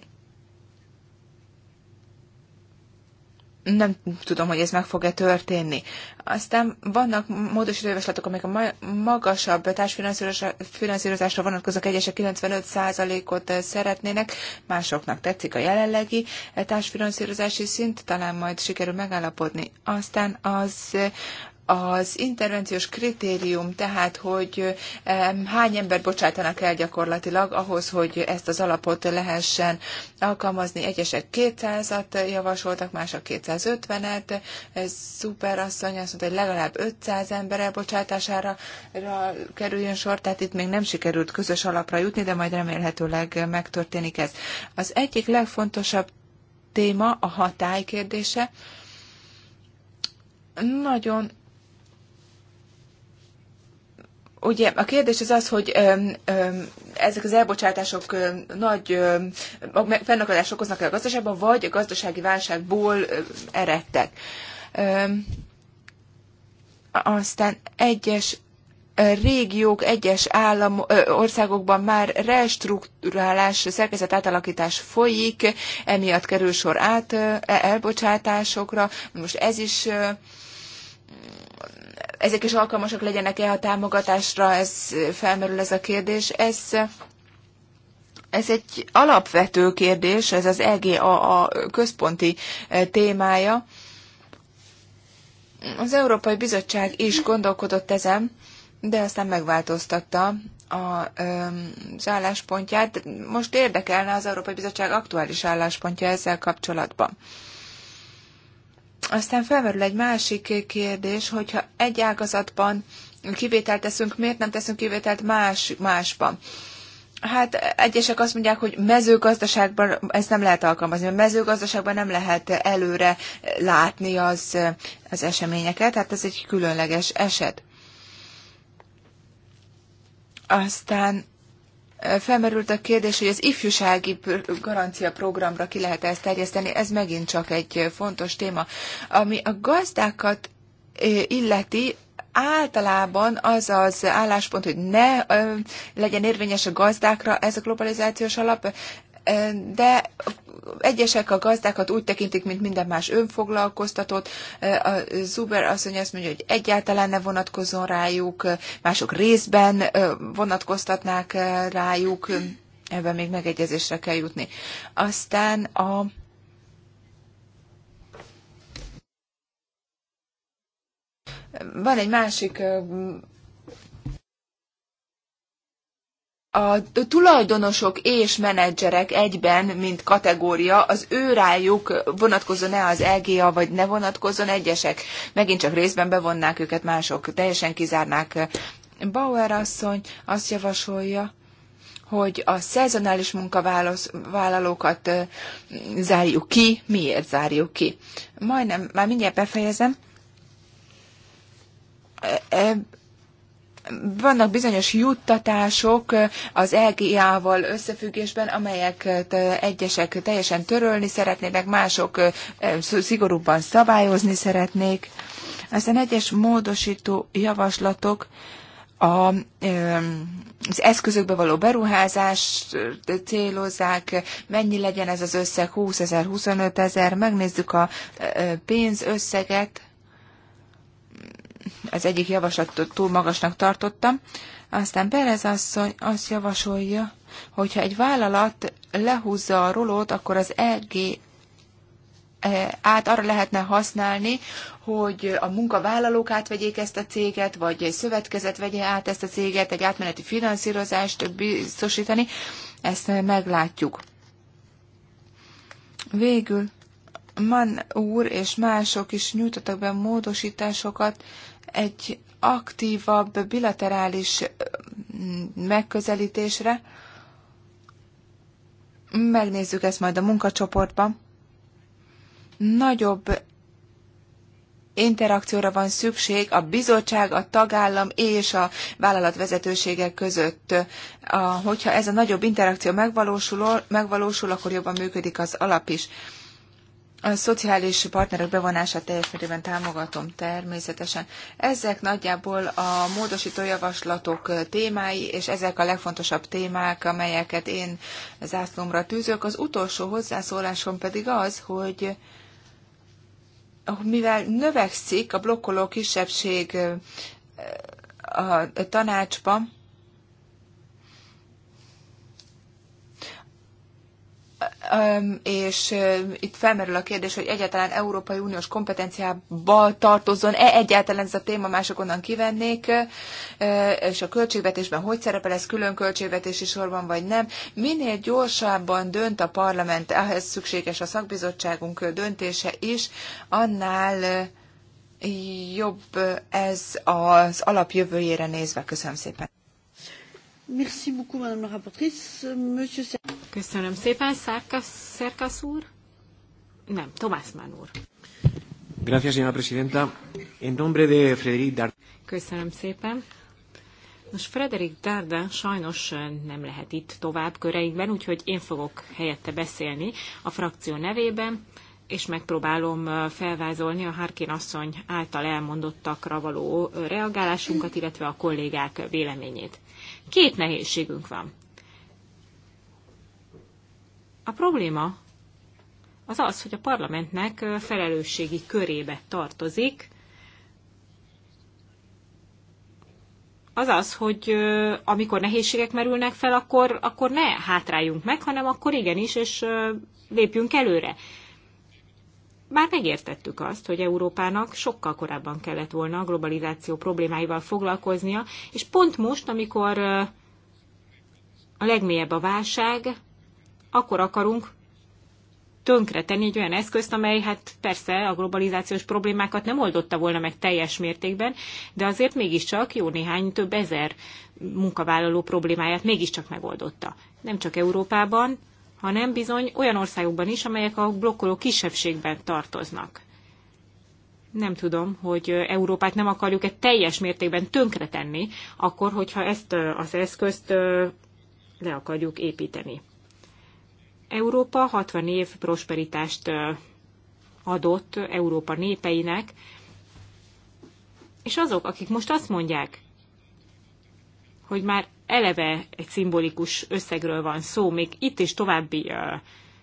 nem tudom, hogy ez meg fog-e történni. Aztán vannak módosító javaslatok, amik a magasabb társfinanszírozásra vonatkozók egyesek 95%-ot eh, szeretnének, másoknak tetszik a jelenlegi eh, társfinanszírozási szint, talán majd sikerül megállapodni. Aztán az eh, az intervenciós kritérium, tehát hogy hány ember bocsátanak el gyakorlatilag ahhoz, hogy ezt az alapot lehessen alkalmazni. Egyesek 200-at javasoltak, mások 250-et. Szuper asszony azt mondta, hogy legalább 500 ember elbocsátására kerüljön sor, tehát itt még nem sikerült közös alapra jutni, de majd remélhetőleg megtörténik ez. Az egyik legfontosabb téma a hatály kérdése. Nagyon Ugye a kérdés az az, hogy ezek az elbocsátások nagy fennakadást okoznak el a gazdaságban, vagy a gazdasági válságból eredtek. Aztán egyes eh, régiók, egyes állam, országokban már restruktúrálás, szerkezet átalakítás folyik, emiatt kerül sor át eh, elbocsátásokra. Most ez is eh, ezek is alkalmasak legyenek-e a támogatásra, ez felmerül ez a kérdés. Ez, ez egy alapvető kérdés, ez az EGA a központi e, témája. Az Európai Bizottság is gondolkodott ezen, de aztán megváltoztatta a, az álláspontját. Most érdekelne az Európai Bizottság aktuális álláspontja ezzel kapcsolatban. Aztán felmerül egy másik kérdés, hogyha egy ágazatban kivételt teszünk, miért nem teszünk kivételt más, másban? Hát egyesek azt mondják, hogy mezőgazdaságban ezt nem lehet alkalmazni, mert mezőgazdaságban nem lehet előre látni az, az eseményeket, tehát ez egy különleges eset. Aztán felmerült a kérdés, hogy az ifjúsági garancia programra ki lehet ezt terjeszteni, ez megint csak egy fontos téma. Ami a gazdákat illeti, általában az az álláspont, hogy ne ö, legyen érvényes a gazdákra ez a globalizációs alap, de egyesek a gazdákat úgy tekintik, mint minden más önfoglalkoztatót. A Zuber asszony azt mondja, hogy egyáltalán ne vonatkozzon rájuk, mások részben vonatkoztatnák rájuk, ebben még megegyezésre kell jutni. Aztán a van egy másik a tulajdonosok és menedzserek egyben, mint kategória, az ő rájuk vonatkozzon-e az LGA, vagy ne vonatkozzon egyesek, megint csak részben bevonnák őket mások, teljesen kizárnák. Bauer asszony azt javasolja, hogy a szezonális munkavállalókat zárjuk ki. Miért zárjuk ki? Majdnem, már mindjárt befejezem vannak bizonyos juttatások az LGA-val összefüggésben, amelyeket egyesek teljesen törölni szeretnének, mások szigorúbban szabályozni szeretnék. Aztán egyes módosító javaslatok a, az eszközökbe való beruházást célozzák, mennyi legyen ez az összeg, 20 ezer, 25 ezer, megnézzük a pénzösszeget, az egyik javaslatot túl magasnak tartottam. Aztán Perez asszony azt javasolja, hogyha egy vállalat lehúzza a rolót, akkor az EG e, át arra lehetne használni, hogy a munkavállalók átvegyék ezt a céget, vagy egy szövetkezet vegye át ezt a céget, egy átmeneti finanszírozást biztosítani. Ezt meglátjuk. Végül Mann úr és mások is nyújtottak be módosításokat egy aktívabb bilaterális mm, megközelítésre. Megnézzük ezt majd a munkacsoportban. Nagyobb interakcióra van szükség a bizottság, a tagállam és a vállalatvezetőségek között. A, hogyha ez a nagyobb interakció megvalósul, megvalósul, akkor jobban működik az alap is. A szociális partnerek bevonását teljes mértékben támogatom természetesen. Ezek nagyjából a módosító javaslatok témái, és ezek a legfontosabb témák, amelyeket én zászlómra tűzök. Az utolsó hozzászólásom pedig az, hogy mivel növekszik a blokkoló kisebbség a tanácsban, és itt felmerül a kérdés, hogy egyáltalán Európai Uniós kompetenciába tartozzon-e egyáltalán ez a téma, mások onnan kivennék, és a költségvetésben hogy szerepel ez külön költségvetési sorban, vagy nem. Minél gyorsabban dönt a parlament, ehhez szükséges a szakbizottságunk döntése is, annál jobb ez az alapjövőjére nézve. Köszönöm szépen. Merci beaucoup, Madame la rapportrice. Monsieur Köszönöm szépen, Szerkasz, Szerkasz úr. Nem, Tomás Mann úr. Gracias, señora presidenta. En nombre de Frederic Dard... Köszönöm szépen. Most Frederik Darda sajnos nem lehet itt tovább köreinkben, úgyhogy én fogok helyette beszélni a frakció nevében, és megpróbálom felvázolni a Harkin asszony által elmondottakra való reagálásunkat, illetve a kollégák véleményét. Két nehézségünk van. A probléma az az, hogy a parlamentnek felelősségi körébe tartozik, az az, hogy amikor nehézségek merülnek fel, akkor, akkor ne hátráljunk meg, hanem akkor igenis, és lépjünk előre. Már megértettük azt, hogy Európának sokkal korábban kellett volna a globalizáció problémáival foglalkoznia, és pont most, amikor a legmélyebb a válság, akkor akarunk tönkretenni egy olyan eszközt, amely hát persze a globalizációs problémákat nem oldotta volna meg teljes mértékben, de azért mégiscsak jó néhány több ezer munkavállaló problémáját mégiscsak megoldotta. Nem csak Európában, hanem bizony olyan országokban is, amelyek a blokkoló kisebbségben tartoznak. Nem tudom, hogy Európát nem akarjuk-e teljes mértékben tönkretenni, akkor, hogyha ezt az eszközt le akarjuk építeni. Európa 60 év prosperitást adott Európa népeinek, és azok, akik most azt mondják, hogy már eleve egy szimbolikus összegről van szó, még itt is további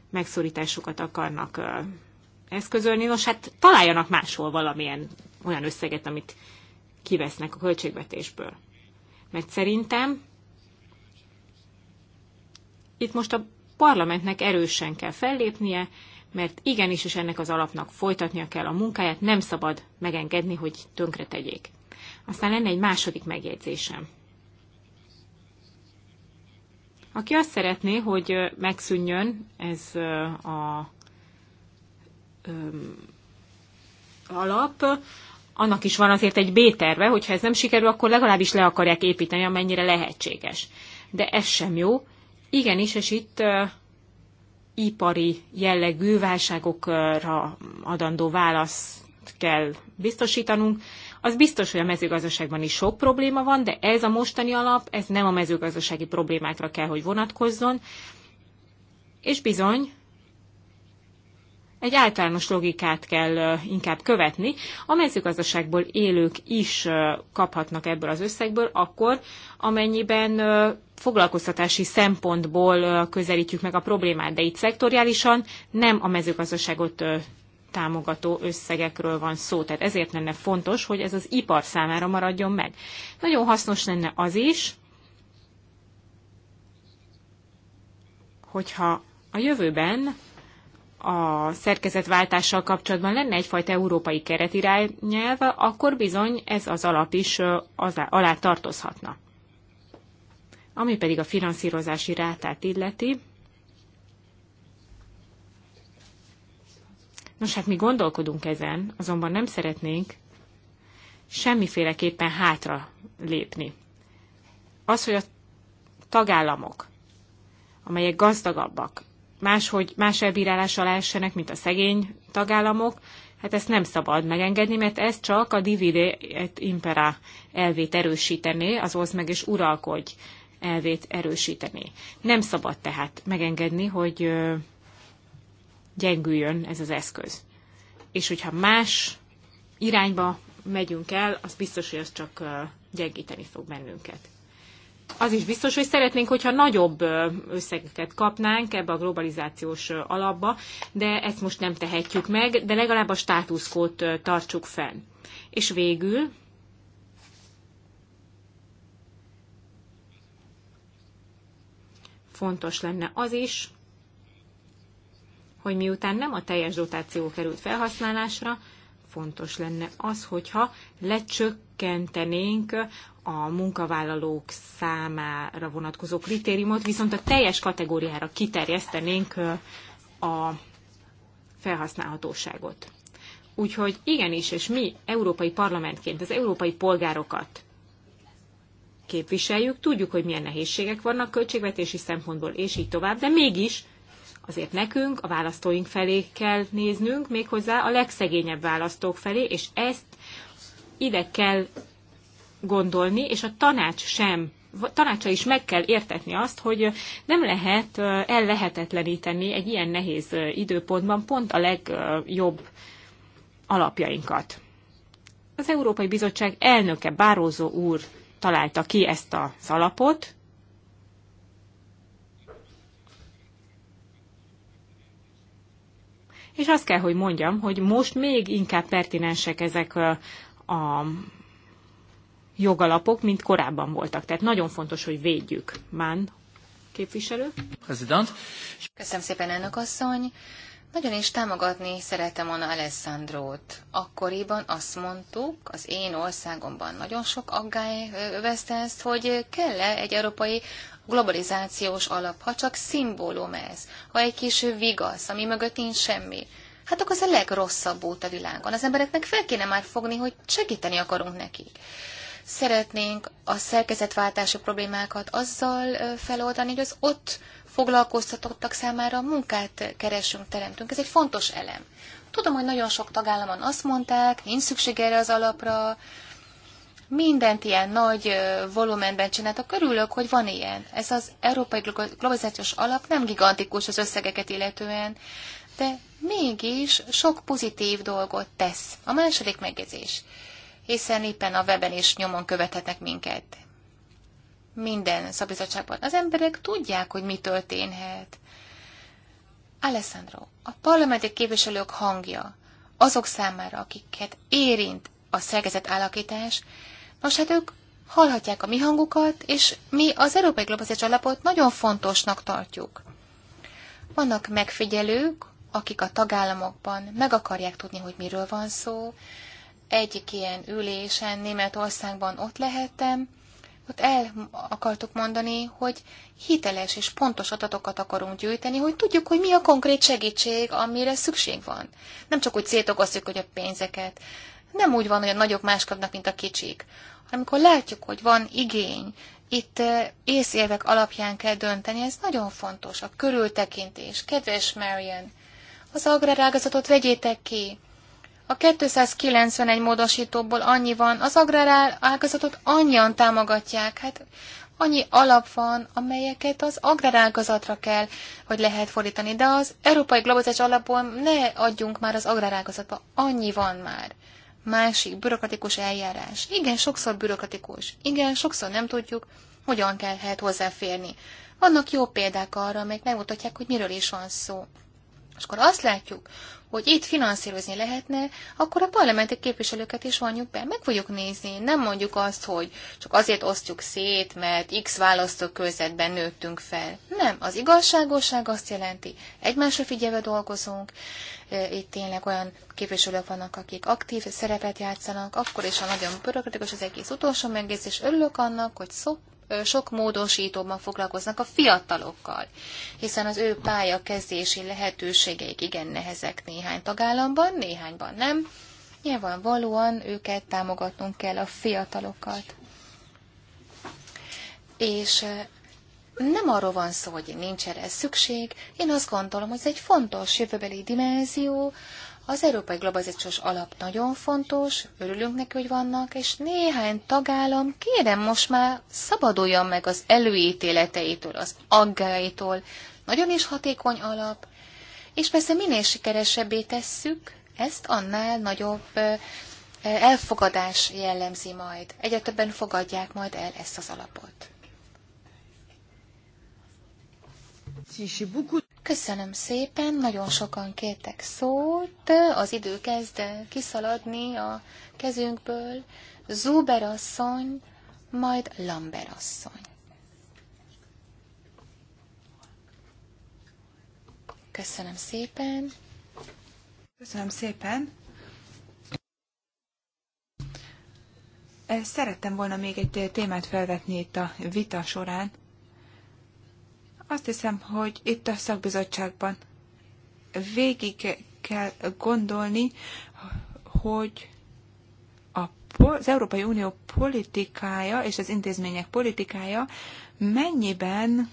megszorításokat akarnak eszközölni, nos hát találjanak máshol valamilyen olyan összeget, amit kivesznek a költségvetésből. Mert szerintem itt most a parlamentnek erősen kell fellépnie, mert igenis is ennek az alapnak folytatnia kell a munkáját, nem szabad megengedni, hogy tönkre tegyék. Aztán lenne egy második megjegyzésem aki azt szeretné, hogy megszűnjön ez a alap, annak is van azért egy B-terve, hogyha ez nem sikerül, akkor legalábbis le akarják építeni, amennyire lehetséges. De ez sem jó. Igenis, és itt ipari jellegű válságokra adandó választ kell biztosítanunk. Az biztos, hogy a mezőgazdaságban is sok probléma van, de ez a mostani alap, ez nem a mezőgazdasági problémákra kell, hogy vonatkozzon. És bizony, egy általános logikát kell inkább követni. A mezőgazdaságból élők is kaphatnak ebből az összegből, akkor amennyiben foglalkoztatási szempontból közelítjük meg a problémát, de itt szektoriálisan nem a mezőgazdaságot támogató összegekről van szó. Tehát ezért lenne fontos, hogy ez az ipar számára maradjon meg. Nagyon hasznos lenne az is, hogyha a jövőben a szerkezetváltással kapcsolatban lenne egyfajta európai keretirányelv, akkor bizony ez az alap is az alá tartozhatna. Ami pedig a finanszírozási rátát illeti, Nos hát mi gondolkodunk ezen, azonban nem szeretnénk semmiféleképpen hátra lépni. Az, hogy a tagállamok, amelyek gazdagabbak, máshogy más elbírálás alá essenek, mint a szegény tagállamok, hát ezt nem szabad megengedni, mert ez csak a divide et impera elvét erősítené, az osz meg és uralkodj elvét erősítené. Nem szabad tehát megengedni, hogy gyengüljön ez az eszköz. És hogyha más irányba megyünk el, az biztos, hogy az csak gyengíteni fog bennünket. Az is biztos, hogy szeretnénk, hogyha nagyobb összegeket kapnánk ebbe a globalizációs alapba, de ezt most nem tehetjük meg, de legalább a státuszkót tartsuk fenn. És végül fontos lenne az is, hogy miután nem a teljes dotáció került felhasználásra, fontos lenne az, hogyha lecsökkentenénk a munkavállalók számára vonatkozó kritériumot, viszont a teljes kategóriára kiterjesztenénk a felhasználhatóságot. Úgyhogy igenis, és mi európai parlamentként az európai polgárokat képviseljük, tudjuk, hogy milyen nehézségek vannak költségvetési szempontból, és így tovább, de mégis Azért nekünk a választóink felé kell néznünk, méghozzá a legszegényebb választók felé, és ezt ide kell gondolni, és a tanács sem tanácsa is meg kell értetni azt, hogy nem lehet ellehetetleníteni egy ilyen nehéz időpontban pont a legjobb alapjainkat. Az Európai Bizottság elnöke Bározó úr találta ki ezt az alapot, és azt kell, hogy mondjam, hogy most még inkább pertinensek ezek a jogalapok, mint korábban voltak. Tehát nagyon fontos, hogy védjük. Mán képviselő. President. Köszönöm szépen, elnök asszony. Nagyon is támogatni szeretem volna Alessandrót. Akkoriban azt mondtuk, az én országomban nagyon sok aggály veszte ezt, hogy kell-e egy európai globalizációs alap, ha csak szimbólum ez, ha egy kis vigasz, ami mögött nincs semmi, hát akkor az a legrosszabb út a világon. Az embereknek fel kéne már fogni, hogy segíteni akarunk nekik. Szeretnénk a szerkezetváltási problémákat azzal feloldani, hogy az ott foglalkoztatottak számára munkát keresünk, teremtünk. Ez egy fontos elem. Tudom, hogy nagyon sok tagállamon azt mondták, nincs szükség erre az alapra, mindent ilyen nagy volumenben csináltak. Örülök, hogy van ilyen. Ez az Európai Globalizációs Alap nem gigantikus az összegeket illetően, de mégis sok pozitív dolgot tesz. A második megjegyzés, hiszen éppen a weben is nyomon követhetnek minket. Minden szabizottságban. Az emberek tudják, hogy mi történhet. Alessandro, a parlamenti képviselők hangja azok számára, akiket érint a szerkezet állakítás, Nos, hát ők hallhatják a mi hangukat, és mi az Európai Globalizációs Alapot nagyon fontosnak tartjuk. Vannak megfigyelők, akik a tagállamokban meg akarják tudni, hogy miről van szó. Egyik ilyen ülésen Németországban ott lehettem, ott el akartuk mondani, hogy hiteles és pontos adatokat akarunk gyűjteni, hogy tudjuk, hogy mi a konkrét segítség, amire szükség van. Nem csak úgy szétogosztjuk, hogy a pénzeket nem úgy van, hogy a nagyok máskodnak, mint a kicsik. Amikor látjuk, hogy van igény, itt észérvek alapján kell dönteni, ez nagyon fontos, a körültekintés. Kedves Marian, az agrárágazatot vegyétek ki. A 291 módosítóból annyi van, az agrárágazatot annyian támogatják. Hát annyi alap van, amelyeket az agrárágazatra kell, hogy lehet fordítani, de az európai globalizációs alapból ne adjunk már az agrárágazatba, annyi van már másik bürokratikus eljárás. Igen, sokszor bürokratikus. Igen, sokszor nem tudjuk, hogyan kell hozzáférni. Vannak jó példák arra, amelyek megmutatják, hogy miről is van szó. És akkor azt látjuk, hogy itt finanszírozni lehetne, akkor a parlamenti képviselőket is vonjuk be. Meg fogjuk nézni. Nem mondjuk azt, hogy csak azért osztjuk szét, mert X választókörzetben nőttünk fel. Nem, az igazságosság azt jelenti, egymásra figyelve dolgozunk, itt tényleg olyan képviselők vannak, akik aktív szerepet játszanak, akkor is, ha nagyon bürokratikus az egész utolsó megjegyzés, örülök annak, hogy szó, sok módosítóban foglalkoznak a fiatalokkal, hiszen az ő pálya kezdési lehetőségeik igen nehezek néhány tagállamban, néhányban nem. Nyilvánvalóan őket támogatnunk kell a fiatalokat. És nem arról van szó, hogy nincs erre szükség. Én azt gondolom, hogy ez egy fontos jövőbeli dimenzió, az európai globalizációs alap nagyon fontos, örülünk neki, hogy vannak, és néhány tagállam, kérem most már szabaduljon meg az előítéleteitől, az aggáitól. Nagyon is hatékony alap, és persze minél sikeresebbé tesszük, ezt annál nagyobb elfogadás jellemzi majd. Egyre többen fogadják majd el ezt az alapot. Köszönöm szépen, nagyon sokan kértek szót, az idő kezd kiszaladni a kezünkből. Zuber asszony, majd Lamber asszony. Köszönöm szépen. Köszönöm szépen. Szerettem volna még egy témát felvetni itt a vita során. Azt hiszem, hogy itt a szakbizottságban végig kell gondolni, hogy a, az Európai Unió politikája és az intézmények politikája mennyiben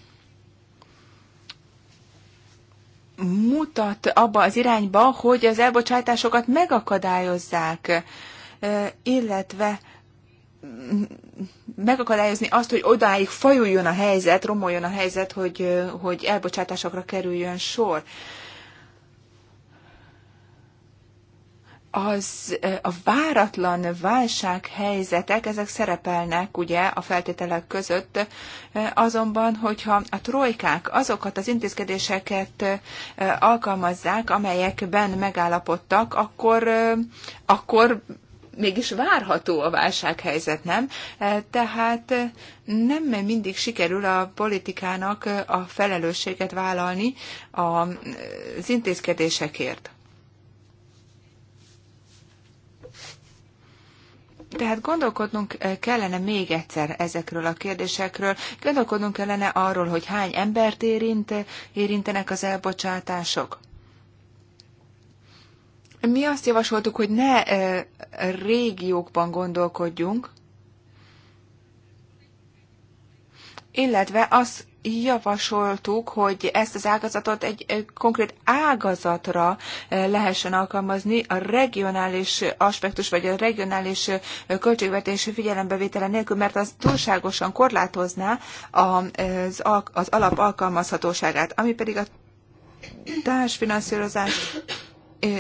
mutat abba az irányba, hogy az elbocsátásokat megakadályozzák, illetve megakadályozni azt, hogy odáig fajuljon a helyzet, romoljon a helyzet, hogy, hogy elbocsátásokra kerüljön sor. az a váratlan válsághelyzetek, ezek szerepelnek ugye a feltételek között, azonban, hogyha a trojkák azokat az intézkedéseket alkalmazzák, amelyekben megállapodtak, akkor, akkor mégis várható a válsághelyzet, nem? E, tehát nem mindig sikerül a politikának a felelősséget vállalni az intézkedésekért. Tehát gondolkodnunk kellene még egyszer ezekről a kérdésekről, gondolkodnunk kellene arról, hogy hány embert érint, érintenek az elbocsátások. Mi azt javasoltuk, hogy ne régiókban gondolkodjunk, illetve azt javasoltuk, hogy ezt az ágazatot egy konkrét ágazatra lehessen alkalmazni a regionális aspektus, vagy a regionális költségvetés figyelembevétele nélkül, mert az túlságosan korlátozná az, az alap alkalmazhatóságát, ami pedig a társfinanszírozás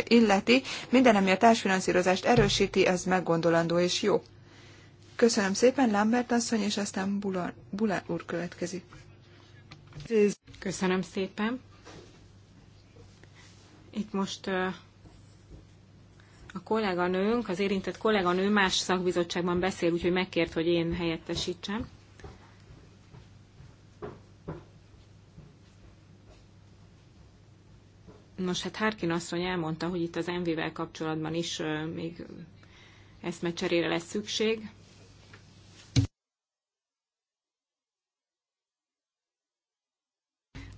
illeti, minden, ami a társfinanszírozást erősíti, az meggondolandó és jó. Köszönöm szépen, Lambert asszony, és aztán Bulán, úr következik. Köszönöm szépen. Itt most a kolléganőnk, az érintett kolléganő más szakbizottságban beszél, úgyhogy megkért, hogy én helyettesítsem. Nos, hát Harkin asszony elmondta, hogy itt az MV-vel kapcsolatban is még eszmecserére lesz szükség.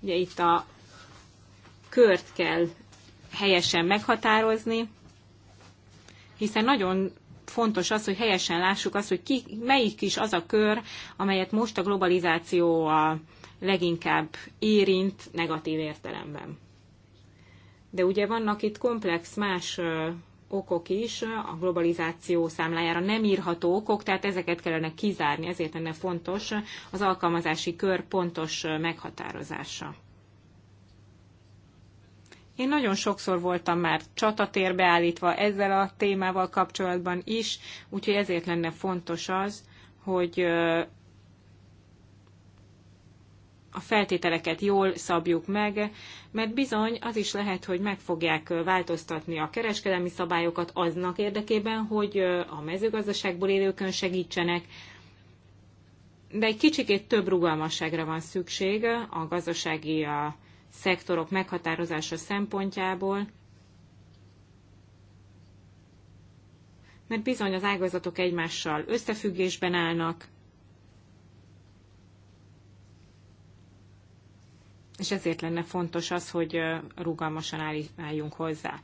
Ugye itt a kört kell helyesen meghatározni, hiszen nagyon fontos az, hogy helyesen lássuk azt, hogy ki, melyik is az a kör, amelyet most a globalizáció a leginkább érint negatív értelemben. De ugye vannak itt komplex más okok is, a globalizáció számlájára nem írható okok, tehát ezeket kellene kizárni, ezért lenne fontos az alkalmazási kör pontos meghatározása. Én nagyon sokszor voltam már csatatérbe állítva ezzel a témával kapcsolatban is, úgyhogy ezért lenne fontos az, hogy a feltételeket jól szabjuk meg, mert bizony az is lehet, hogy meg fogják változtatni a kereskedelmi szabályokat aznak érdekében, hogy a mezőgazdaságból élőkön segítsenek, de egy kicsikét több rugalmasságra van szükség a gazdasági a szektorok meghatározása szempontjából, mert bizony az ágazatok egymással összefüggésben állnak, és ezért lenne fontos az, hogy rugalmasan álljunk hozzá.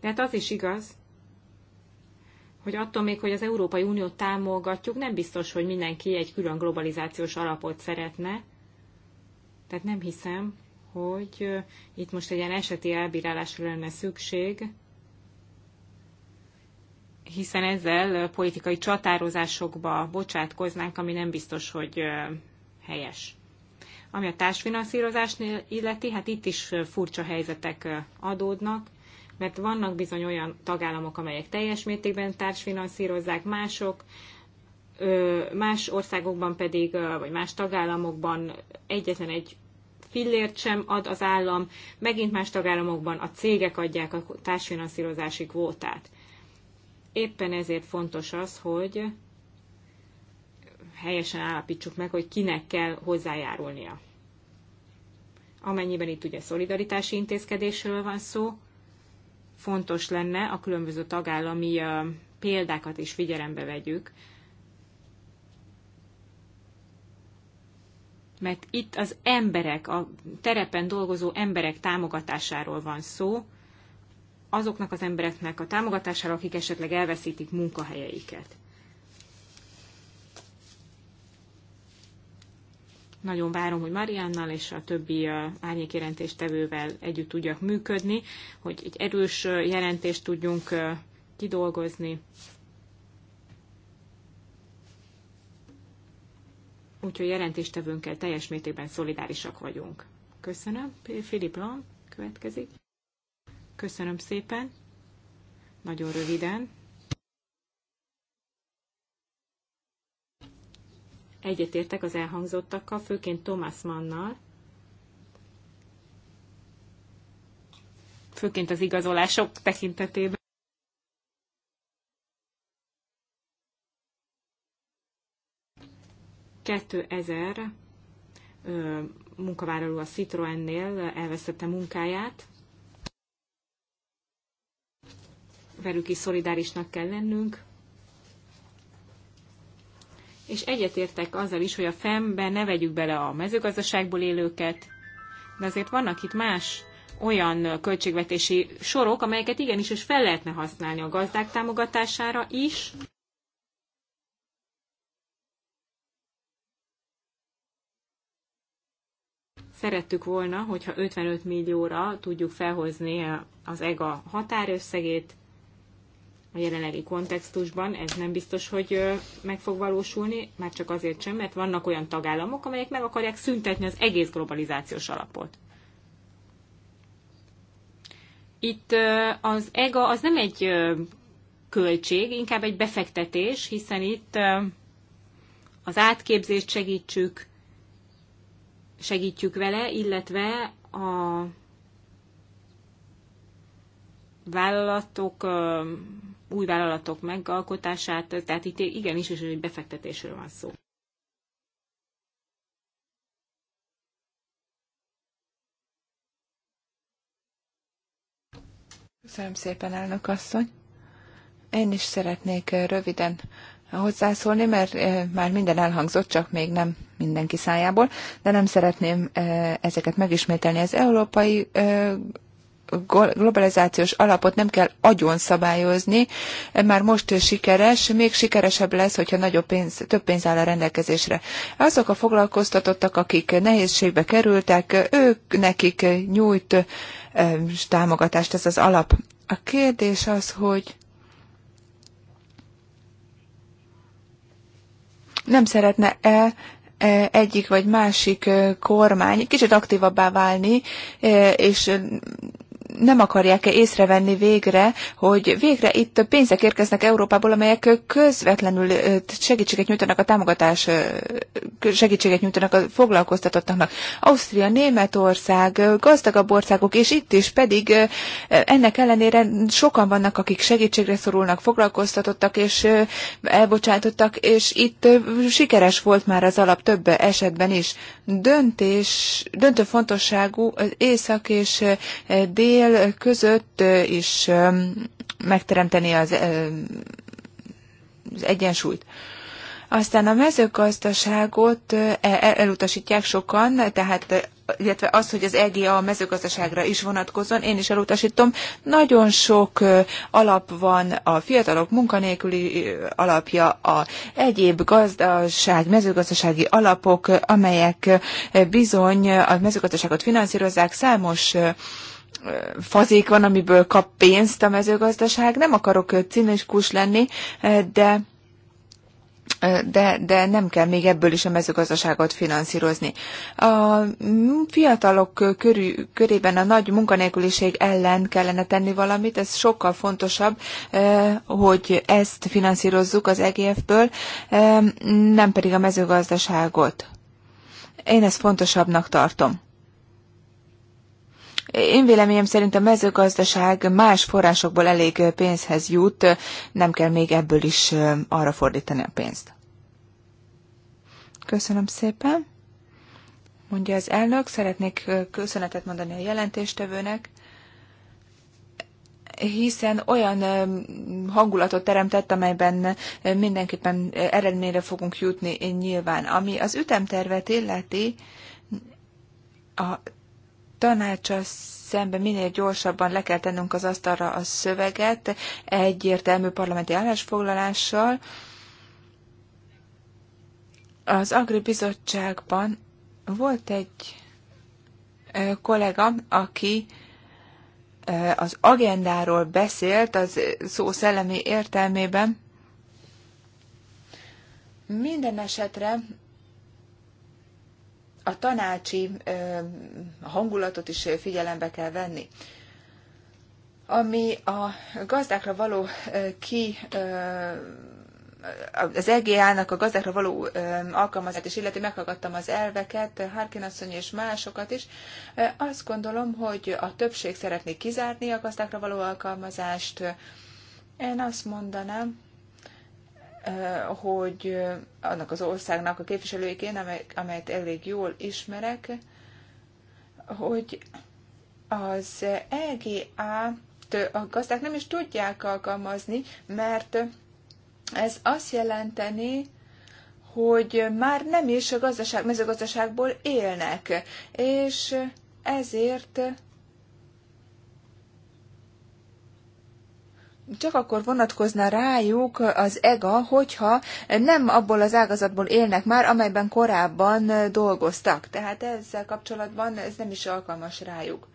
Tehát az is igaz, hogy attól még, hogy az Európai Uniót támogatjuk, nem biztos, hogy mindenki egy külön globalizációs alapot szeretne. Tehát nem hiszem, hogy itt most egy ilyen eseti elbírálásra lenne szükség, hiszen ezzel politikai csatározásokba bocsátkoznánk, ami nem biztos, hogy helyes. Ami a társfinanszírozást illeti, hát itt is furcsa helyzetek adódnak, mert vannak bizony olyan tagállamok, amelyek teljes mértékben társfinanszírozzák, mások, más országokban pedig, vagy más tagállamokban egyetlen egy fillért sem ad az állam, megint más tagállamokban a cégek adják a társfinanszírozási kvótát. Éppen ezért fontos az, hogy helyesen állapítsuk meg, hogy kinek kell hozzájárulnia. Amennyiben itt ugye szolidaritási intézkedésről van szó, fontos lenne a különböző tagállami példákat is figyelembe vegyük, mert itt az emberek, a terepen dolgozó emberek támogatásáról van szó, azoknak az embereknek a támogatására, akik esetleg elveszítik munkahelyeiket. Nagyon várom, hogy Mariannal és a többi árnyékjelentéstevővel együtt tudjak működni, hogy egy erős jelentést tudjunk kidolgozni. Úgyhogy jelentéstevőnkkel teljes mértékben szolidárisak vagyunk. Köszönöm. Filip Lan következik. Köszönöm szépen. Nagyon röviden. Egyetértek az elhangzottakkal, főként Thomas Mannal. Főként az igazolások tekintetében. Kettő ezer munkavállaló a Citroennél elvesztette munkáját, velük is szolidárisnak kell lennünk. És egyetértek azzal is, hogy a FEM-be ne vegyük bele a mezőgazdaságból élőket, de azért vannak itt más olyan költségvetési sorok, amelyeket igenis is fel lehetne használni a gazdák támogatására is. Szerettük volna, hogyha 55 millióra tudjuk felhozni az EGA határösszegét, a jelenlegi kontextusban ez nem biztos, hogy meg fog valósulni, már csak azért sem, mert vannak olyan tagállamok, amelyek meg akarják szüntetni az egész globalizációs alapot. Itt az EGA az nem egy költség, inkább egy befektetés, hiszen itt az átképzést segítsük, segítjük vele, illetve a vállalatok új vállalatok megalkotását, tehát itt igenis is egy befektetésről van szó. Köszönöm szépen, elnök asszony. Én is szeretnék eh, röviden hozzászólni, mert eh, már minden elhangzott, csak még nem mindenki szájából, de nem szeretném eh, ezeket megismételni. Az európai globalizációs alapot nem kell agyon szabályozni, e már most sikeres, még sikeresebb lesz, hogyha nagyobb pénz, több pénz áll a rendelkezésre. Azok a foglalkoztatottak, akik nehézségbe kerültek, ők nekik nyújt e, támogatást ez az alap. A kérdés az, hogy nem szeretne-e e, egyik vagy másik kormány kicsit aktívabbá válni, és nem akarják-e észrevenni végre, hogy végre itt pénzek érkeznek Európából, amelyek közvetlenül segítséget nyújtanak a támogatás, segítséget nyújtanak a foglalkoztatottaknak. Ausztria, Németország, gazdagabb országok, és itt is pedig ennek ellenére sokan vannak, akik segítségre szorulnak, foglalkoztatottak és elbocsátottak, és itt sikeres volt már az alap több esetben is. Döntés, döntő fontosságú az észak és dél fél között is megteremteni az, az egyensúlyt. Aztán a mezőgazdaságot e, e, elutasítják sokan, tehát illetve az, hogy az EGA a mezőgazdaságra is vonatkozon, én is elutasítom. Nagyon sok alap van a fiatalok munkanélküli alapja, a egyéb gazdaság, mezőgazdasági alapok, amelyek bizony a mezőgazdaságot finanszírozzák számos fazék van, amiből kap pénzt a mezőgazdaság. Nem akarok cinikus lenni, de de, de nem kell még ebből is a mezőgazdaságot finanszírozni. A fiatalok körül, körében a nagy munkanélküliség ellen kellene tenni valamit, ez sokkal fontosabb, hogy ezt finanszírozzuk az EGF-ből, nem pedig a mezőgazdaságot. Én ezt fontosabbnak tartom. Én véleményem szerint a mezőgazdaság más forrásokból elég pénzhez jut, nem kell még ebből is arra fordítani a pénzt. Köszönöm szépen. Mondja az elnök, szeretnék köszönetet mondani a jelentéstevőnek, hiszen olyan hangulatot teremtett, amelyben mindenképpen eredményre fogunk jutni nyilván. Ami az ütemtervet illeti, a tanácsa szemben minél gyorsabban le kell tennünk az asztalra a szöveget egyértelmű parlamenti állásfoglalással. Az Agri Bizottságban volt egy kollega, aki az agendáról beszélt, az szó szellemi értelmében. Minden esetre a tanácsi hangulatot is figyelembe kell venni. Ami a gazdákra való ki az EGA-nak a gazdákra való alkalmazását is illeti, meghallgattam az elveket, Harkin asszony és másokat is. Azt gondolom, hogy a többség szeretné kizárni a gazdákra való alkalmazást. Én azt mondanám, Eh, hogy eh, annak az országnak a képviselőiként, amelyet elég jól ismerek, hogy az ega a gazdák nem is tudják alkalmazni, mert ez azt jelenteni, hogy már nem is a gazdaság, mezőgazdaságból élnek, és ezért csak akkor vonatkozna rájuk az EGA, hogyha nem abból az ágazatból élnek már, amelyben korábban dolgoztak. Tehát ezzel kapcsolatban ez nem is alkalmas rájuk.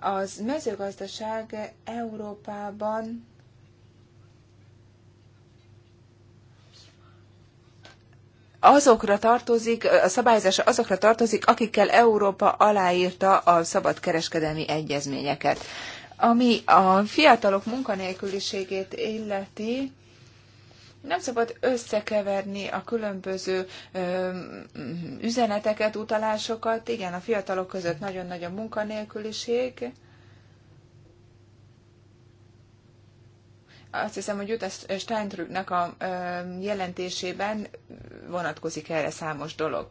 Az mezőgazdaság Európában azokra tartozik, a szabályozása azokra tartozik, akikkel Európa aláírta a szabadkereskedelmi egyezményeket. Ami a fiatalok munkanélküliségét illeti, nem szabad összekeverni a különböző ö, üzeneteket, utalásokat. Igen, a fiatalok között nagyon nagy a munkanélküliség. Azt hiszem, hogy Jutta Steintrücknek a ö, jelentésében vonatkozik erre számos dolog.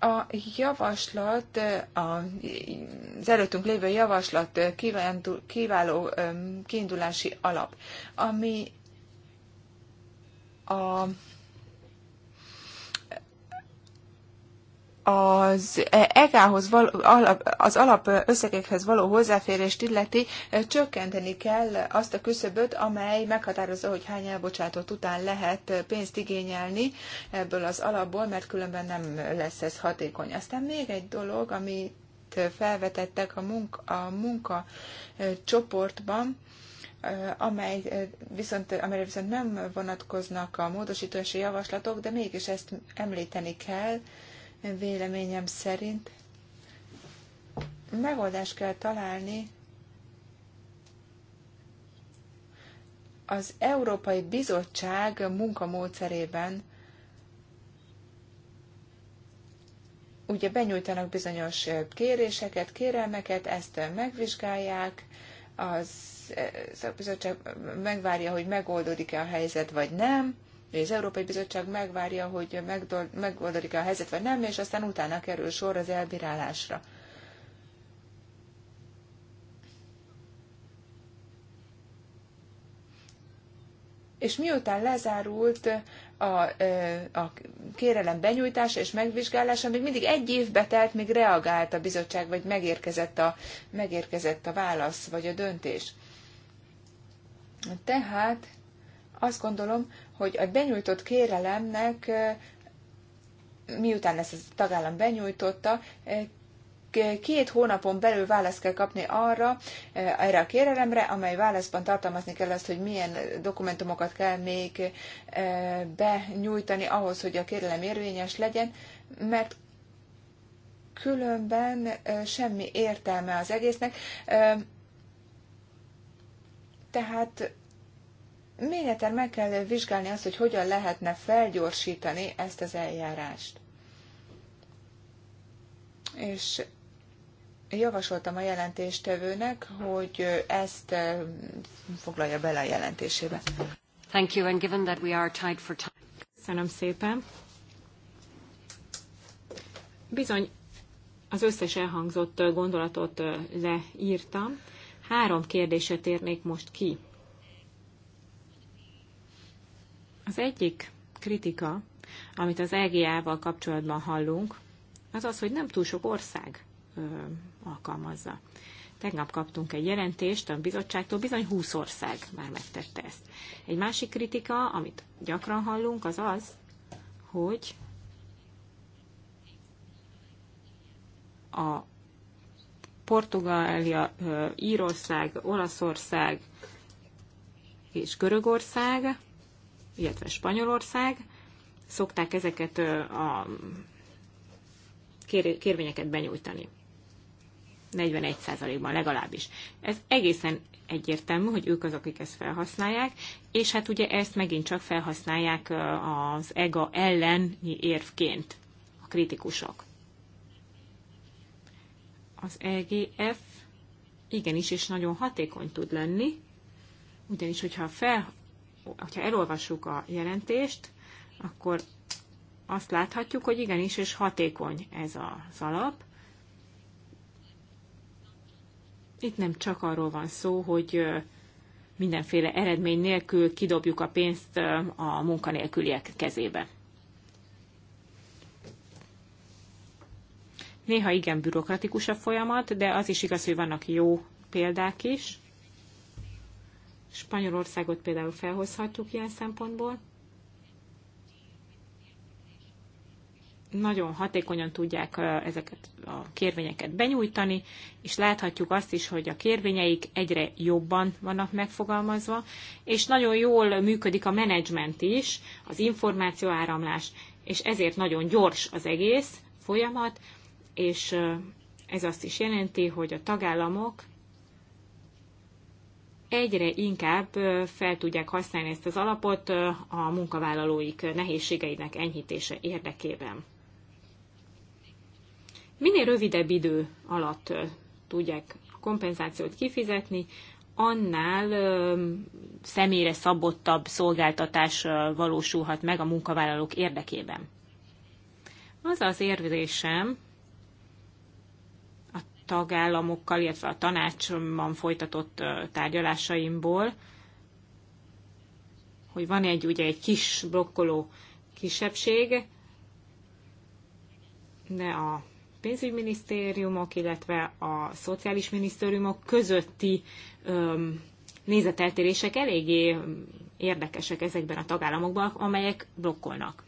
A javaslat, az előttünk lévő javaslat kiváló kiindulási alap, ami a az ega hoz az alap összegekhez való hozzáférést illeti, eh, csökkenteni kell azt a küszöböt, amely meghatározza, hogy hány elbocsátott után lehet eh, pénzt igényelni ebből az alapból, mert különben nem lesz ez hatékony. Aztán még egy dolog, amit felvetettek a munka, a munka eh, csoportban, amely viszont, amelyre viszont nem vonatkoznak a módosítási javaslatok, de mégis ezt említeni kell, véleményem szerint megoldást kell találni az Európai Bizottság munkamódszerében ugye benyújtanak bizonyos kéréseket, kérelmeket, ezt megvizsgálják, az bizottság megvárja, hogy megoldódik-e a helyzet, vagy nem, az Európai Bizottság megvárja, hogy megoldódik a helyzet, vagy nem, és aztán utána kerül sor az elbírálásra. És miután lezárult a, a kérelem benyújtása és megvizsgálása, még mindig egy évbe telt, még reagált a bizottság, vagy megérkezett a, megérkezett a válasz, vagy a döntés. Tehát azt gondolom, hogy a benyújtott kérelemnek, miután ezt a tagállam benyújtotta, két hónapon belül választ kell kapni arra, erre a kérelemre, amely válaszban tartalmazni kell azt, hogy milyen dokumentumokat kell még benyújtani ahhoz, hogy a kérelem érvényes legyen, mert különben semmi értelme az egésznek. Tehát még egyszer meg kell vizsgálni azt, hogy hogyan lehetne felgyorsítani ezt az eljárást. És javasoltam a jelentéstevőnek, hogy ezt eh, foglalja bele a jelentésébe. Thank you, and given that we are tied for time. Köszönöm szépen. Bizony, az összes elhangzott eh, gondolatot eh, leírtam. Három kérdésre térnék most ki. Az egyik kritika, amit az EGA-val kapcsolatban hallunk, az az, hogy nem túl sok ország ö, alkalmazza. Tegnap kaptunk egy jelentést a bizottságtól, bizony 20 ország már megtette ezt. Egy másik kritika, amit gyakran hallunk, az az, hogy a Portugália, Írország, Olaszország és Görögország illetve Spanyolország. Szokták ezeket a kérvényeket benyújtani. 41%-ban legalábbis. Ez egészen egyértelmű, hogy ők azok, akik ezt felhasználják, és hát ugye ezt megint csak felhasználják az EGA elleni érvként a kritikusok. Az EGF igenis és nagyon hatékony tud lenni, ugyanis hogyha fel hogyha elolvassuk a jelentést, akkor azt láthatjuk, hogy igenis, és hatékony ez az alap. Itt nem csak arról van szó, hogy mindenféle eredmény nélkül kidobjuk a pénzt a munkanélküliek kezébe. Néha igen bürokratikus a folyamat, de az is igaz, hogy vannak jó példák is. Spanyolországot például felhozhatjuk ilyen szempontból. Nagyon hatékonyan tudják ezeket a kérvényeket benyújtani, és láthatjuk azt is, hogy a kérvényeik egyre jobban vannak megfogalmazva, és nagyon jól működik a menedzsment is, az információáramlás, és ezért nagyon gyors az egész folyamat, és ez azt is jelenti, hogy a tagállamok egyre inkább fel tudják használni ezt az alapot a munkavállalóik nehézségeinek enyhítése érdekében. Minél rövidebb idő alatt tudják kompenzációt kifizetni, annál személyre szabottabb szolgáltatás valósulhat meg a munkavállalók érdekében. Az az érvésem, tagállamokkal, illetve a tanácsban folytatott tárgyalásaimból, hogy van egy, ugye, egy kis blokkoló kisebbség, de a pénzügyminisztériumok, illetve a szociális minisztériumok közötti öm, nézeteltérések eléggé érdekesek ezekben a tagállamokban, amelyek blokkolnak.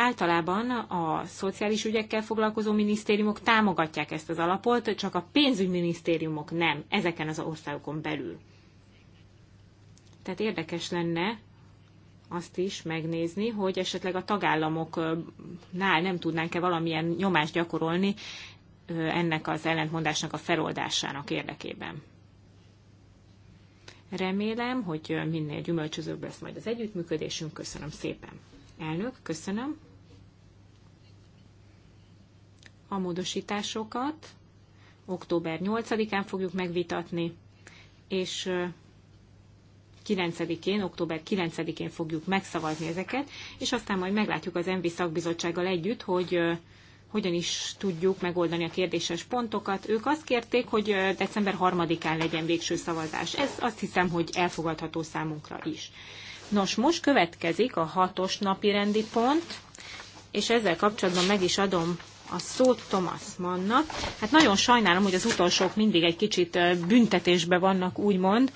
általában a szociális ügyekkel foglalkozó minisztériumok támogatják ezt az alapot, csak a pénzügyminisztériumok nem ezeken az országokon belül. Tehát érdekes lenne azt is megnézni, hogy esetleg a tagállamoknál nem tudnánk-e valamilyen nyomást gyakorolni ennek az ellentmondásnak a feloldásának érdekében. Remélem, hogy minél gyümölcsözőbb lesz majd az együttműködésünk. Köszönöm szépen. Elnök, köszönöm a módosításokat. Október 8-án fogjuk megvitatni, és 9-én, október 9-én fogjuk megszavazni ezeket, és aztán majd meglátjuk az MV szakbizottsággal együtt, hogy hogyan is tudjuk megoldani a kérdéses pontokat. Ők azt kérték, hogy december 3-án legyen végső szavazás. Ez azt hiszem, hogy elfogadható számunkra is. Nos, most következik a hatos napi rendi pont, és ezzel kapcsolatban meg is adom a szót Thomas Mannnak. Hát nagyon sajnálom, hogy az utolsók mindig egy kicsit büntetésbe vannak, úgymond.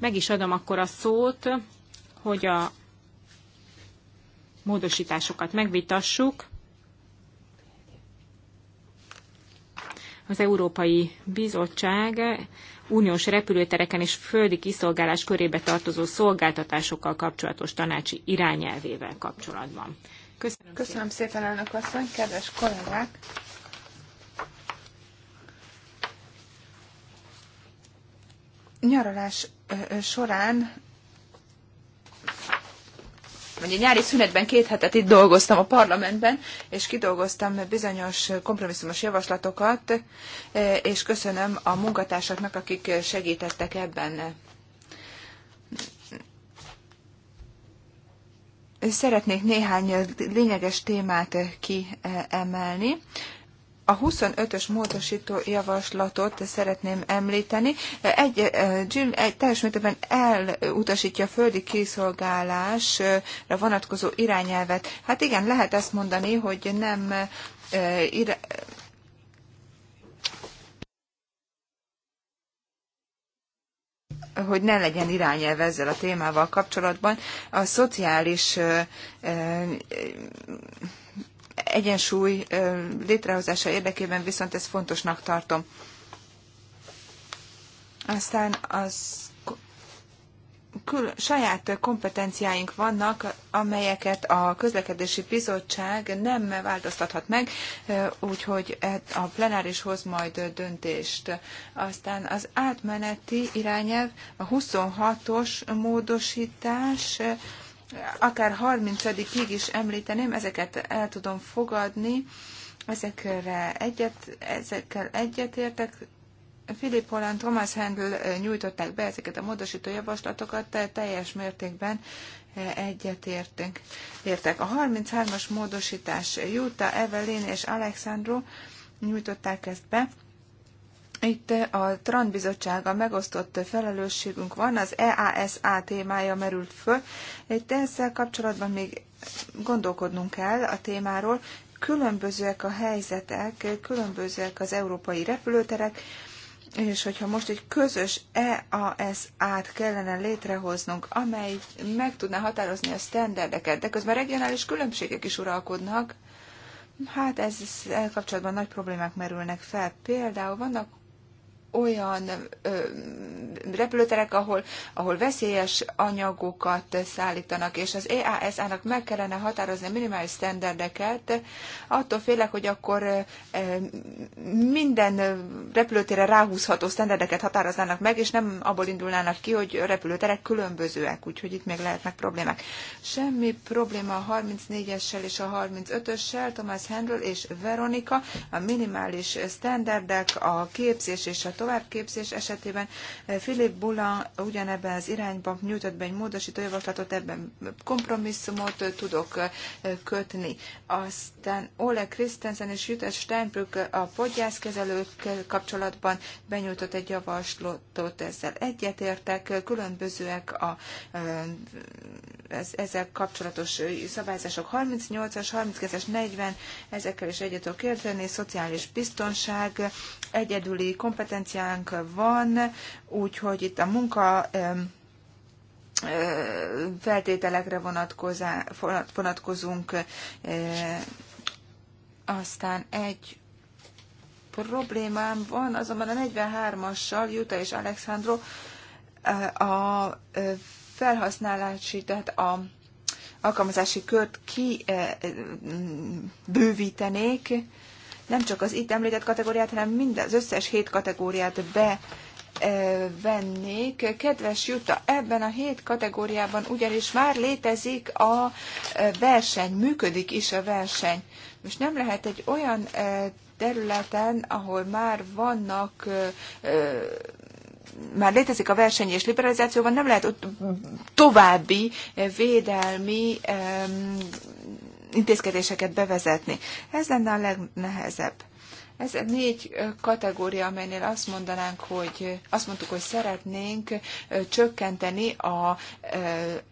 Meg is adom akkor a szót, hogy a módosításokat megvitassuk. az Európai Bizottság uniós repülőtereken és földi kiszolgálás körébe tartozó szolgáltatásokkal kapcsolatos tanácsi irányelvével kapcsolatban. Köszönöm, Köszönöm szépen, szépen elnök asszony, kedves kollégák! Nyaralás során hogy a nyári szünetben két hetet itt dolgoztam a parlamentben, és kidolgoztam bizonyos kompromisszumos javaslatokat, e, és köszönöm a munkatársaknak, akik segítettek ebben. Szeretnék néhány lényeges témát kiemelni, a 25-ös módosító javaslatot szeretném említeni. Egy, eh, Jill egy teljes mértékben elutasítja a földi kiszolgálásra vonatkozó irányelvet. Hát igen, lehet ezt mondani, hogy nem eh, hogy ne legyen irányelv ezzel a témával kapcsolatban. A szociális eh, egyensúly létrehozása érdekében viszont ezt fontosnak tartom. Aztán az kül, saját kompetenciáink vannak, amelyeket a közlekedési bizottság nem változtathat meg, úgyhogy e- a plenáris hoz majd döntést. Aztán az átmeneti irányelv, a 26-os módosítás akár 30-ig is említeném, ezeket el tudom fogadni, ezekre egyet, ezekkel egyetértek. Philip Holland, Thomas Handel nyújtották be ezeket a módosító javaslatokat, teljes mértékben egyetértünk. Értek. A 33-as módosítás Juta, Evelyn és Alexandro nyújtották ezt be. Itt a Tran bizottsága megosztott felelősségünk van, az EASA témája merült föl. Itt ezzel kapcsolatban még gondolkodnunk kell a témáról. Különbözőek a helyzetek, különbözőek az európai repülőterek, és hogyha most egy közös EAS-át kellene létrehoznunk, amely meg tudná határozni a standardeket, de közben regionális különbségek is uralkodnak, hát ezzel kapcsolatban nagy problémák merülnek fel. Például vannak olyan repülőterek, ahol, ahol veszélyes anyagokat szállítanak, és az EASA-nak meg kellene határozni minimális standardeket. Attól félek, hogy akkor minden repülőtére ráhúzható standardeket határoznának meg, és nem abból indulnának ki, hogy repülőterek különbözőek, úgyhogy itt még lehetnek problémák. Semmi probléma a 34-essel és a 35-össel, Thomas Handel és Veronika, a minimális standardek, a képzés és a továbbképzés esetében. Philip Bula ugyanebben az irányban nyújtott be egy módosító javaslatot, ebben kompromisszumot tudok kötni. Aztán Ole Christensen és Jutta Steinbrück a podgyászkezelőkkel kapcsolatban benyújtott egy javaslatot, ezzel egyetértek, különbözőek a, ezzel kapcsolatos szabályzások 38-as, 39-es, 40, ezekkel is egyetok érteni, szociális biztonság, egyedüli kompetencia, kártyánk van, úgyhogy itt a munka feltételekre vonatkozunk, aztán egy problémám van, azonban a 43-assal, Juta és Alexandro, a felhasználási, tehát a alkalmazási kört kibővítenék, nem csak az itt említett kategóriát, hanem mind az összes hét kategóriát be vennék. Kedves Juta, ebben a hét kategóriában ugyanis már létezik a verseny, működik is a verseny. Most nem lehet egy olyan területen, ahol már vannak már létezik a verseny és liberalizációban, nem lehet ott további védelmi intézkedéseket bevezetni. Ez lenne a legnehezebb. Ez a négy kategória, amelynél azt mondanánk, hogy azt mondtuk, hogy szeretnénk csökkenteni a,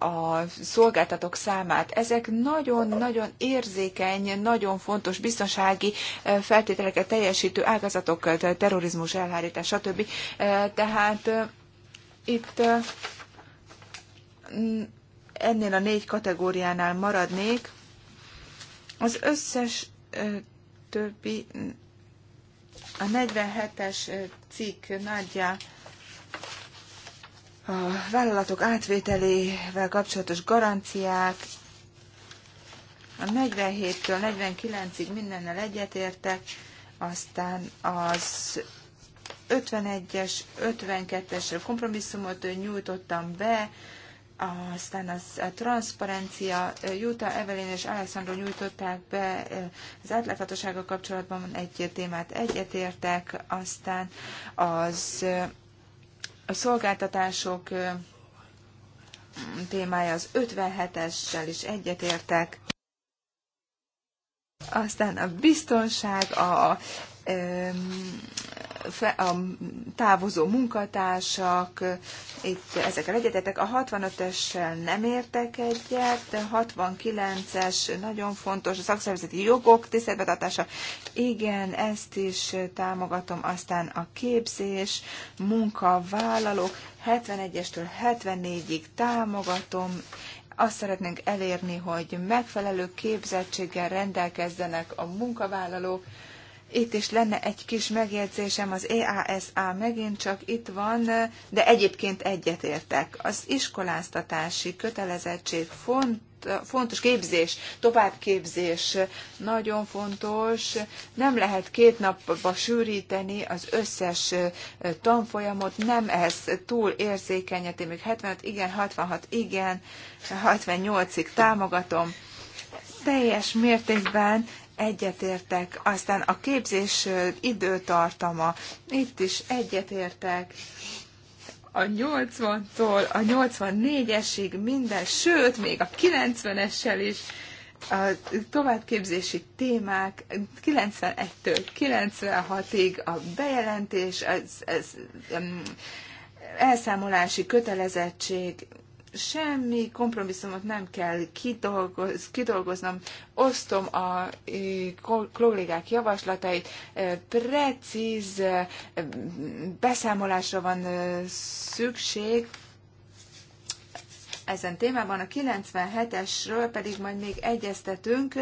a szolgáltatók számát. Ezek nagyon-nagyon érzékeny, nagyon fontos biztonsági feltételeket teljesítő ágazatok, terrorizmus elhárítás, stb. Tehát itt ennél a négy kategóriánál maradnék, az összes többi, a 47-es cikk nagyja a vállalatok átvételével kapcsolatos garanciák, a 47-től 49-ig mindennel egyetértek, aztán az 51-es, 52-es kompromisszumot nyújtottam be, aztán az a transzparencia, Juta, Evelyn és Alessandro nyújtották be az átláthatósággal kapcsolatban egy témát egyetértek, aztán az a szolgáltatások témája az 57-essel is egyetértek. Aztán a biztonság, a, a távozó munkatársak, itt ezekkel egyetetek. A 65-essel nem értek egyet, de 69-es nagyon fontos, a szakszervezeti jogok tiszteletbetartása. Igen, ezt is támogatom. Aztán a képzés, munkavállalók, 71-estől 74-ig támogatom azt szeretnénk elérni, hogy megfelelő képzettséggel rendelkezzenek a munkavállalók, itt is lenne egy kis megjegyzésem, az EASA megint csak itt van, de egyébként egyetértek. Az iskoláztatási kötelezettség font, fontos képzés, továbbképzés nagyon fontos. Nem lehet két napba sűríteni az összes tanfolyamot, nem ez túl érzékeny, még 75, igen, 66, igen, 68-ig támogatom teljes mértékben egyetértek. Aztán a képzés időtartama, itt is egyetértek. A 80-tól a 84-esig minden, sőt, még a 90-essel is a továbbképzési témák 91-től 96-ig a bejelentés, az, az, az elszámolási kötelezettség, semmi kompromisszumot nem kell kidolgoz, kidolgoznom. Osztom a kollégák javaslatait, precíz beszámolásra van szükség, ezen témában, a 97-esről pedig majd még egyeztetünk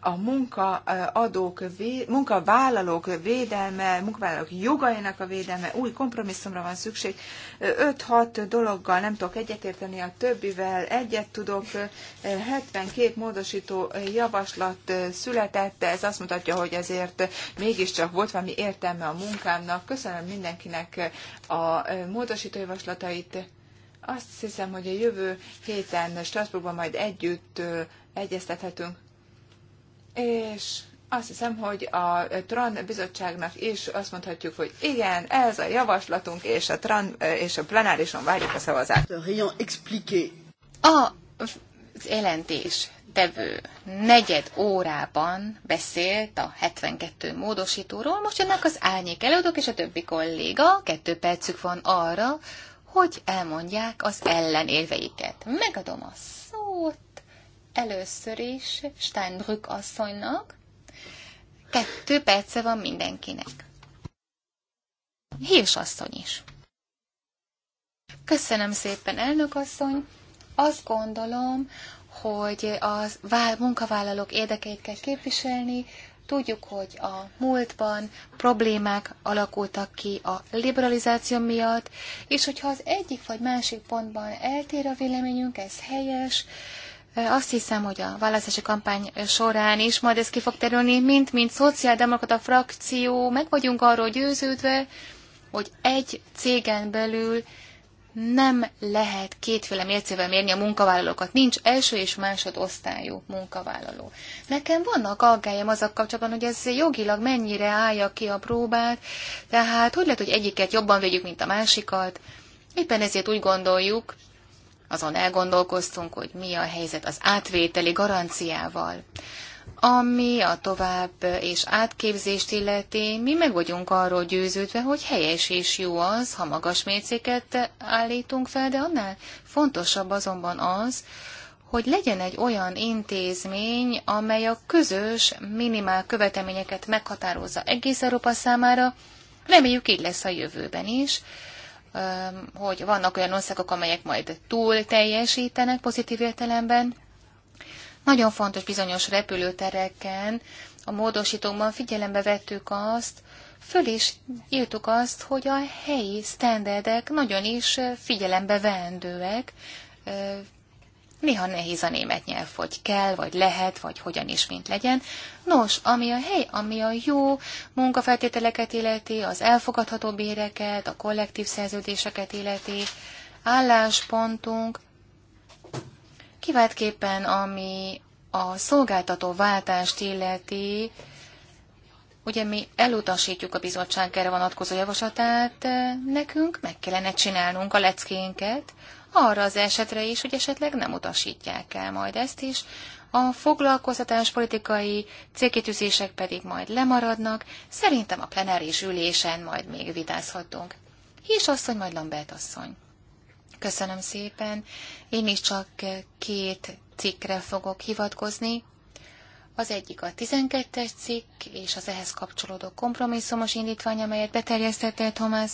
a munkaadók, munkavállalók védelme, munkavállalók jogainak a védelme, új kompromisszumra van szükség. 5-6 dologgal nem tudok egyetérteni, a többivel egyet tudok. 72 módosító javaslat született, ez azt mutatja, hogy ezért mégiscsak volt valami értelme a munkámnak. Köszönöm mindenkinek a módosító javaslatait azt hiszem, hogy a jövő héten Strasbourgban majd együtt egyeztethetünk. És azt hiszem, hogy a TRAN bizottságnak is azt mondhatjuk, hogy igen, ez a javaslatunk, és a TRAN és a plenárison várjuk a szavazást. A jelentés tevő negyed órában beszélt a 72 módosítóról, most jönnek az árnyék előadók és a többi kolléga, kettő percük van arra, hogy elmondják az ellenérveiket. Megadom a szót először is Steinbrück asszonynak. Kettő perce van mindenkinek. Hírs asszony is. Köszönöm szépen, elnök asszony. Azt gondolom, hogy a munkavállalók érdekeit kell képviselni, Tudjuk, hogy a múltban problémák alakultak ki a liberalizáció miatt, és hogyha az egyik vagy másik pontban eltér a véleményünk, ez helyes, azt hiszem, hogy a választási kampány során is majd ez ki fog terülni, mint, mint szociáldemokrata frakció, meg vagyunk arról győződve, hogy egy cégen belül nem lehet kétféle mércével mérni a munkavállalókat. Nincs első és másodosztályú munkavállaló. Nekem vannak aggályom azok kapcsolatban, hogy ez jogilag mennyire állja ki a próbát, tehát hogy lehet, hogy egyiket jobban védjük, mint a másikat. Éppen ezért úgy gondoljuk, azon elgondolkoztunk, hogy mi a helyzet az átvételi garanciával. Ami a tovább és átképzést illeti, mi meg vagyunk arról győződve, hogy helyes és jó az, ha magas mércéket állítunk fel, de annál fontosabb azonban az, hogy legyen egy olyan intézmény, amely a közös minimál követelményeket meghatározza egész Európa számára, reméljük így lesz a jövőben is, hogy vannak olyan országok, amelyek majd túl teljesítenek pozitív értelemben, nagyon fontos bizonyos repülőtereken, a módosítókban figyelembe vettük azt, föl is írtuk azt, hogy a helyi standardek nagyon is figyelembe veendőek, Néha nehéz a német nyelv, hogy kell, vagy lehet, vagy hogyan is, mint legyen. Nos, ami a hely, ami a jó munkafeltételeket illeti, az elfogadható béreket, a kollektív szerződéseket illeti, álláspontunk Kiváltképpen, ami a szolgáltató váltást illeti, ugye mi elutasítjuk a bizottság erre vonatkozó javaslatát, nekünk meg kellene csinálnunk a leckénket, arra az esetre is, hogy esetleg nem utasítják el majd ezt is, a foglalkoztatás politikai célkitűzések pedig majd lemaradnak, szerintem a plenáris ülésen majd még vitázhatunk. Hís asszony, majd Lambert asszony. Köszönöm szépen. Én is csak két cikkre fogok hivatkozni. Az egyik a 12-es cikk, és az ehhez kapcsolódó kompromisszumos indítvány, amelyet beterjesztette Thomas,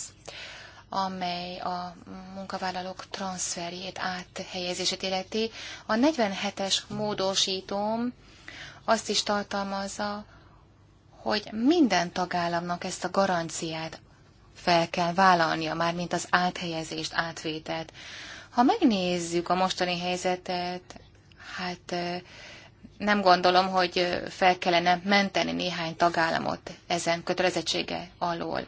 amely a munkavállalók transferjét, áthelyezését illeti. A 47-es módosítóm azt is tartalmazza, hogy minden tagállamnak ezt a garanciát fel kell vállalnia, már mint az áthelyezést, átvételt. Ha megnézzük a mostani helyzetet, hát nem gondolom, hogy fel kellene menteni néhány tagállamot ezen kötelezettsége alól.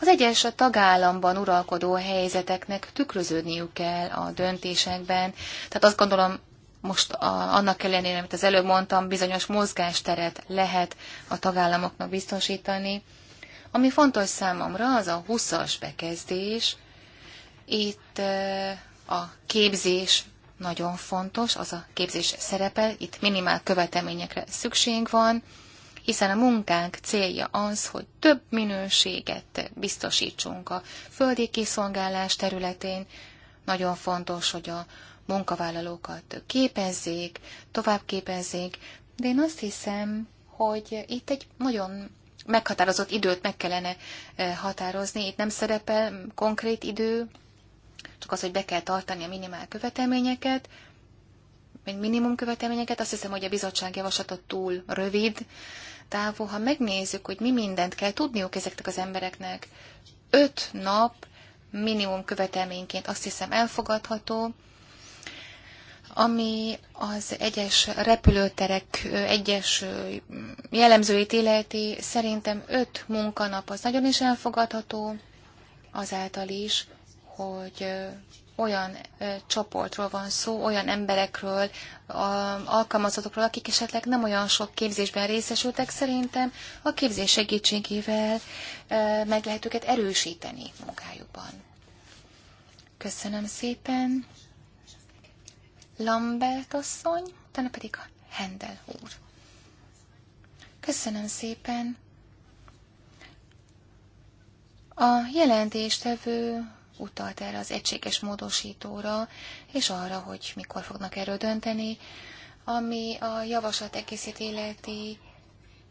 Az egyes a tagállamban uralkodó helyzeteknek tükröződniük kell a döntésekben, tehát azt gondolom, most a, annak ellenére, amit az előbb mondtam, bizonyos mozgásteret lehet a tagállamoknak biztosítani. Ami fontos számomra, az a 20-as bekezdés. Itt a képzés nagyon fontos, az a képzés szerepe, itt minimál követelményekre szükség van, hiszen a munkánk célja az, hogy több minőséget biztosítsunk a földi kiszolgálás területén. Nagyon fontos, hogy a munkavállalókat képezzék, továbbképezzék, de én azt hiszem, hogy itt egy nagyon meghatározott időt meg kellene határozni. Itt nem szerepel konkrét idő, csak az, hogy be kell tartani a minimál követelményeket, vagy minimum követelményeket. Azt hiszem, hogy a bizottság javaslata túl rövid távú. Ha megnézzük, hogy mi mindent kell tudniuk ezeknek az embereknek, öt nap minimum követelményként azt hiszem elfogadható, ami az egyes repülőterek egyes jellemzőit illeti, szerintem öt munkanap az nagyon is elfogadható, azáltal is, hogy olyan csoportról van szó, olyan emberekről, alkalmazatokról, akik esetleg nem olyan sok képzésben részesültek, szerintem a képzés segítségével meg lehet őket erősíteni munkájukban. Köszönöm szépen! Lambert asszony, utána pedig a Hendel úr. Köszönöm szépen. A jelentéstevő utalt erre az egységes módosítóra, és arra, hogy mikor fognak erről dönteni, ami a javaslat egészét életi,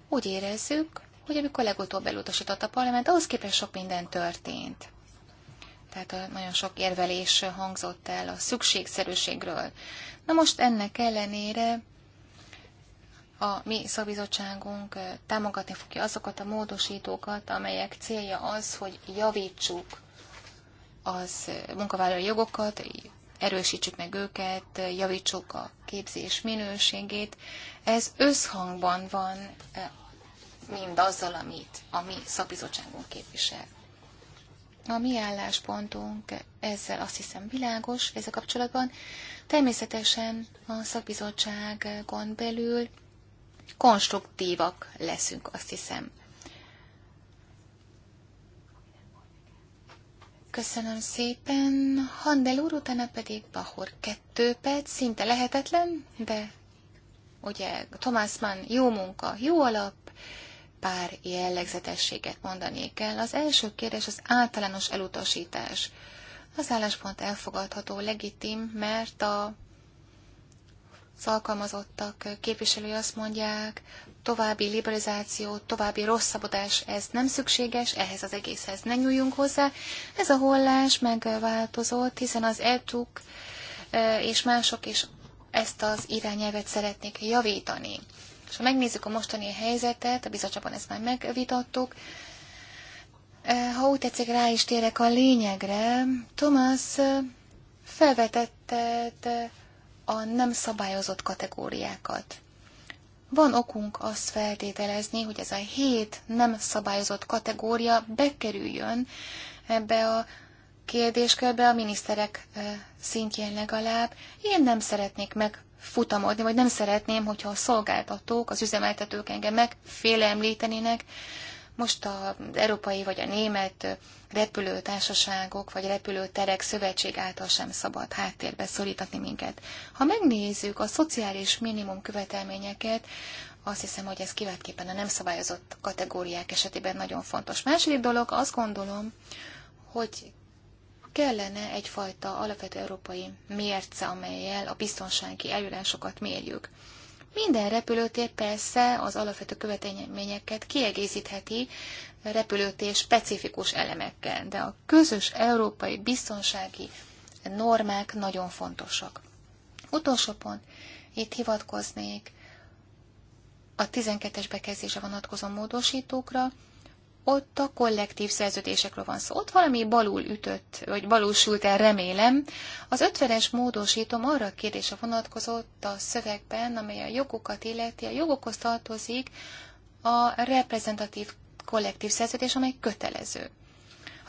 úgy érezzük, hogy amikor legutóbb elutasított a parlament, ahhoz képest sok minden történt. Tehát a, nagyon sok érvelés hangzott el a szükségszerűségről. Na most ennek ellenére a mi szabizottságunk támogatni fogja azokat a módosítókat, amelyek célja az, hogy javítsuk az munkavállalói jogokat, erősítsük meg őket, javítsuk a képzés minőségét. Ez összhangban van mindazzal, amit a mi szabizottságunk képvisel. A mi álláspontunk ezzel azt hiszem világos ezzel kapcsolatban. Természetesen a szakbizottságon belül konstruktívak leszünk, azt hiszem. Köszönöm szépen. Handel úr, utána pedig Bahor kettő perc, szinte lehetetlen, de ugye Thomas Mann jó munka, jó alap, pár jellegzetességet mondanék el. Az első kérdés az általános elutasítás. Az álláspont elfogadható, legitim, mert a az alkalmazottak képviselői azt mondják, további liberalizáció, további rosszabbodás, ez nem szükséges, ehhez az egészhez ne nyúljunk hozzá. Ez a hollás megváltozott, hiszen az ETUK eh, és mások is ezt az irányelvet szeretnék javítani. És ha megnézzük a mostani helyzetet, a bizottságban ezt már megvitattuk, eh, ha úgy tetszik, rá is térek a lényegre. Thomas eh, felvetetted eh, a nem szabályozott kategóriákat. Van okunk azt feltételezni, hogy ez a hét nem szabályozott kategória bekerüljön ebbe a kérdéskörbe a miniszterek szintjén legalább. Én nem szeretnék meg futamodni, vagy nem szeretném, hogyha a szolgáltatók, az üzemeltetők engem megfélemlítenének. Most az európai vagy a német repülőtársaságok vagy repülőterek szövetség által sem szabad háttérbe szorítani minket. Ha megnézzük a szociális minimum követelményeket, azt hiszem, hogy ez kiváltképpen a nem szabályozott kategóriák esetében nagyon fontos. Második dolog, azt gondolom, hogy kellene egyfajta alapvető európai mérce, amelyel a biztonsági előrásokat mérjük. Minden repülőtér persze az alapvető követelményeket kiegészítheti repülőtér specifikus elemekkel, de a közös európai biztonsági normák nagyon fontosak. Utolsó pont, itt hivatkoznék a 12-es bekezdése vonatkozó módosítókra, ott a kollektív szerződésekről van szó. Ott valami balul ütött, vagy balul el, remélem. Az ötvenes módosítom arra a kérdése vonatkozott a szövegben, amely a jogokat illeti. A jogokhoz tartozik a reprezentatív kollektív szerződés, amely kötelező.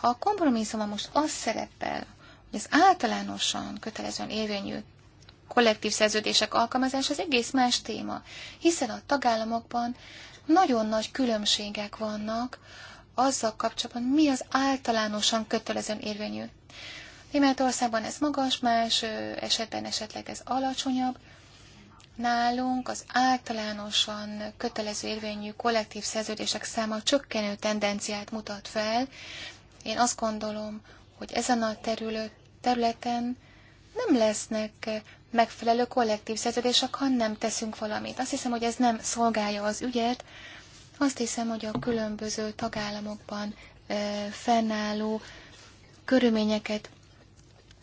Ha a kompromisszum most az szerepel, hogy az általánosan kötelezően érvényű kollektív szerződések alkalmazása az egész más téma, hiszen a tagállamokban nagyon nagy különbségek vannak azzal kapcsolatban, mi az általánosan kötelezően érvényű. Németországban ez magas, más esetben esetleg ez alacsonyabb. Nálunk az általánosan kötelező érvényű kollektív szerződések száma csökkenő tendenciát mutat fel. Én azt gondolom, hogy ezen a területen nem lesznek megfelelő kollektív szerződés, akkor nem teszünk valamit. Azt hiszem, hogy ez nem szolgálja az ügyet. Azt hiszem, hogy a különböző tagállamokban fennálló körülményeket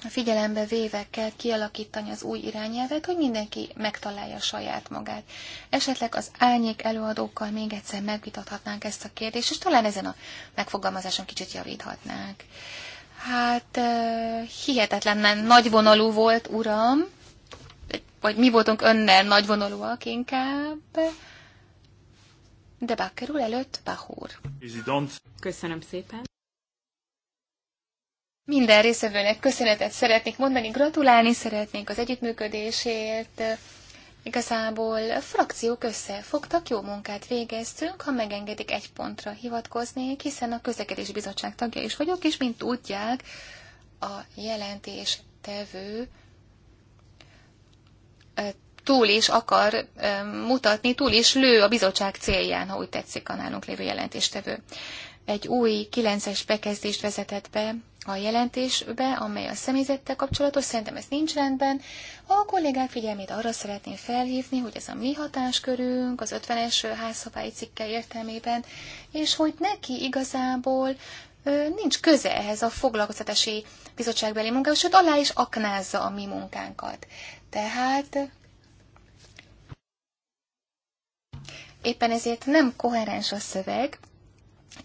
figyelembe véve kell kialakítani az új irányelvet, hogy mindenki megtalálja saját magát. Esetleg az álnyék előadókkal még egyszer megvitathatnánk ezt a kérdést, és talán ezen a megfogalmazáson kicsit javíthatnánk. Hát hihetetlen nagyvonalú volt, uram vagy mi voltunk önnel nagyvonalúak inkább. De Bakker előtt Bahúr. Köszönöm szépen. Minden részevőnek köszönetet szeretnék mondani, gratulálni szeretnék az együttműködésért. Igazából frakciók összefogtak, jó munkát végeztünk, ha megengedik egy pontra hivatkoznék, hiszen a közlekedés bizottság tagja is vagyok, és mint tudják, a jelentés tevő túl is akar mutatni, túl is lő a bizottság célján, ha úgy tetszik a nálunk lévő jelentéstevő. Egy új kilences bekezdést vezetett be a jelentésbe, amely a személyzettel kapcsolatos, szerintem ez nincs rendben. A kollégák figyelmét arra szeretném felhívni, hogy ez a mi hatáskörünk az 50-es házszabályi cikke értelmében, és hogy neki igazából nincs köze ehhez a foglalkoztatási bizottságbeli munkához, sőt alá is aknázza a mi munkánkat. Tehát éppen ezért nem koherens a szöveg,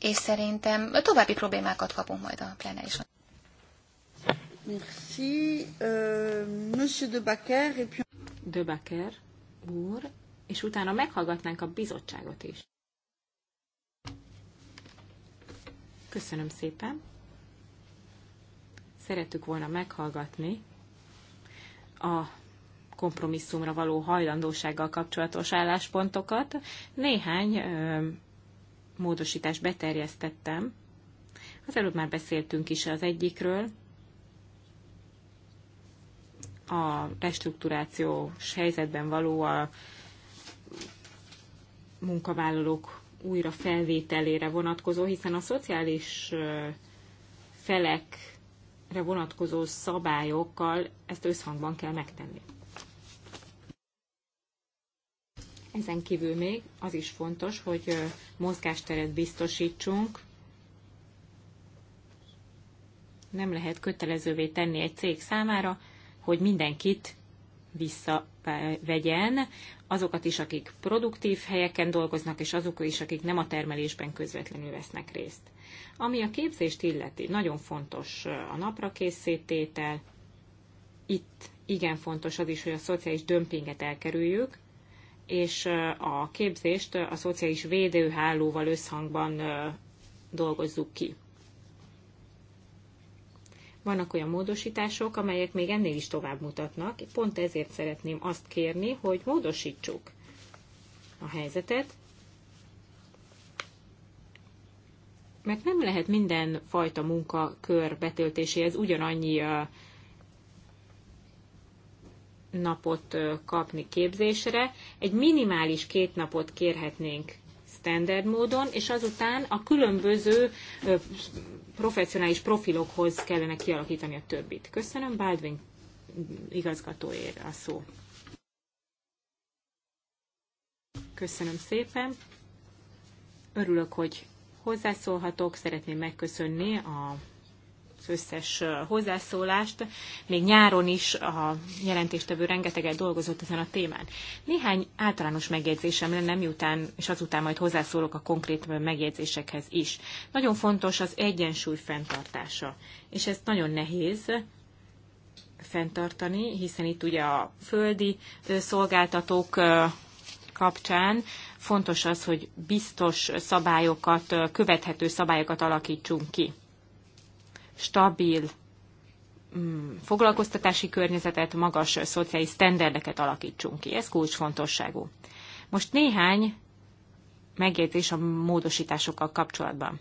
és szerintem további problémákat kapunk majd a plenárison. Merci. Euh, Monsieur de Baker, et puis... De Baker úr, és utána meghallgatnánk a bizottságot is. Köszönöm szépen. Szerettük volna meghallgatni a kompromisszumra való hajlandósággal kapcsolatos álláspontokat. Néhány ö, módosítást beterjesztettem. Az előbb már beszéltünk is az egyikről, a restrukturációs helyzetben való a munkavállalók újra felvételére vonatkozó, hiszen a szociális felekre vonatkozó szabályokkal ezt összhangban kell megtenni. Ezen kívül még az is fontos, hogy mozgásteret biztosítsunk. Nem lehet kötelezővé tenni egy cég számára, hogy mindenkit visszavegyen, azokat is, akik produktív helyeken dolgoznak, és azok is, akik nem a termelésben közvetlenül vesznek részt. Ami a képzést illeti, nagyon fontos a napra készítétel. Itt igen fontos az is, hogy a szociális dömpinget elkerüljük, és a képzést a szociális védőhálóval összhangban dolgozzuk ki. Vannak olyan módosítások, amelyek még ennél is tovább mutatnak, pont ezért szeretném azt kérni, hogy módosítsuk a helyzetet, mert nem lehet minden fajta munkakör betöltéséhez ugyanannyi napot kapni képzésre. Egy minimális két napot kérhetnénk standard módon, és azután a különböző professzionális profilokhoz kellene kialakítani a többit. Köszönöm, Baldwin igazgatóért a szó. Köszönöm szépen. Örülök, hogy hozzászólhatok. Szeretném megköszönni a az összes hozzászólást. Még nyáron is a jelentéstevő rengeteget dolgozott ezen a témán. Néhány általános megjegyzésem lenne, miután és azután majd hozzászólok a konkrét megjegyzésekhez is. Nagyon fontos az egyensúly fenntartása, és ez nagyon nehéz, fenntartani, hiszen itt ugye a földi szolgáltatók kapcsán fontos az, hogy biztos szabályokat, követhető szabályokat alakítsunk ki stabil mm, foglalkoztatási környezetet, magas szociális sztenderdeket alakítsunk ki. Ez kulcsfontosságú. Most néhány megjegyzés a módosításokkal kapcsolatban.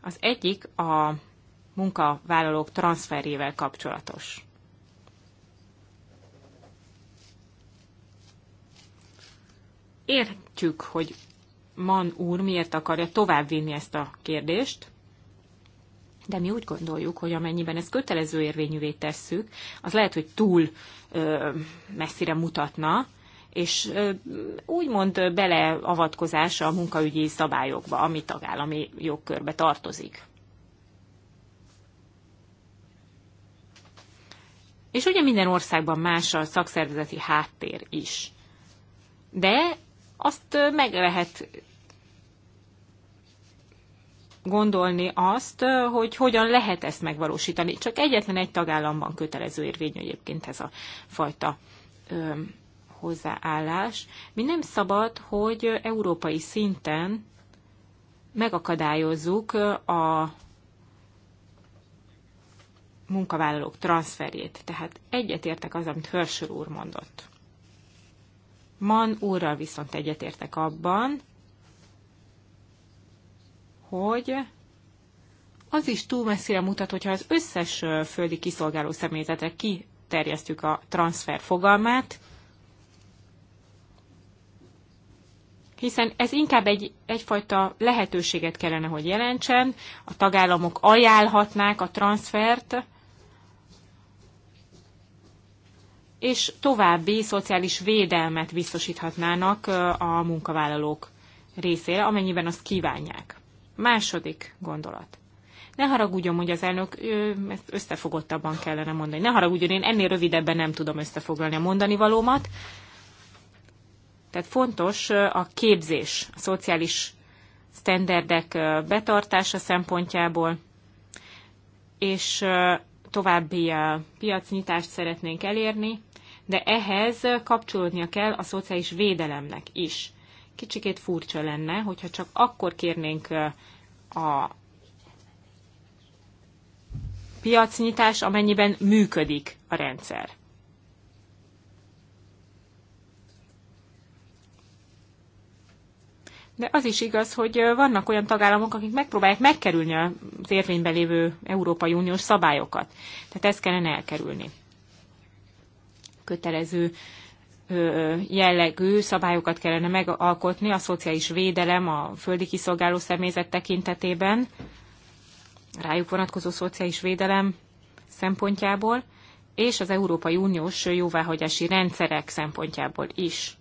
Az egyik a munkavállalók transferjével kapcsolatos. Értjük, hogy Man úr miért akarja továbbvinni ezt a kérdést, de mi úgy gondoljuk, hogy amennyiben ezt kötelező érvényűvé tesszük, az lehet, hogy túl ö, messzire mutatna, és ö, úgymond beleavatkozása a munkaügyi szabályokba, ami tagállami jogkörbe tartozik. És ugye minden országban más a szakszervezeti háttér is. De azt meg lehet gondolni azt, hogy hogyan lehet ezt megvalósítani. Csak egyetlen egy tagállamban kötelező érvényű egyébként ez a fajta ö, hozzáállás. Mi nem szabad, hogy európai szinten megakadályozzuk a munkavállalók transferjét. Tehát egyetértek az, amit Hörsör úr mondott. Man úrral viszont egyetértek abban, hogy az is túl messzire mutat, hogyha az összes földi kiszolgáló személyzetre kiterjesztjük a transfer fogalmát, hiszen ez inkább egy, egyfajta lehetőséget kellene, hogy jelentsen, a tagállamok ajánlhatnák a transfert, és további szociális védelmet biztosíthatnának a munkavállalók részére, amennyiben azt kívánják. Második gondolat. Ne haragudjon, hogy az elnök, ezt összefogottabban kellene mondani. Ne haragudjon, én ennél rövidebben nem tudom összefoglalni a mondani valómat. Tehát fontos a képzés, a szociális sztenderdek betartása szempontjából, és további piacnyitást szeretnénk elérni, de ehhez kapcsolódnia kell a szociális védelemnek is. Kicsikét furcsa lenne, hogyha csak akkor kérnénk a piacnyitás, amennyiben működik a rendszer. De az is igaz, hogy vannak olyan tagállamok, akik megpróbálják megkerülni az érvényben lévő Európai Uniós szabályokat. Tehát ezt kellene elkerülni. Kötelező jellegű szabályokat kellene megalkotni a szociális védelem a földi kiszolgáló személyzet tekintetében, rájuk vonatkozó szociális védelem szempontjából, és az Európai Uniós jóváhagyási rendszerek szempontjából is.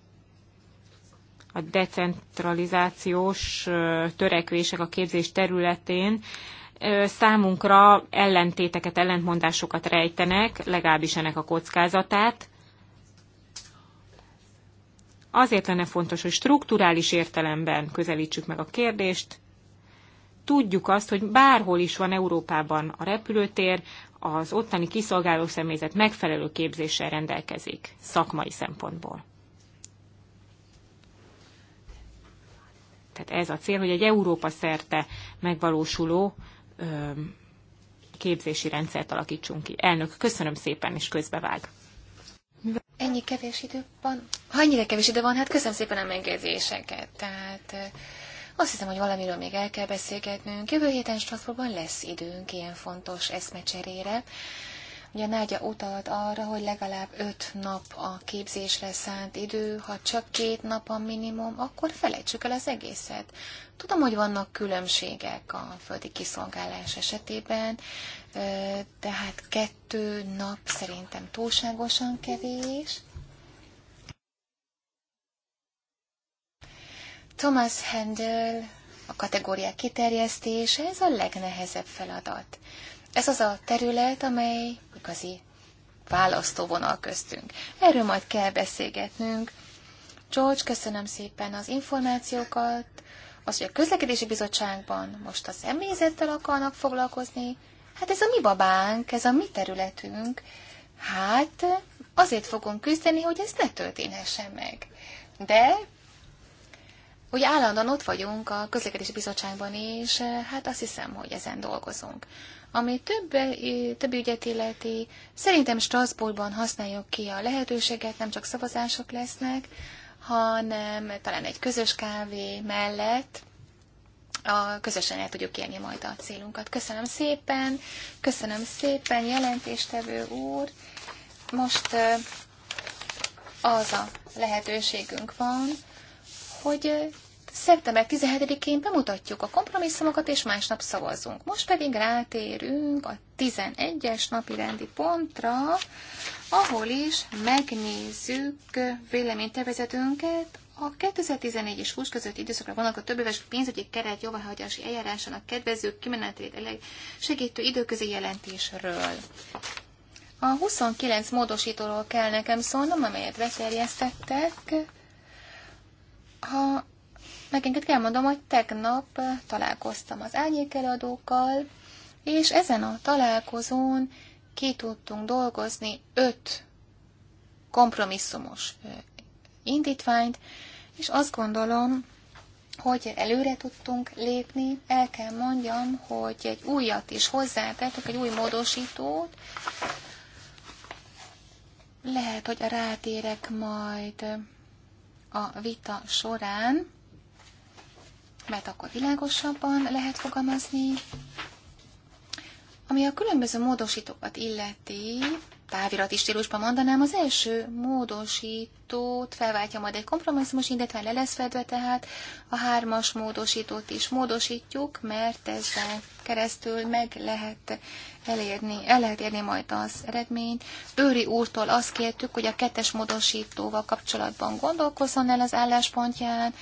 A decentralizációs törekvések a képzés területén számunkra ellentéteket, ellentmondásokat rejtenek, legalábbis ennek a kockázatát, Azért lenne fontos, hogy strukturális értelemben közelítsük meg a kérdést. Tudjuk azt, hogy bárhol is van Európában a repülőtér, az ottani kiszolgáló személyzet megfelelő képzéssel rendelkezik szakmai szempontból. Tehát ez a cél, hogy egy Európa szerte megvalósuló ö, képzési rendszert alakítsunk ki. Elnök, köszönöm szépen, és közbevág. Ennyi kevés idő van? Ha ennyire kevés idő van, hát köszönöm szépen a megjegyzéseket. Tehát azt hiszem, hogy valamiről még el kell beszélgetnünk. Jövő héten Strasbourgban lesz időnk ilyen fontos eszmecserére. Ugye Nágya utalt arra, hogy legalább öt nap a képzésre szánt idő, ha csak két nap a minimum, akkor felejtsük el az egészet. Tudom, hogy vannak különbségek a földi kiszolgálás esetében, tehát kettő nap szerintem túlságosan kevés. Thomas Handel a kategóriák kiterjesztése, ez a legnehezebb feladat. Ez az a terület, amely igazi választóvonal köztünk. Erről majd kell beszélgetnünk. George, köszönöm szépen az információkat, az, hogy a közlekedési bizottságban most az személyzettel akarnak foglalkozni, Hát ez a mi babánk, ez a mi területünk. Hát azért fogunk küzdeni, hogy ez ne történhessen meg. De ugye állandóan ott vagyunk a közlekedési bizottságban és hát azt hiszem, hogy ezen dolgozunk. Ami több, több ügyet illeti, szerintem Strasbourgban használjuk ki a lehetőséget, nem csak szavazások lesznek, hanem talán egy közös kávé mellett, a közösen el tudjuk érni majd a célunkat. Köszönöm szépen, köszönöm szépen, jelentéstevő úr. Most az a lehetőségünk van, hogy szeptember 17-én bemutatjuk a kompromisszumokat, és másnap szavazzunk. Most pedig rátérünk a 11-es napi rendi pontra, ahol is megnézzük véleménytervezetünket a 2014 és 20 közötti időszakra vonatkozó éves pénzügyi keret jóváhagyási eljárásának kedvező kimenetelét segítő időközi jelentésről. A 29 módosítóról kell nekem szólnom, amelyet beterjesztettek. Ha megint kell mondom, hogy tegnap találkoztam az árnyékelőadókkal, és ezen a találkozón ki tudtunk dolgozni öt kompromisszumos indítványt, és azt gondolom, hogy előre tudtunk lépni, el kell mondjam, hogy egy újat is hozzátettük, egy új módosítót. Lehet, hogy rátérek majd a vita során, mert akkor világosabban lehet fogalmazni. Ami a különböző módosítókat illeti, távirati stílusban mondanám, az első módosítót felváltja majd egy kompromisszumos indítvány, le lesz fedve, tehát a hármas módosítót is módosítjuk, mert ezzel keresztül meg lehet elérni, el lehet érni majd az eredményt. Bőri úrtól azt kértük, hogy a kettes módosítóval kapcsolatban gondolkozzon el az álláspontján,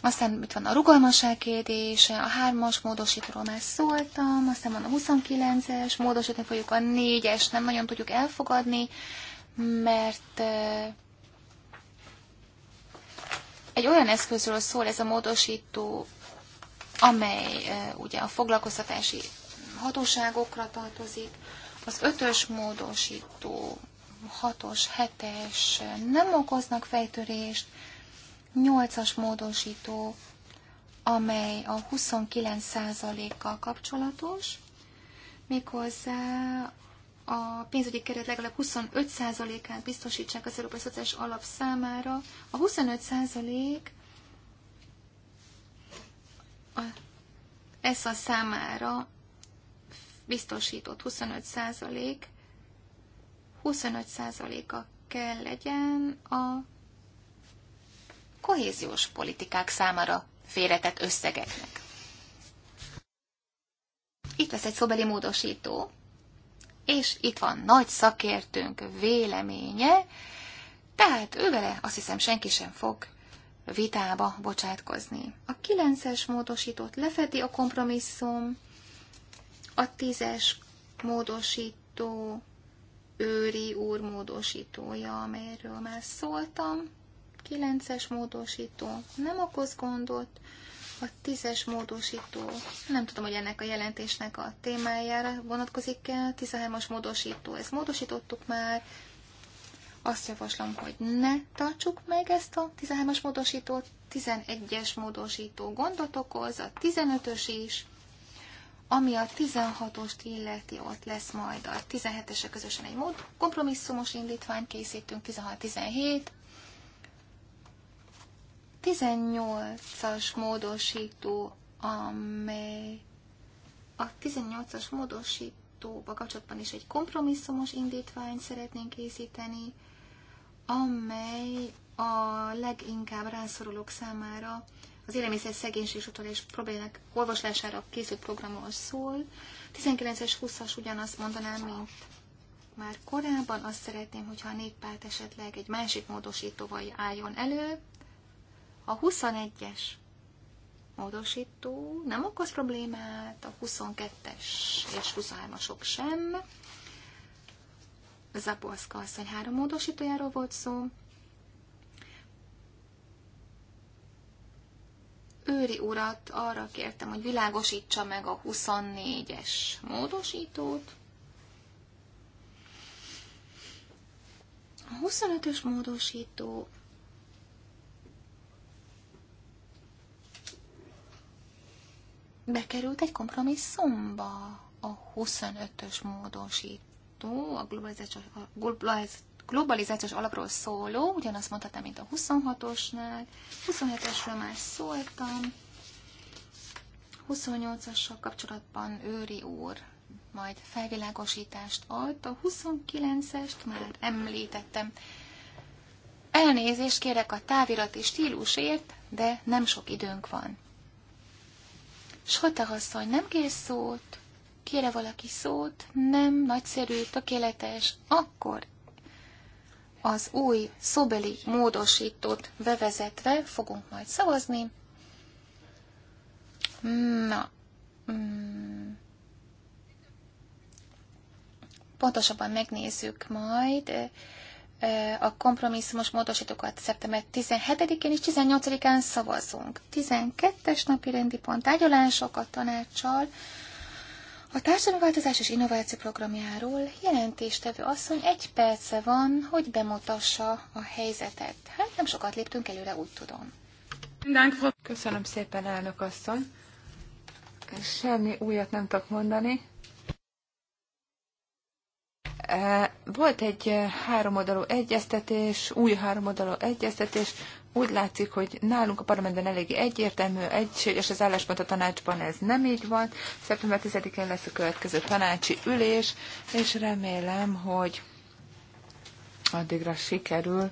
aztán itt van a rugalmasság kérdése, a hármas módosítóról már szóltam, aztán van a 29-es, módosítani fogjuk a négyes nem nagyon tudjuk elfogadni, mert egy olyan eszközről szól ez a módosító, amely ugye a foglalkoztatási hatóságokra tartozik. Az ötös módosító, hatos, hetes nem okoznak fejtörést, Nyolcas módosító, amely a 29%-kal kapcsolatos, méghozzá a pénzügyi keret legalább 25%-át biztosítsák az Európai Szociális Alap számára. A 25% a a számára biztosított 25%, 25%-a kell legyen a kohéziós politikák számára félretett összegeknek. Itt lesz egy szobeli módosító, és itt van nagy szakértőnk véleménye, tehát vele azt hiszem senki sem fog vitába bocsátkozni. A 9-es módosítót lefedi a kompromisszum, a 10-es módosító őri úr módosítója, amelyről már szóltam, 9-es módosító nem okoz gondot, a 10-es módosító, nem tudom, hogy ennek a jelentésnek a témájára vonatkozik-e, a 13-as módosító, ezt módosítottuk már, azt javaslom, hogy ne tartsuk meg ezt a 13-as módosítót, 11-es módosító gondot okoz, a 15-ös is, ami a 16-ost illeti, ott lesz majd a 17-esek közösen egy mód, kompromisszumos indítványt készítünk, 16-17, 18-as módosító, amely a 18-as módosítóba kapcsolatban is egy kompromisszumos indítványt szeretnénk készíteni, amely a leginkább rászorulók számára az élelmiszer szegénység és utolés problémák olvaslására készült programról szól. 19-es, 20-as ugyanazt mondanám, mint már korábban. Azt szeretném, hogyha a néppárt esetleg egy másik módosítóval álljon elő. A 21-es módosító nem okoz problémát, a 22-es és 23-asok sem. Zapolszka asszony három módosítójáról volt szó. Őri urat arra kértem, hogy világosítsa meg a 24-es módosítót. A 25-ös módosító bekerült egy kompromisszumba a 25-ös módosító, a globalizációs, globalizációs alapról szóló, ugyanazt mondhatnám, mint a 26-osnál, 27-esről már szóltam, 28-assal kapcsolatban Őri úr majd felvilágosítást ad, a 29-est már említettem. Elnézést kérek a távirati stílusért, de nem sok időnk van. Soltag asszony, nem kér szót? Kére valaki szót? Nem, nagyszerű, tökéletes. Akkor az új szobeli módosítót bevezetve fogunk majd szavazni. Na, mm. pontosabban megnézzük majd a kompromisszumos módosítókat szeptember 17-én és 18-án szavazunk. 12-es napi rendi pont tárgyalások a tanácssal, a társadalmi változás és innováció programjáról jelentéstevő asszony egy perce van, hogy bemutassa a helyzetet. Hát nem sokat léptünk előre, úgy tudom. Köszönöm szépen, elnök asszony. Semmi újat nem tudok mondani. Eh, volt egy eh, háromoldalú egyeztetés, új háromoldalú egyeztetés, úgy látszik, hogy nálunk a parlamentben eléggé egyértelmű, egységes az álláspont a tanácsban, ez nem így van. Szeptember 10-én lesz a következő tanácsi ülés, és remélem, hogy addigra sikerül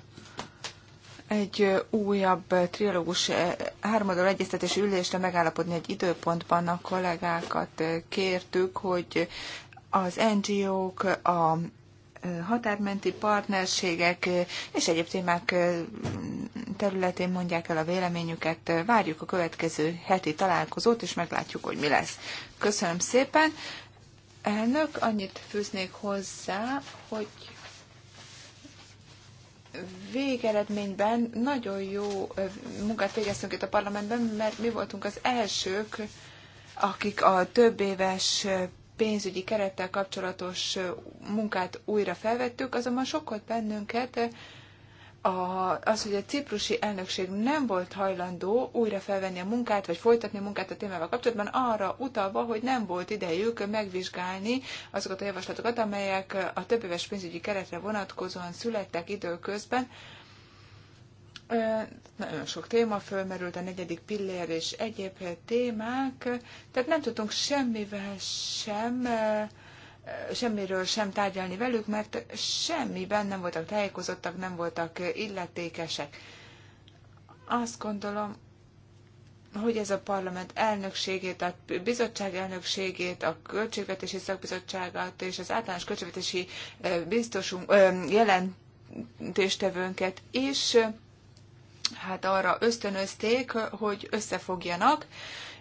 egy eh, újabb trilógus háromadal egyeztetési ülésre megállapodni egy időpontban a kollégákat kértük, hogy az NGO-k, a határmenti partnerségek és egyéb témák területén mondják el a véleményüket. Várjuk a következő heti találkozót, és meglátjuk, hogy mi lesz. Köszönöm szépen. Elnök, annyit fűznék hozzá, hogy végeredményben nagyon jó munkát végeztünk itt a parlamentben, mert mi voltunk az elsők, akik a több éves pénzügyi kerettel kapcsolatos munkát újra felvettük, azonban sokkal bennünket a, az, hogy a ciprusi elnökség nem volt hajlandó újra felvenni a munkát, vagy folytatni a munkát a témával kapcsolatban, arra utalva, hogy nem volt idejük megvizsgálni azokat a javaslatokat, amelyek a többéves pénzügyi keretre vonatkozóan születtek időközben, nagyon sok téma fölmerült, a negyedik pillér és egyéb témák, tehát nem tudtunk semmivel sem, semmiről sem tárgyalni velük, mert semmiben nem voltak tájékozottak, nem voltak illetékesek. Azt gondolom, hogy ez a parlament elnökségét, a bizottság elnökségét, a költségvetési szakbizottságát és az általános költségvetési biztosunk, jelentéstevőnket is hát arra ösztönözték, hogy összefogjanak,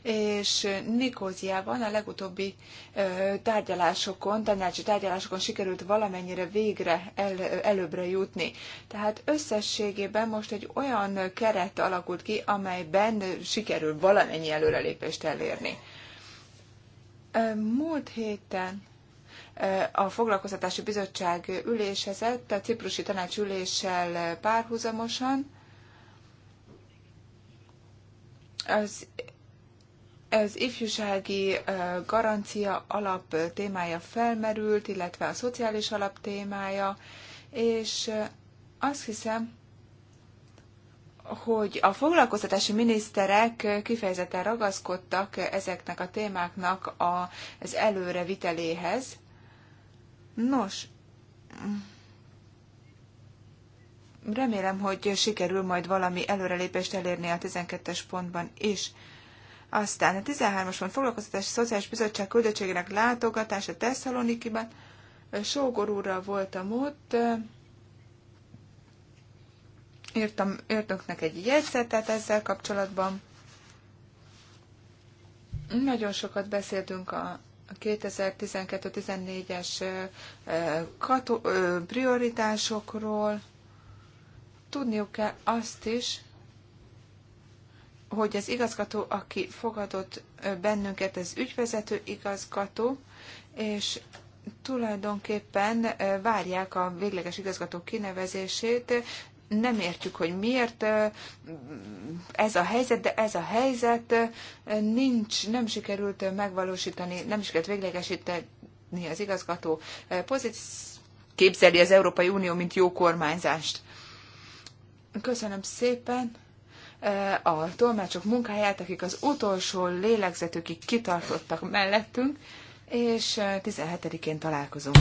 és Nikóziában a legutóbbi tárgyalásokon, tanácsi tárgyalásokon sikerült valamennyire végre el, előbbre jutni. Tehát összességében most egy olyan keret alakult ki, amelyben sikerül valamennyi előrelépést elérni. Múlt héten a foglalkoztatási bizottság ülésezett a ciprusi tanács üléssel párhuzamosan, az, az ifjúsági garancia alap témája felmerült, illetve a szociális alap témája, és azt hiszem, hogy a foglalkoztatási miniszterek kifejezetten ragaszkodtak ezeknek a témáknak az előreviteléhez. Nos, Remélem, hogy sikerül majd valami előrelépést elérni a 12-es pontban is. Aztán a 13-as pont foglalkoztatás Szociális Bizottság küldöttségének látogatása Tesszalonikiben. Sógor úrral voltam ott, írtam, írtunk egy jegyzetet ezzel kapcsolatban. Nagyon sokat beszéltünk a 2012-14-es prioritásokról, tudniuk kell azt is, hogy az igazgató, aki fogadott bennünket, ez ügyvezető igazgató, és tulajdonképpen várják a végleges igazgató kinevezését. Nem értjük, hogy miért ez a helyzet, de ez a helyzet nincs, nem sikerült megvalósítani, nem sikerült véglegesíteni az igazgató pozíciót képzeli az Európai Unió, mint jó kormányzást. Köszönöm szépen e, a tolmácsok munkáját, akik az utolsó lélegzetükig kitartottak mellettünk, és 17-én e, találkozunk.